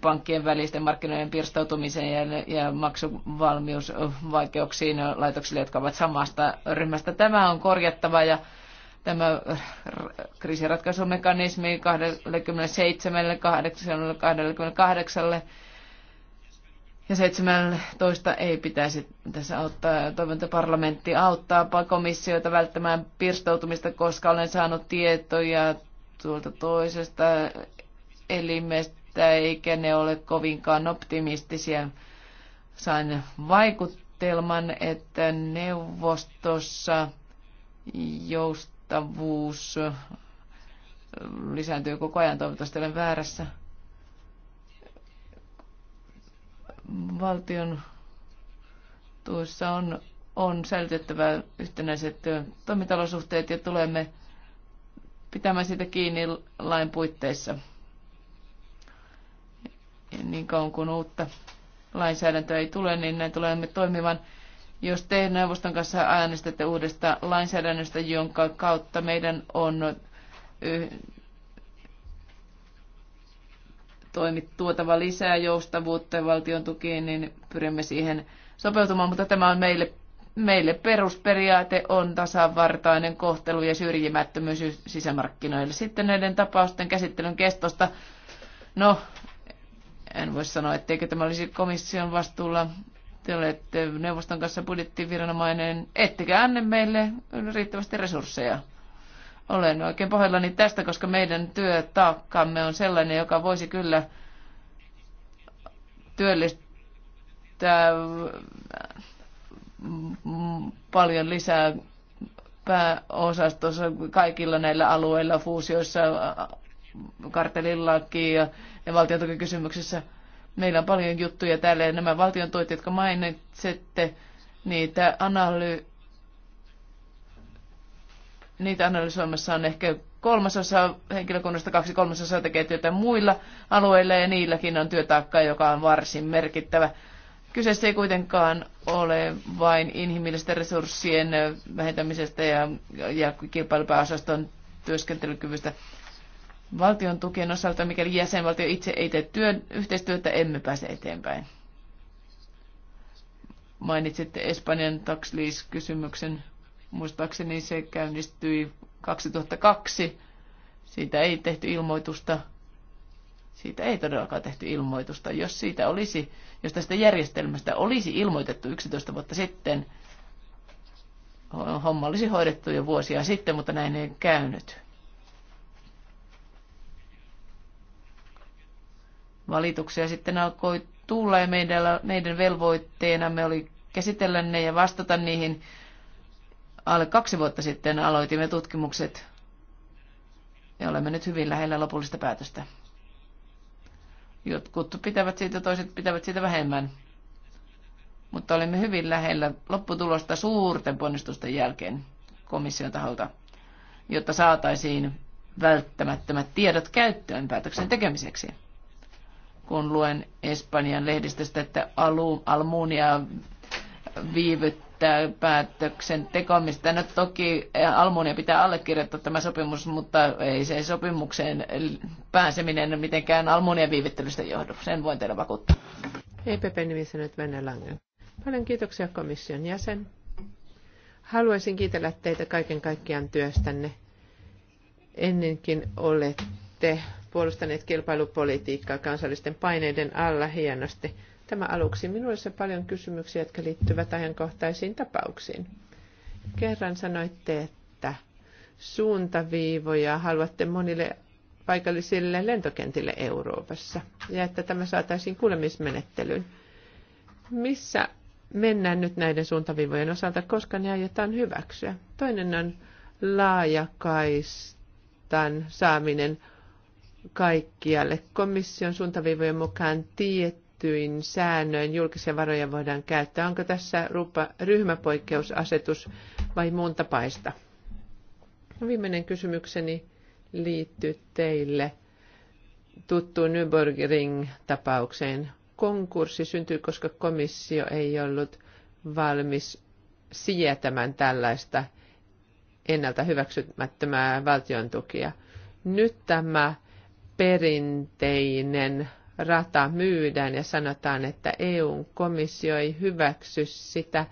pankkien välisten markkinoiden pirstautumiseen ja, ja maksuvalmiusvaikeuksiin laitoksille, jotka ovat samasta ryhmästä. Tämä on korjattava ja tämä kriisiratkaisumekanismi 27, 28 ja 17 ei pitäisi tässä auttaa. Toivon, että parlamentti auttaa komissiota välttämään pirstoutumista, koska olen saanut tietoja tuolta toisesta elimestä, eikä ne ole kovinkaan optimistisia. Sain vaikutelman, että neuvostossa joustavuus lisääntyy koko ajan, toivottavasti olen väärässä. Valtion tuissa on, on säilytettävä yhtenäiset toimintalosuhteet ja tulemme pitämään sitä kiinni lain puitteissa niin kauan kuin uutta lainsäädäntöä ei tule, niin näin tulemme toimivan, Jos te neuvoston kanssa äänestätte uudesta lainsäädännöstä, jonka kautta meidän on toimit tuotava lisää joustavuutta valtion tukiin, niin pyrimme siihen sopeutumaan, mutta tämä on meille, meille perusperiaate on tasavartainen kohtelu ja syrjimättömyys sisämarkkinoille. Sitten näiden tapausten käsittelyn kestosta. No, en voi sanoa, etteikö tämä olisi komission vastuulla. Te olette neuvoston kanssa budjettiviranomainen. Ettekä anne meille riittävästi resursseja. Olen oikein pohjallani tästä, koska meidän työtaakkamme on sellainen, joka voisi kyllä työllistää mm, paljon lisää pääosastossa kaikilla näillä alueilla, fuusioissa, kartelillakin ja, ja valtiontukikysymyksissä. Meillä on paljon juttuja täällä ja nämä valtion tuet, jotka mainitsette, niitä, analy- niitä analysoimassa on ehkä kolmasosa henkilökunnasta, kaksi kolmasosaa tekee työtä muilla alueilla ja niilläkin on työtaakka, joka on varsin merkittävä. Kyseessä ei kuitenkaan ole vain inhimillisten resurssien vähentämisestä ja, ja kilpailupääosaston työskentelykyvystä valtion tukien osalta, mikäli jäsenvaltio itse ei tee työn, yhteistyötä, emme pääse eteenpäin. Mainitsitte Espanjan taksilis-kysymyksen. Muistaakseni se käynnistyi 2002. Siitä ei tehty ilmoitusta. Siitä ei todellakaan tehty ilmoitusta. Jos, siitä olisi, jos tästä järjestelmästä olisi ilmoitettu 11 vuotta sitten, homma olisi hoidettu jo vuosia sitten, mutta näin ei käynyt. Valituksia sitten alkoi tulla ja meidän, meidän me oli käsitellä ne ja vastata niihin. Alle kaksi vuotta sitten aloitimme tutkimukset ja olemme nyt hyvin lähellä lopullista päätöstä. Jotkut pitävät siitä, toiset pitävät siitä vähemmän. Mutta olimme hyvin lähellä lopputulosta suurten ponnistusten jälkeen komission taholta, jotta saataisiin välttämättömät tiedot käyttöön päätöksen tekemiseksi kun luen Espanjan lehdistöstä, että Alu, Almunia viivyttää päätöksen tekomista. No toki eh, Almunia pitää allekirjoittaa tämä sopimus, mutta ei se sopimukseen pääseminen mitenkään Almunia viivittelystä johdu. Sen voin teille vakuuttaa. E Pepe, nimissä nyt Venne Lange. Paljon kiitoksia komission jäsen. Haluaisin kiitellä teitä kaiken kaikkiaan työstänne. Ennenkin olette puolustaneet kilpailupolitiikkaa kansallisten paineiden alla hienosti. Tämä aluksi minulle se paljon kysymyksiä, jotka liittyvät ajankohtaisiin tapauksiin. Kerran sanoitte, että suuntaviivoja haluatte monille paikallisille lentokentille Euroopassa ja että tämä saataisiin kuulemismenettelyyn. Missä mennään nyt näiden suuntaviivojen osalta, koska ne aiotaan hyväksyä? Toinen on laajakaistan saaminen kaikkialle. Komission suuntaviivojen mukaan tiettyin säännöin julkisia varoja voidaan käyttää. Onko tässä rupa, ryhmäpoikkeusasetus vai muun tapaista? No, viimeinen kysymykseni liittyy teille tuttuun Nürburgring-tapaukseen. Konkurssi syntyi, koska komissio ei ollut valmis sietämään tällaista ennalta hyväksymättömää valtion tukia. Nyt tämä perinteinen rata myydään ja sanotaan, että EUn komissio ei hyväksy sitä,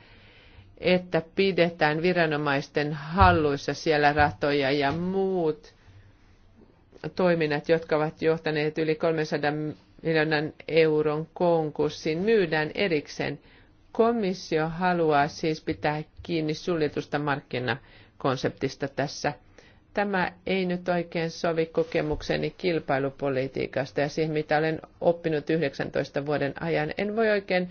että pidetään viranomaisten halluissa siellä ratoja ja muut toiminnat, jotka ovat johtaneet yli 300 miljoonan euron konkurssiin, myydään erikseen. Komissio haluaa siis pitää kiinni suljetusta markkinakonseptista tässä Tämä ei nyt oikein sovi kokemukseni kilpailupolitiikasta ja siihen, mitä olen oppinut 19 vuoden ajan. En voi oikein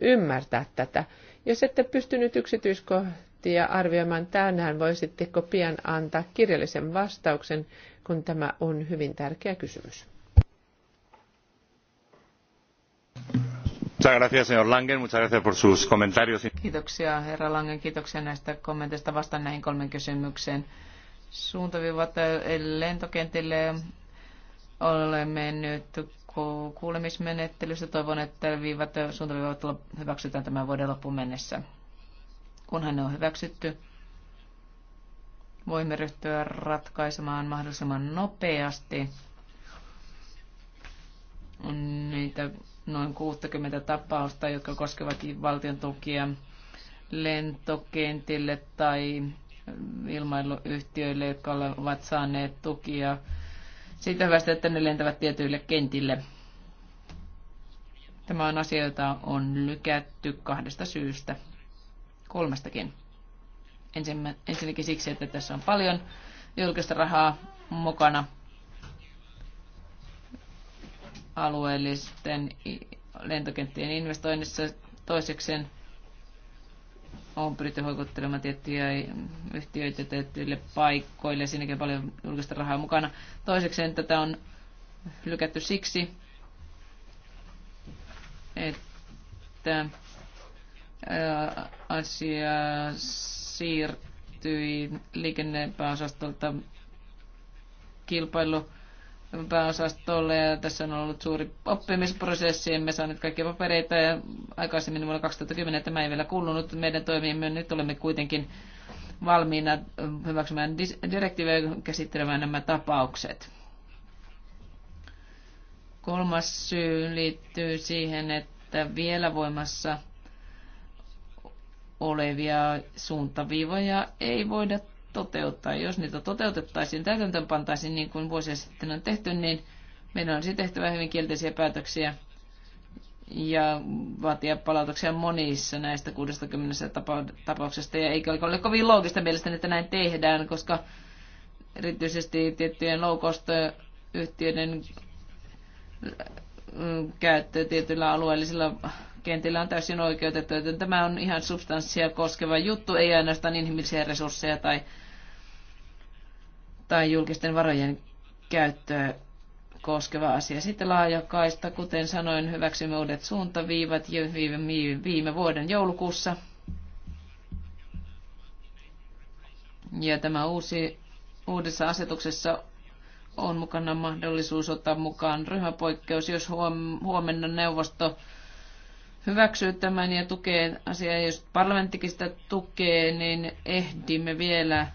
ymmärtää tätä. Jos ette pystynyt yksityiskohtia arvioimaan tänään, voisitteko pian antaa kirjallisen vastauksen, kun tämä on hyvin tärkeä kysymys. Kiitoksia herra Langen, kiitoksia näistä kommenteista. Vastaan näihin kolmen kysymykseen suuntaviivat lentokentille. Olemme nyt kuulemismenettelyssä. Toivon, että viivat, suuntaviivat hyväksytään tämän vuoden loppuun mennessä. Kunhan ne on hyväksytty, voimme ryhtyä ratkaisemaan mahdollisimman nopeasti on niitä noin 60 tapausta, jotka koskevat valtion tukia lentokentille tai ilmailuyhtiöille, jotka ovat saaneet tukia siitä hyvästä, että ne lentävät tietyille kentille. Tämä on asia, jota on lykätty kahdesta syystä, kolmestakin. ensinnäkin siksi, että tässä on paljon julkista rahaa mukana alueellisten lentokenttien investoinnissa. Toisekseen on pyritty hoikottelemaan tiettyjä yhtiöitä tiettyille paikoille. Siinäkin on paljon julkista rahaa mukana. Toisekseen tätä on lykätty siksi, että asia siirtyi liikennepääosastolta kilpailu pääosastolle ja tässä on ollut suuri oppimisprosessi. Emme saaneet kaikkia papereita ja aikaisemmin vuonna 2010 tämä ei vielä kuulunut meidän toimiimme. Nyt olemme kuitenkin valmiina hyväksymään direktiivejä käsittelemään nämä tapaukset. Kolmas syy liittyy siihen, että vielä voimassa olevia suuntaviivoja ei voida toteuttaa. Jos niitä toteutettaisiin, täytäntöönpantaisiin niin kuin vuosia sitten on tehty, niin meidän olisi tehtävä hyvin kielteisiä päätöksiä ja vaatia palautuksia monissa näistä 60 tapauksesta. Ja eikä ole kovin loogista mielestäni, että näin tehdään, koska erityisesti tiettyjen loukostoyhtiöiden yhtiöiden käyttö tietyillä alueellisilla kentillä on täysin oikeutettu, joten tämä on ihan substanssia koskeva juttu, ei ainoastaan inhimillisiä resursseja tai tai julkisten varojen käyttöä koskeva asia. Sitten laajakaista, kuten sanoin, hyväksymme uudet suuntaviivat jo viime vuoden joulukuussa. Ja tämä uusi, uudessa asetuksessa on mukana mahdollisuus ottaa mukaan ryhmäpoikkeus, jos huom, huomenna neuvosto hyväksyy tämän ja tukee asiaa, jos parlamenttikin sitä tukee, niin ehdimme vielä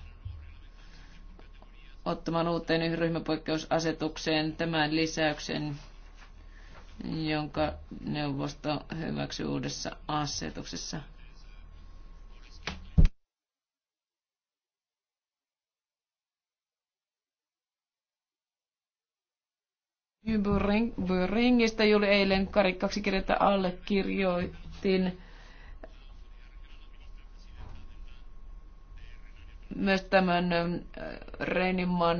ottamaan uuteen ryhmäpoikkeusasetukseen tämän lisäyksen, jonka neuvosto hyväksyi uudessa asetuksessa. Böringistä juuri eilen kaksi kirjoittaa allekirjoitin. myös tämän Reinimman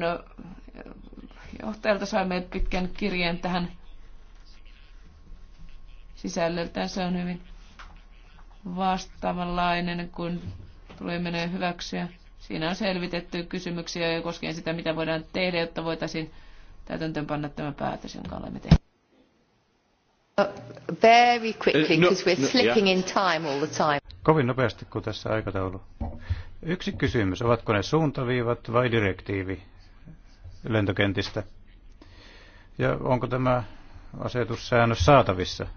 johtajalta saimme pitkän kirjeen tähän sisällöltään. Se on hyvin vastaavanlainen kun tulee menee hyväksyä. Siinä on selvitetty kysymyksiä ja koskien sitä, mitä voidaan tehdä, jotta voitaisiin täytäntöönpanna tämä päätös, jonka olemme tehneet. Uh, very quickly, because eh, no, we're no, slipping in time all the time. Kovin nopeasti, kun tässä aikataulu Yksi kysymys, ovatko ne suuntaviivat vai direktiivi lentokentistä? Ja onko tämä asetussäännös saatavissa?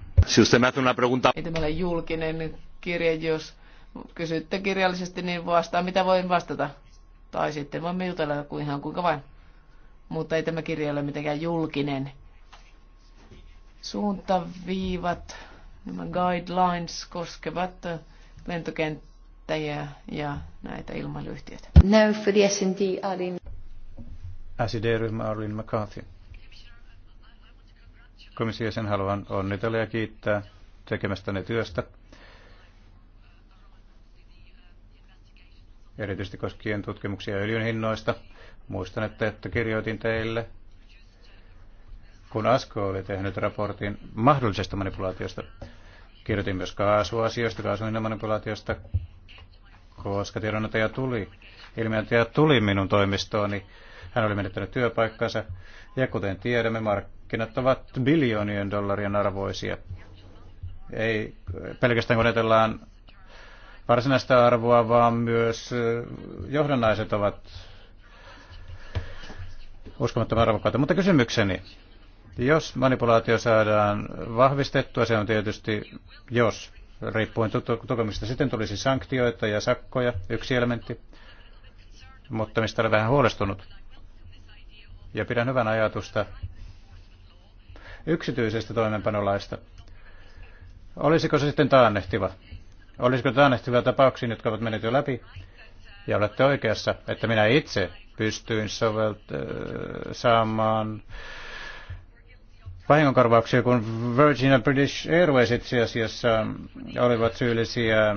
Ei tämä ole julkinen kirje, jos kysytte kirjallisesti, niin vastaan mitä voin vastata. Tai sitten voimme jutella kuin ihan kuinka vain. Mutta ei tämä kirja ole mitenkään julkinen. Suuntaviivat, nämä guidelines koskevat lentokenttä yrittäjiä ja näitä ilmailuyhtiöitä. Now for the S&D, Arlene. SID-ryhmä Arlene McCarthy. Komission sen haluan onnitella ja kiittää tekemästäne työstä. Erityisesti koskien tutkimuksia öljyn hinnoista. Muistan, että, että kirjoitin teille, kun Asko oli tehnyt raportin mahdollisesta manipulaatiosta kirjoitin myös kaasuasioista, kaasun manipulaatiosta koska tiedonantaja tuli, ilmiantaja tuli minun toimistooni. Hän oli menettänyt työpaikkansa ja kuten tiedämme, markkinat ovat biljoonien dollarien arvoisia. Ei pelkästään kun ajatellaan varsinaista arvoa, vaan myös johdannaiset ovat uskomattoman arvokkaita. Mutta kysymykseni, jos manipulaatio saadaan vahvistettua, se on tietysti jos riippuen tukemista. Sitten tulisi siis sanktioita ja sakkoja, yksi elementti, mutta mistä olen vähän huolestunut. Ja pidän hyvän ajatusta yksityisestä toimenpanolaista. Olisiko se sitten taannehtiva? Olisiko taannehtiva tapauksiin, jotka ovat menneet jo läpi? Ja olette oikeassa, että minä itse pystyin sovelt- äh, saamaan äh, vahingonkorvauksia, kun Virgin ja British Airways itse asiassa olivat syyllisiä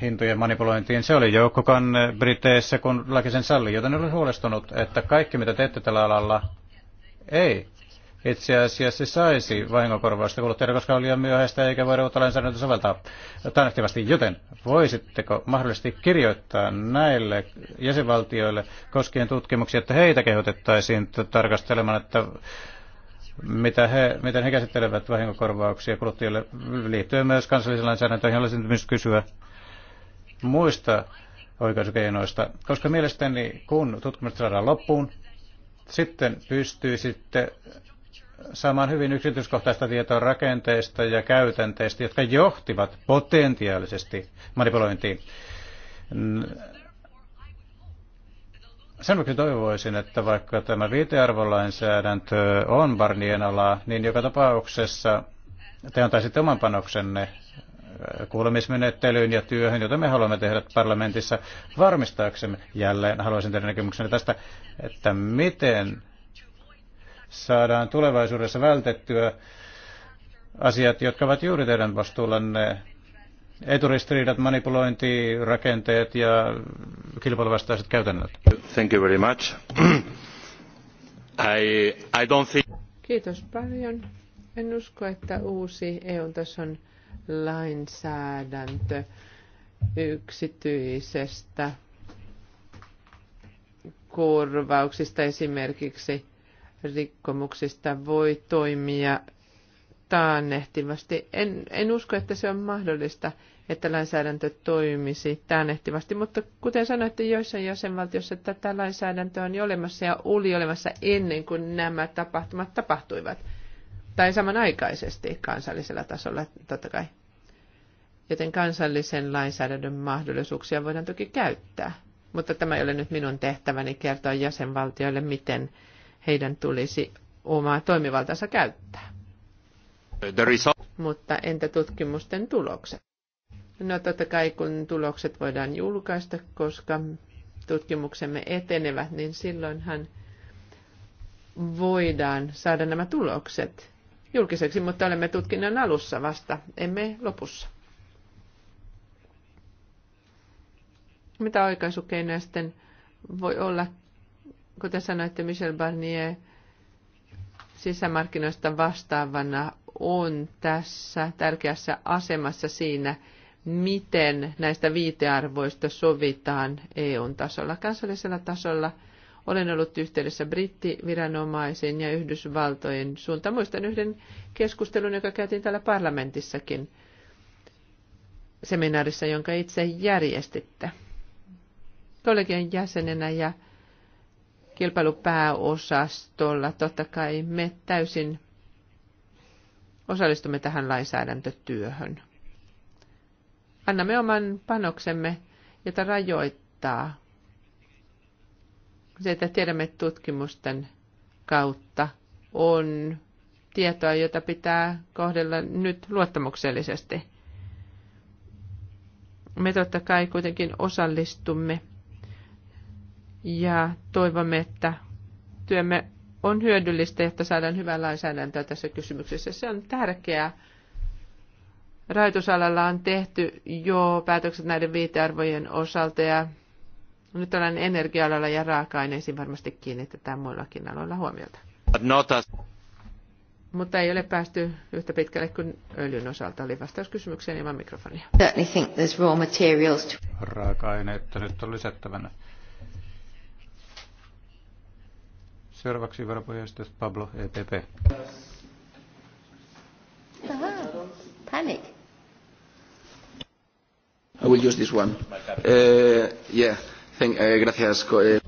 hintojen manipulointiin. Se oli joukkokan Briteissä, kun laki sen salli, joten olen huolestunut, että kaikki mitä teette tällä alalla ei itse asiassa saisi vahingonkorvausta kuluttajana, koska oli liian myöhäistä eikä voida uutta lainsäädäntöä soveltaa taannehtivasti. Joten voisitteko mahdollisesti kirjoittaa näille jäsenvaltioille koskien tutkimuksia, että heitä kehotettaisiin tarkastelemaan, että mitä he, miten he käsittelevät vahingonkorvauksia kuluttajille liittyen myös kansallisen lainsäädäntöön. Haluaisin myös kysyä muista oikaisukeinoista, koska mielestäni kun tutkimukset saadaan loppuun, sitten pystyy sitten saamaan hyvin yksityiskohtaista tietoa rakenteista ja käytänteistä, jotka johtivat potentiaalisesti manipulointiin. Sen vuoksi toivoisin, että vaikka tämä viitearvolainsäädäntö on Barnien ala, niin joka tapauksessa te antaisitte oman panoksenne kuulemismenettelyyn ja työhön, jota me haluamme tehdä parlamentissa varmistaaksemme. Jälleen haluaisin teidän näkemyksenne tästä, että miten saadaan tulevaisuudessa vältettyä asiat, jotka ovat juuri teidän vastuullanne, eturistiriidat, manipulointi, rakenteet ja kilpailuvastaiset käytännöt? Thank you very much. I, I don't think... Kiitos paljon. En usko, että uusi EU-tason lainsäädäntö yksityisestä korvauksista esimerkiksi rikkomuksista voi toimia taannehtivasti. En, en usko, että se on mahdollista, että lainsäädäntö toimisi taannehtivasti, mutta kuten sanoitte, joissain jäsenvaltioissa tätä lainsäädäntöä on jo olemassa ja oli olemassa ennen kuin nämä tapahtumat tapahtuivat. Tai samanaikaisesti kansallisella tasolla totta kai. Joten kansallisen lainsäädännön mahdollisuuksia voidaan toki käyttää. Mutta tämä ei ole nyt minun tehtäväni kertoa jäsenvaltioille, miten heidän tulisi omaa toimivaltansa käyttää. Mutta entä tutkimusten tulokset? No totta kai kun tulokset voidaan julkaista, koska tutkimuksemme etenevät, niin silloinhan voidaan saada nämä tulokset julkiseksi, mutta olemme tutkinnan alussa vasta, emme lopussa. Mitä oikaisukeinoja sitten voi olla kuten sanoitte, Michel Barnier sisämarkkinoista vastaavana on tässä tärkeässä asemassa siinä, miten näistä viitearvoista sovitaan EUn tasolla. Kansallisella tasolla olen ollut yhteydessä brittiviranomaisiin ja Yhdysvaltojen suuntaan. Muistan yhden keskustelun, joka käytiin täällä parlamentissakin seminaarissa, jonka itse järjestitte. Kollegian jäsenenä ja kilpailupääosastolla. Totta kai me täysin osallistumme tähän lainsäädäntötyöhön. Annamme oman panoksemme, jota rajoittaa se, että tiedämme tutkimusten kautta, on tietoa, jota pitää kohdella nyt luottamuksellisesti. Me totta kai kuitenkin osallistumme ja toivomme, että työmme on hyödyllistä, että saadaan hyvää lainsäädäntöä tässä kysymyksessä. Se on tärkeää. Rajoitusalalla on tehty jo päätökset näiden viitearvojen osalta ja nyt ollaan energia-alalla ja raaka-aineisiin varmasti kiinnitetään muillakin aloilla huomiota. Mutta ei ole päästy yhtä pitkälle kuin öljyn osalta. Oli vastaus kysymykseen ilman mikrofonia. Raaka-aineita nyt on lisättävänä. Seuraavaksi varapuheenjohtaja Pablo EPP. Aha, panic. I will use this one. Uh, yeah, thank, uh, gracias. Eh.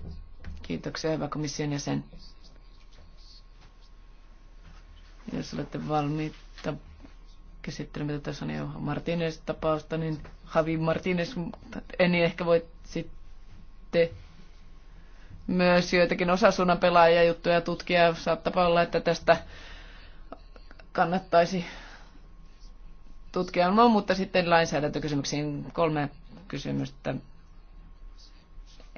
Kiitoksia, hyvä komission jäsen. Jos olette valmiita käsittelemään tätä Sonia Martinez-tapausta, niin Javi Martinez, en ehkä voi sitten myös joitakin osasunnan juttuja tutkia. Saattaa olla, että tästä kannattaisi tutkia, no, mutta sitten lainsäädäntökysymyksiin kolme kysymystä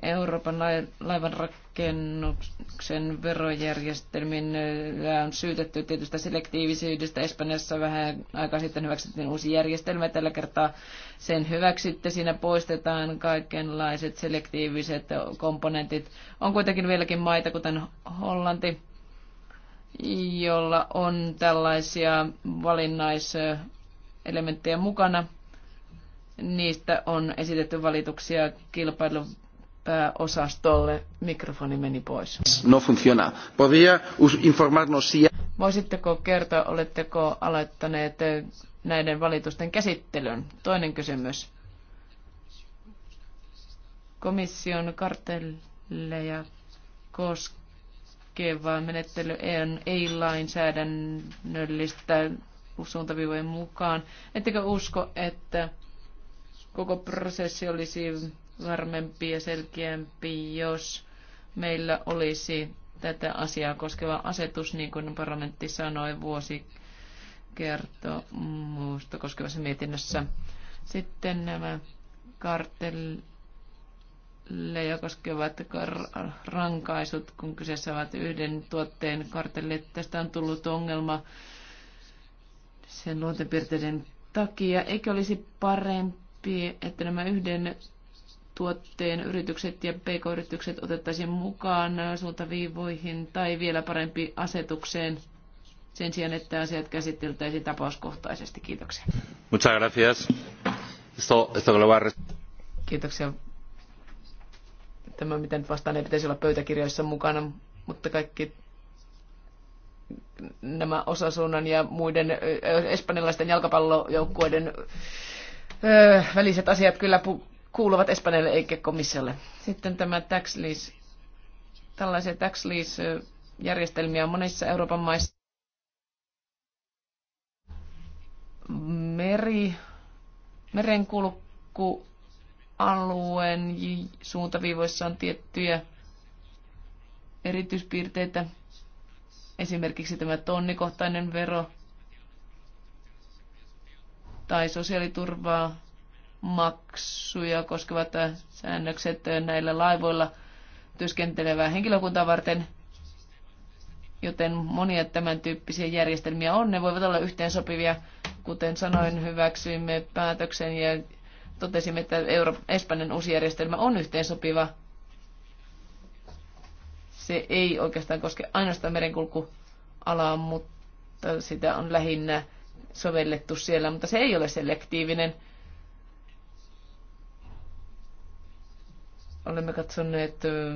Euroopan laivanrakennuksen verojärjestelmin on syytetty tietystä selektiivisyydestä. Espanjassa vähän aikaa sitten hyväksyttiin uusi järjestelmä. Tällä kertaa sen hyväksytte. Siinä poistetaan kaikenlaiset selektiiviset komponentit. On kuitenkin vieläkin maita, kuten Hollanti, jolla on tällaisia valinnaiselementtejä mukana. Niistä on esitetty valituksia kilpailu pääosastolle. Mikrofoni meni pois. No funciona. Podría informarnos si... Voisitteko kertoa, oletteko aloittaneet näiden valitusten käsittelyn? Toinen kysymys. Komission kartelleja koskeva menettely ei-lainsäädännöllistä suuntaviivojen mukaan. Ettekö usko, että koko prosessi olisi varmempi ja selkeämpi, jos meillä olisi tätä asiaa koskeva asetus, niin kuin parlamentti sanoi vuosikertomusta koskevassa mietinnössä. Sitten nämä kartelleja koskevat rankaisut, kun kyseessä ovat yhden tuotteen kartellit. Tästä on tullut ongelma sen luontepiirteiden takia. Eikö olisi parempi, että nämä yhden tuotteen yritykset ja pk-yritykset otettaisiin mukaan suuntaviivoihin tai vielä parempi asetukseen sen sijaan, että asiat käsiteltäisiin tapauskohtaisesti. Kiitoksia. Muchas gracias. Esto, esto Kiitoksia. Tämä, miten vastaan, ei pitäisi olla pöytäkirjoissa mukana, mutta kaikki nämä osasuunnan ja muiden espanjalaisten jalkapallojoukkueiden öö, väliset asiat kyllä pu- kuuluvat Espanjalle eikä komissiolle. Sitten tämä tax lease, tällaisia tax lease-järjestelmiä on monissa Euroopan maissa. Meri, merenkulkualueen suuntaviivoissa on tiettyjä erityispiirteitä. Esimerkiksi tämä tonnikohtainen vero tai sosiaaliturvaa maksuja koskevat säännökset näillä laivoilla työskentelevää henkilökuntaa varten, joten monia tämän tyyppisiä järjestelmiä on. Ne voivat olla yhteensopivia. Kuten sanoin, hyväksyimme päätöksen ja totesimme, että Euro- Espanjan uusi järjestelmä on yhteensopiva. Se ei oikeastaan koske ainoastaan merenkulkualaa, mutta sitä on lähinnä sovellettu siellä, mutta se ei ole selektiivinen Olemme katsoneet,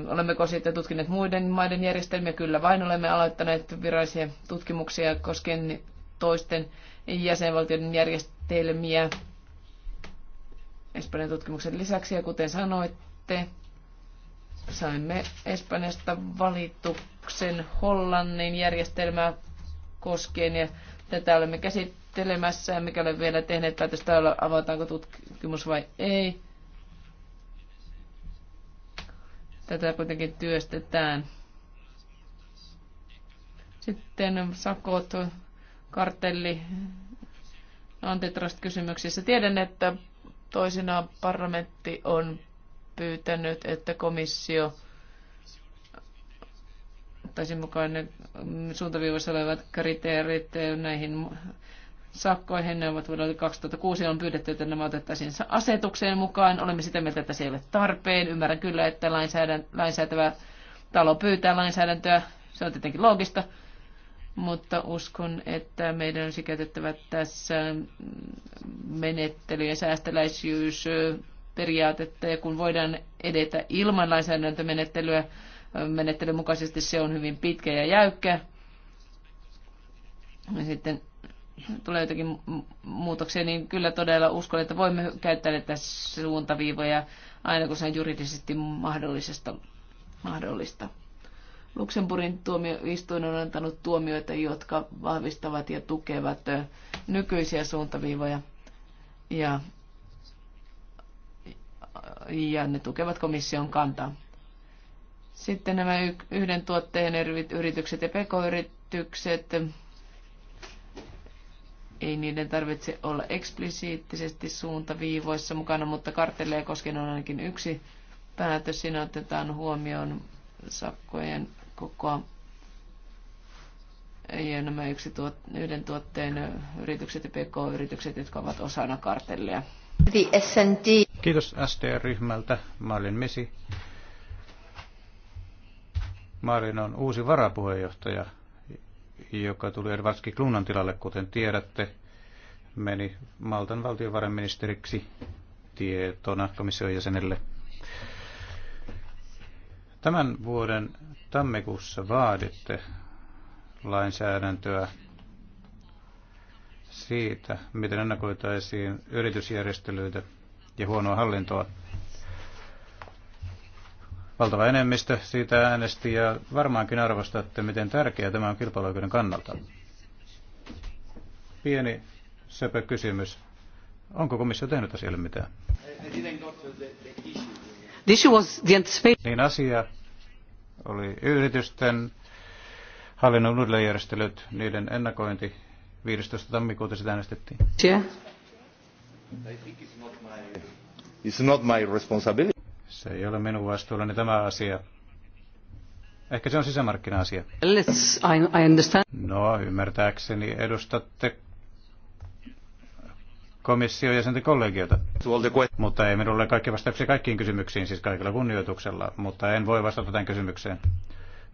olemmeko sitten tutkineet muiden maiden järjestelmiä? Kyllä vain olemme aloittaneet virallisia tutkimuksia koskien toisten jäsenvaltioiden järjestelmiä Espanjan tutkimuksen lisäksi. Ja kuten sanoitte, saimme Espanjasta valituksen Hollannin järjestelmää koskien ja tätä olemme käsittelemässä, mikä ole vielä tehneet päätöstä, avataanko tutkimus vai ei. Tätä kuitenkin työstetään. Sitten sakot, kartelli, antitrust-kysymyksissä. Tiedän, että toisinaan parlamentti on pyytänyt, että komissio ottaisi mukaan ne suuntaviivassa olevat kriteerit näihin sakkoihin. Ne ovat vuodelta 2006 on pyydetty, että nämä otettaisiin asetukseen mukaan. Olemme sitä mieltä, että se ei ole tarpeen. Ymmärrän kyllä, että lainsäätävä talo pyytää lainsäädäntöä. Se on tietenkin loogista. Mutta uskon, että meidän on käytettävä tässä mm, menettely- ja säästeläisyysperiaatetta. Ja kun voidaan edetä ilman lainsäädäntömenettelyä, menettelyn mukaisesti se on hyvin pitkä ja jäykkä. Ja sitten tulee jotakin muutoksia, niin kyllä todella uskon, että voimme käyttää näitä suuntaviivoja aina kun se on juridisesti mahdollisesta, mahdollista. Luxemburgin tuomioistuin on antanut tuomioita, jotka vahvistavat ja tukevat nykyisiä suuntaviivoja ja, ja ne tukevat komission kantaa. Sitten nämä yhden tuotteen yritykset ja pk-yritykset ei niiden tarvitse olla eksplisiittisesti suuntaviivoissa mukana, mutta kartteleja koskien on ainakin yksi päätös. Siinä otetaan huomioon sakkojen kokoa ja nämä yksi tuot, yhden tuotteen yritykset ja pk-yritykset, jotka ovat osana kartellia. Kiitos ST-ryhmältä, Marlin Mesi. Marin on uusi varapuheenjohtaja joka tuli Edvarski Klunnan tilalle, kuten tiedätte, meni Maltan valtiovarainministeriksi tietona komission jäsenelle. Tämän vuoden tammikuussa vaaditte lainsäädäntöä siitä, miten ennakoitaisiin yritysjärjestelyitä ja huonoa hallintoa. Valtava enemmistö siitä äänesti ja varmaankin arvostatte, miten tärkeää tämä on kilpailuoikeuden kannalta. Pieni söpö kysymys. Onko komissio tehnyt asialle mitään? Niin asia oli yritysten hallinnon uudelleenjärjestelyt, niiden ennakointi 15. tammikuuta sitä äänestettiin. Yeah. It's not my responsibility. Se ei ole minun vastuullani tämä asia. Ehkä se on sisämarkkina-asia. Let's, I, I understand. No, ymmärtääkseni edustatte komission jäsenten kollegiota. Mutta ei minulle kaikki vastauksia kaikkiin kysymyksiin, siis kaikilla kunnioituksella, mutta en voi vastata tämän kysymykseen.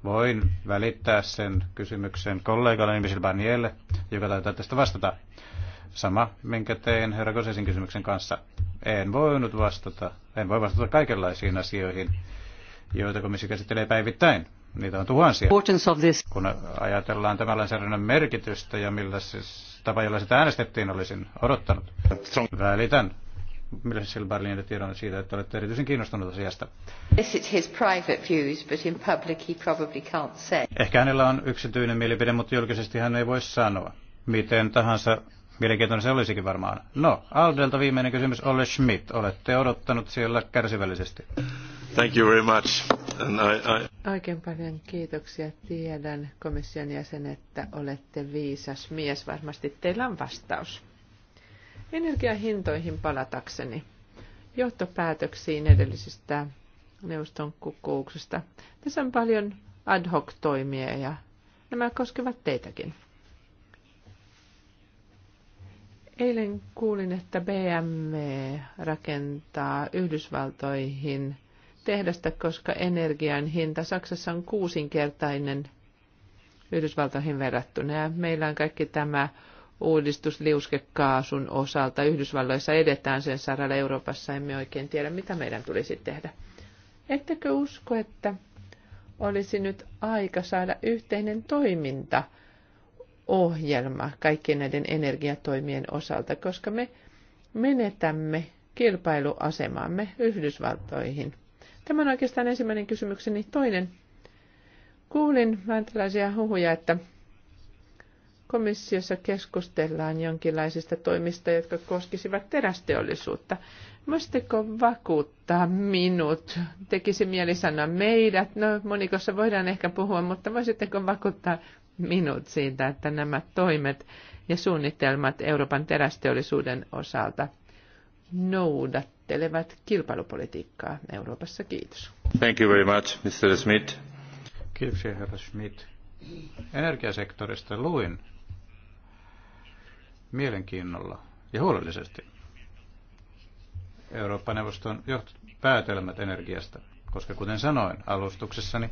Voin välittää sen kysymyksen kollegalle nimiselle Barnielle, joka taitaa tästä vastata. Sama, minkä tein herra Kosesin kysymyksen kanssa. En voinut vastata. En voi vastata kaikenlaisiin asioihin, joita komissio käsittelee päivittäin. Niitä on tuhansia. Kun ajatellaan tämän lainsäädännön merkitystä ja millä siis tapa, jolla sitä äänestettiin, olisin odottanut. Välitän Mille Silberlinille tiedon siitä, että olette erityisen kiinnostunut asiasta. Ehkä hänellä on yksityinen mielipide, mutta julkisesti hän ei voi sanoa. Miten tahansa Mielenkiintoinen se olisikin varmaan. No, Aldelta viimeinen kysymys Olle Schmidt. Olette odottanut siellä kärsivällisesti. Thank you very much. And I, I... Oikein paljon kiitoksia. Tiedän komission jäsen, että olette viisas mies. Varmasti teillä on vastaus. Energiahintoihin palatakseni. Johtopäätöksiin edellisistä neuvoston kokouksesta. Tässä on paljon ad hoc toimia ja nämä koskevat teitäkin. Eilen kuulin, että BMW rakentaa Yhdysvaltoihin tehdasta, koska energian hinta Saksassa on kuusinkertainen Yhdysvaltoihin verrattuna. Ja meillä on kaikki tämä uudistus liuskekaasun osalta. Yhdysvalloissa edetään sen saralla Euroopassa, emme oikein tiedä, mitä meidän tulisi tehdä. Ettekö usko, että olisi nyt aika saada yhteinen toiminta ohjelma kaikkien näiden energiatoimien osalta, koska me menetämme kilpailuasemamme Yhdysvaltoihin. Tämä on oikeastaan ensimmäinen kysymykseni. Toinen. Kuulin vähän tällaisia huhuja, että komissiossa keskustellaan jonkinlaisista toimista, jotka koskisivat terästeollisuutta. Voisitteko vakuuttaa minut? Tekisi mieli sanoa meidät. No monikossa voidaan ehkä puhua, mutta voisitteko vakuuttaa minut siitä, että nämä toimet ja suunnitelmat Euroopan terästeollisuuden osalta noudattelevat kilpailupolitiikkaa Euroopassa. Kiitos. Thank you very much, Mr. Schmidt. Kiitoksia, herra Schmidt. Energiasektorista luin mielenkiinnolla ja huolellisesti Euroopan neuvoston joht- päätelmät energiasta, koska kuten sanoin alustuksessani,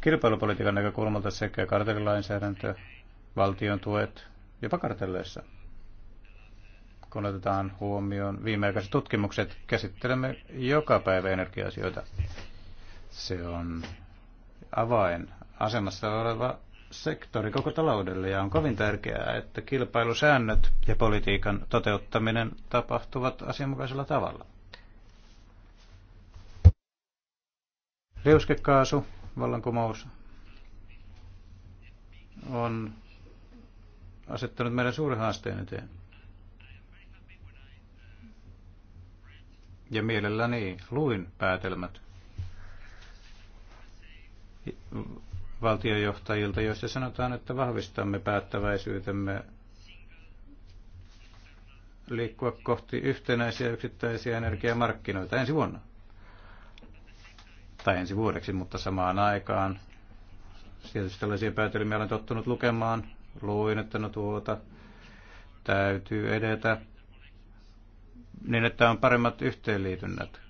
kilpailupolitiikan näkökulmalta sekä kartellilainsäädäntö, valtion tuet, jopa kartelleissa. Kun otetaan huomioon viimeaikaiset tutkimukset, käsittelemme joka päivä energiaasioita. Se on avain asemassa oleva sektori koko taloudelle ja on kovin tärkeää, että kilpailusäännöt ja politiikan toteuttaminen tapahtuvat asianmukaisella tavalla. Liuskekaasu, vallankumous on asettanut meidän suuren haasteen eteen. Ja mielelläni luin päätelmät valtiojohtajilta, joissa sanotaan, että vahvistamme päättäväisyytemme liikkua kohti yhtenäisiä yksittäisiä energiamarkkinoita ensi vuonna tai ensi vuodeksi, mutta samaan aikaan tietysti tällaisia päätelmiä olen tottunut lukemaan. Luin, että no tuota, täytyy edetä niin, että on paremmat yhteenliitynnät.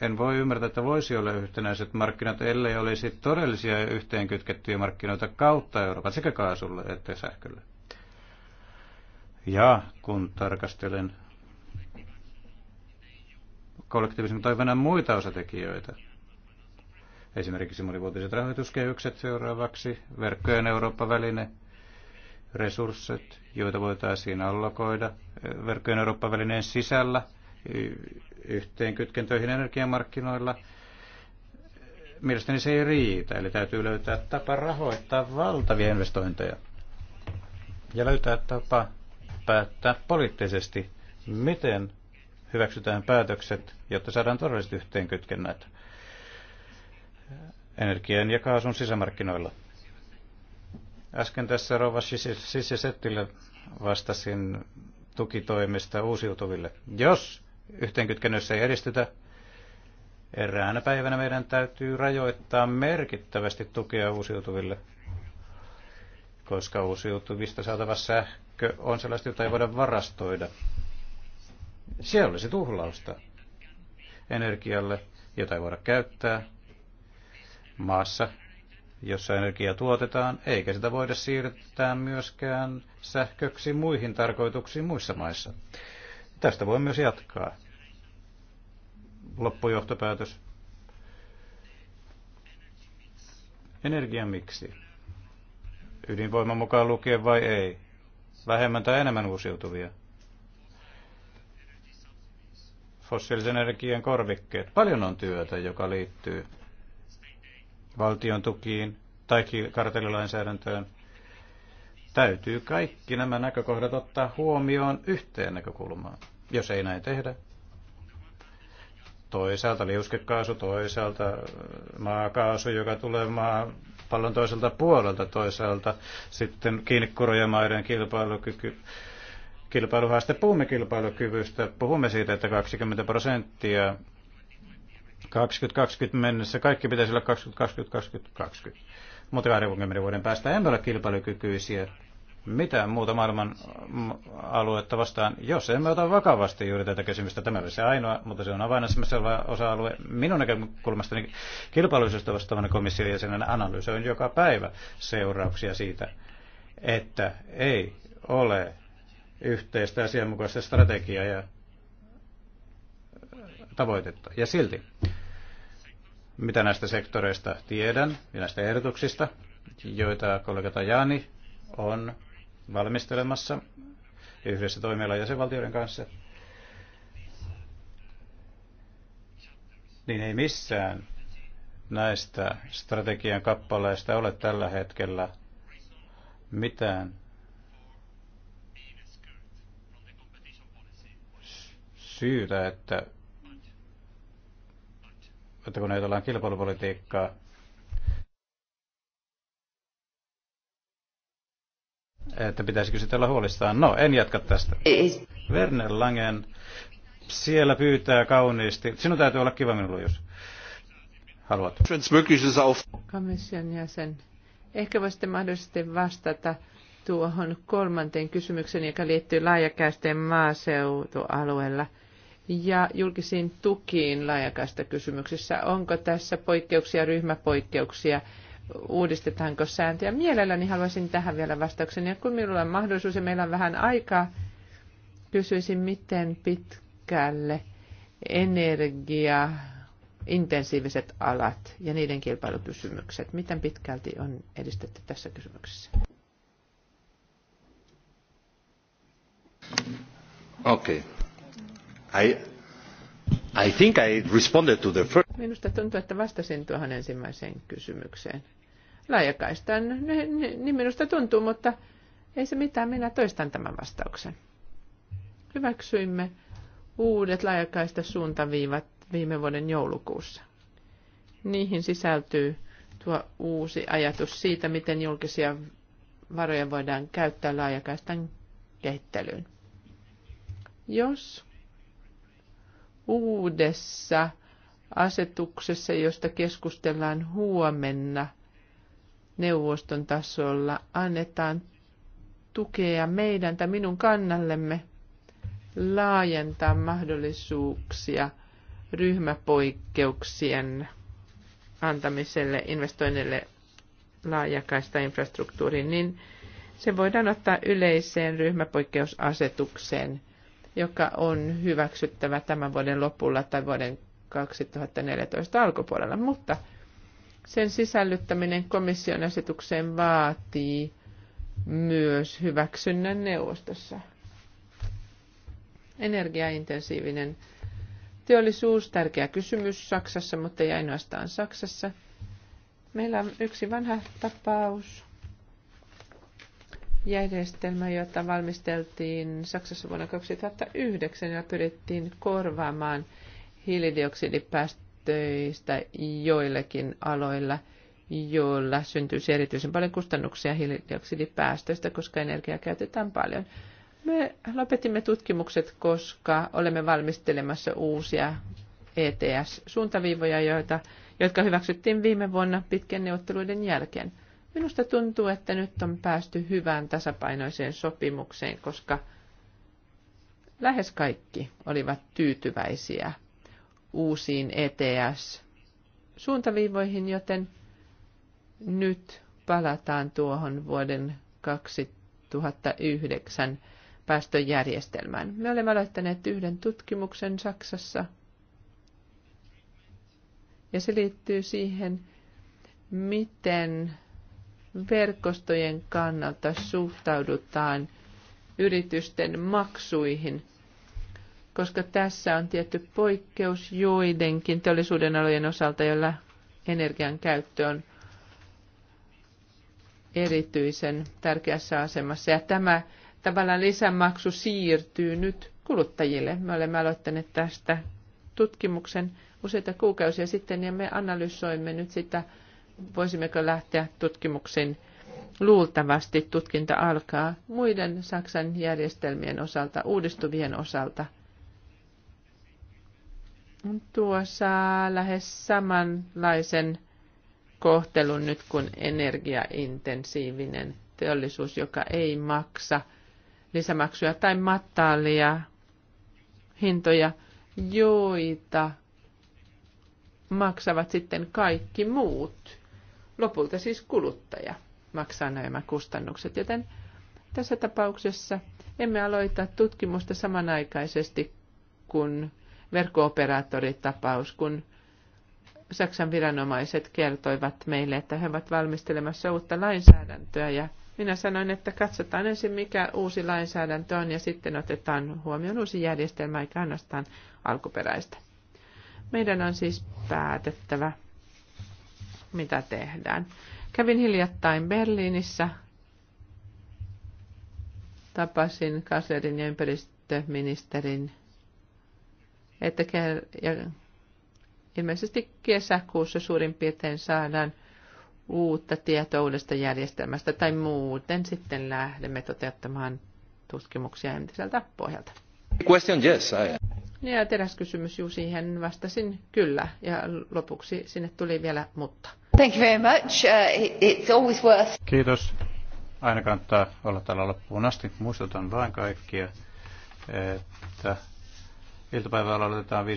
En voi ymmärtää, että voisi olla yhtenäiset markkinat, ellei olisi todellisia yhteenkytkettyjä markkinoita kautta Euroopan sekä kaasulle että sähkölle. Ja kun tarkastelen kollektiivisen toivona muita osatekijöitä. Esimerkiksi monivuotiset rahoituskehykset seuraavaksi, verkkojen Eurooppa-väline, resurssit, joita voitaisiin allokoida verkkojen Eurooppa-välineen sisällä yhteenkytkentöihin energiamarkkinoilla. Mielestäni se ei riitä, eli täytyy löytää tapa rahoittaa valtavia investointeja ja löytää tapa päättää poliittisesti, miten hyväksytään päätökset, jotta saadaan todelliset yhteenkytkennät energian ja kaasun sisämarkkinoilla. Äsken tässä Rova Sissi-Settillä vastasin tukitoimista uusiutuville. Jos yhteenkytkennössä ei edistytä, eräänä päivänä meidän täytyy rajoittaa merkittävästi tukea uusiutuville, koska uusiutuvista saatava sähkö on sellaista, jota ei voida varastoida se olisi tuhlausta energialle, jota ei voida käyttää maassa, jossa energia tuotetaan, eikä sitä voida siirtää myöskään sähköksi muihin tarkoituksiin muissa maissa. Tästä voi myös jatkaa. Loppujohtopäätös. miksi? Ydinvoima mukaan lukien vai ei? Vähemmän tai enemmän uusiutuvia? fossiilisen energian korvikkeet. Paljon on työtä, joka liittyy valtion tukiin tai kartelilainsäädäntöön. Täytyy kaikki nämä näkökohdat ottaa huomioon yhteen näkökulmaan. Jos ei näin tehdä, toisaalta liuskekaasu, toisaalta äh, maakaasu, joka tulee pallon toiselta puolelta, toisaalta sitten kiinnikurojamaiden kilpailukyky kilpailuhaaste. Puhumme kilpailukyvystä, puhumme siitä, että 20 prosenttia 2020 mennessä, kaikki pitäisi olla 2020, 2020, 2020. Mutta 20 vuoden päästä emme ole kilpailukykyisiä mitään muuta maailman aluetta vastaan, jos emme ota vakavasti juuri tätä kysymystä. Tämä olisi se ainoa, mutta se on avainasemassa oleva osa-alue. Minun näkökulmastani kilpailuisesta vastaavana komission jäsenen analysoin joka päivä seurauksia siitä, että ei ole yhteistä asianmukaista strategiaa ja tavoitetta. Ja silti, mitä näistä sektoreista tiedän ja näistä ehdotuksista, joita kollega Tajani on valmistelemassa yhdessä toimialan jäsenvaltioiden kanssa, niin ei missään näistä strategian kappaleista ole tällä hetkellä mitään syytä, että, että kun ajatellaan kilpailupolitiikkaa, että pitäisikö sitten olla huolissaan. No, en jatka tästä. Werner Langen siellä pyytää kauniisti. Sinun täytyy olla kiva minulla, jos haluat. Komission jäsen, ehkä voisitte mahdollisesti vastata tuohon kolmanteen kysymykseen, joka liittyy laajakäisten maaseutualueella – ja julkisiin tukiin laajakaista kysymyksissä. Onko tässä poikkeuksia, ryhmäpoikkeuksia, uudistetaanko sääntöjä? Mielelläni haluaisin tähän vielä vastauksen. Ja kun minulla on mahdollisuus ja meillä on vähän aikaa, kysyisin, miten pitkälle energia, intensiiviset alat ja niiden kilpailukysymykset, miten pitkälti on edistetty tässä kysymyksessä? Okei. Okay. Minusta tuntuu, että vastasin tuohon ensimmäiseen kysymykseen. Laajakaistaan, niin, niin minusta tuntuu, mutta ei se mitään, minä toistan tämän vastauksen. Hyväksyimme uudet laajakaista suuntaviivat viime vuoden joulukuussa. Niihin sisältyy tuo uusi ajatus siitä, miten julkisia varoja voidaan käyttää laajakaistan kehittelyyn. Jos uudessa asetuksessa, josta keskustellaan huomenna neuvoston tasolla, annetaan tukea meidän tai minun kannallemme laajentaa mahdollisuuksia ryhmäpoikkeuksien antamiselle investoinnille laajakaista infrastruktuuriin, niin se voidaan ottaa yleiseen ryhmäpoikkeusasetukseen – joka on hyväksyttävä tämän vuoden lopulla tai vuoden 2014 alkupuolella, mutta sen sisällyttäminen komission asetukseen vaatii myös hyväksynnän neuvostossa. Energiaintensiivinen teollisuus, tärkeä kysymys Saksassa, mutta ei ainoastaan Saksassa. Meillä on yksi vanha tapaus järjestelmä, jota valmisteltiin Saksassa vuonna 2009 ja pyrittiin korvaamaan hiilidioksidipäästöistä joillekin aloilla, joilla syntyisi erityisen paljon kustannuksia hiilidioksidipäästöistä, koska energiaa käytetään paljon. Me lopetimme tutkimukset, koska olemme valmistelemassa uusia ETS-suuntaviivoja, joita, jotka hyväksyttiin viime vuonna pitkän neuvotteluiden jälkeen – Minusta tuntuu, että nyt on päästy hyvään tasapainoiseen sopimukseen, koska lähes kaikki olivat tyytyväisiä uusiin ETS-suuntaviivoihin, joten nyt palataan tuohon vuoden 2009 päästöjärjestelmään. Me olemme aloittaneet yhden tutkimuksen Saksassa, ja se liittyy siihen, miten verkostojen kannalta suhtaudutaan yritysten maksuihin, koska tässä on tietty poikkeus joidenkin teollisuuden alojen osalta, joilla energian käyttö on erityisen tärkeässä asemassa. Ja tämä tavallaan lisämaksu siirtyy nyt kuluttajille. Me olemme aloittaneet tästä tutkimuksen useita kuukausia sitten ja me analysoimme nyt sitä voisimmeko lähteä tutkimuksiin. Luultavasti tutkinta alkaa muiden Saksan järjestelmien osalta, uudistuvien osalta. Tuo saa lähes samanlaisen kohtelun nyt kuin energiaintensiivinen teollisuus, joka ei maksa lisämaksuja tai mattaalia hintoja, joita maksavat sitten kaikki muut lopulta siis kuluttaja maksaa nämä kustannukset, joten tässä tapauksessa emme aloita tutkimusta samanaikaisesti kuin verkkooperaattoritapaus, kun Saksan viranomaiset kertoivat meille, että he ovat valmistelemassa uutta lainsäädäntöä ja minä sanoin, että katsotaan ensin mikä uusi lainsäädäntö on ja sitten otetaan huomioon uusi järjestelmä eikä ainoastaan alkuperäistä. Meidän on siis päätettävä, mitä tehdään. Kävin hiljattain Berliinissä. Tapasin kanslerin ja ympäristöministerin. Että ja ilmeisesti kesäkuussa suurin piirtein saadaan uutta tietoa uudesta järjestelmästä tai muuten sitten lähdemme toteuttamaan tutkimuksia entiseltä pohjalta. Question, yes, I... Ja teräs kysymys, juu, siihen vastasin kyllä. Ja lopuksi sinne tuli vielä mutta. Uh, Kiitos. Aina kannattaa olla täällä loppuun asti. Muistutan vain kaikkia, että iltapäivällä aloitetaan 15.30,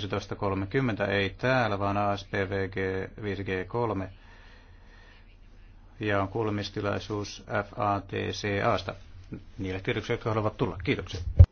ei täällä, vaan ASPVG 5G3. Ja on kuulemistilaisuus FATCAsta. Niille tiedoksi, jotka haluavat tulla. Kiitoksia.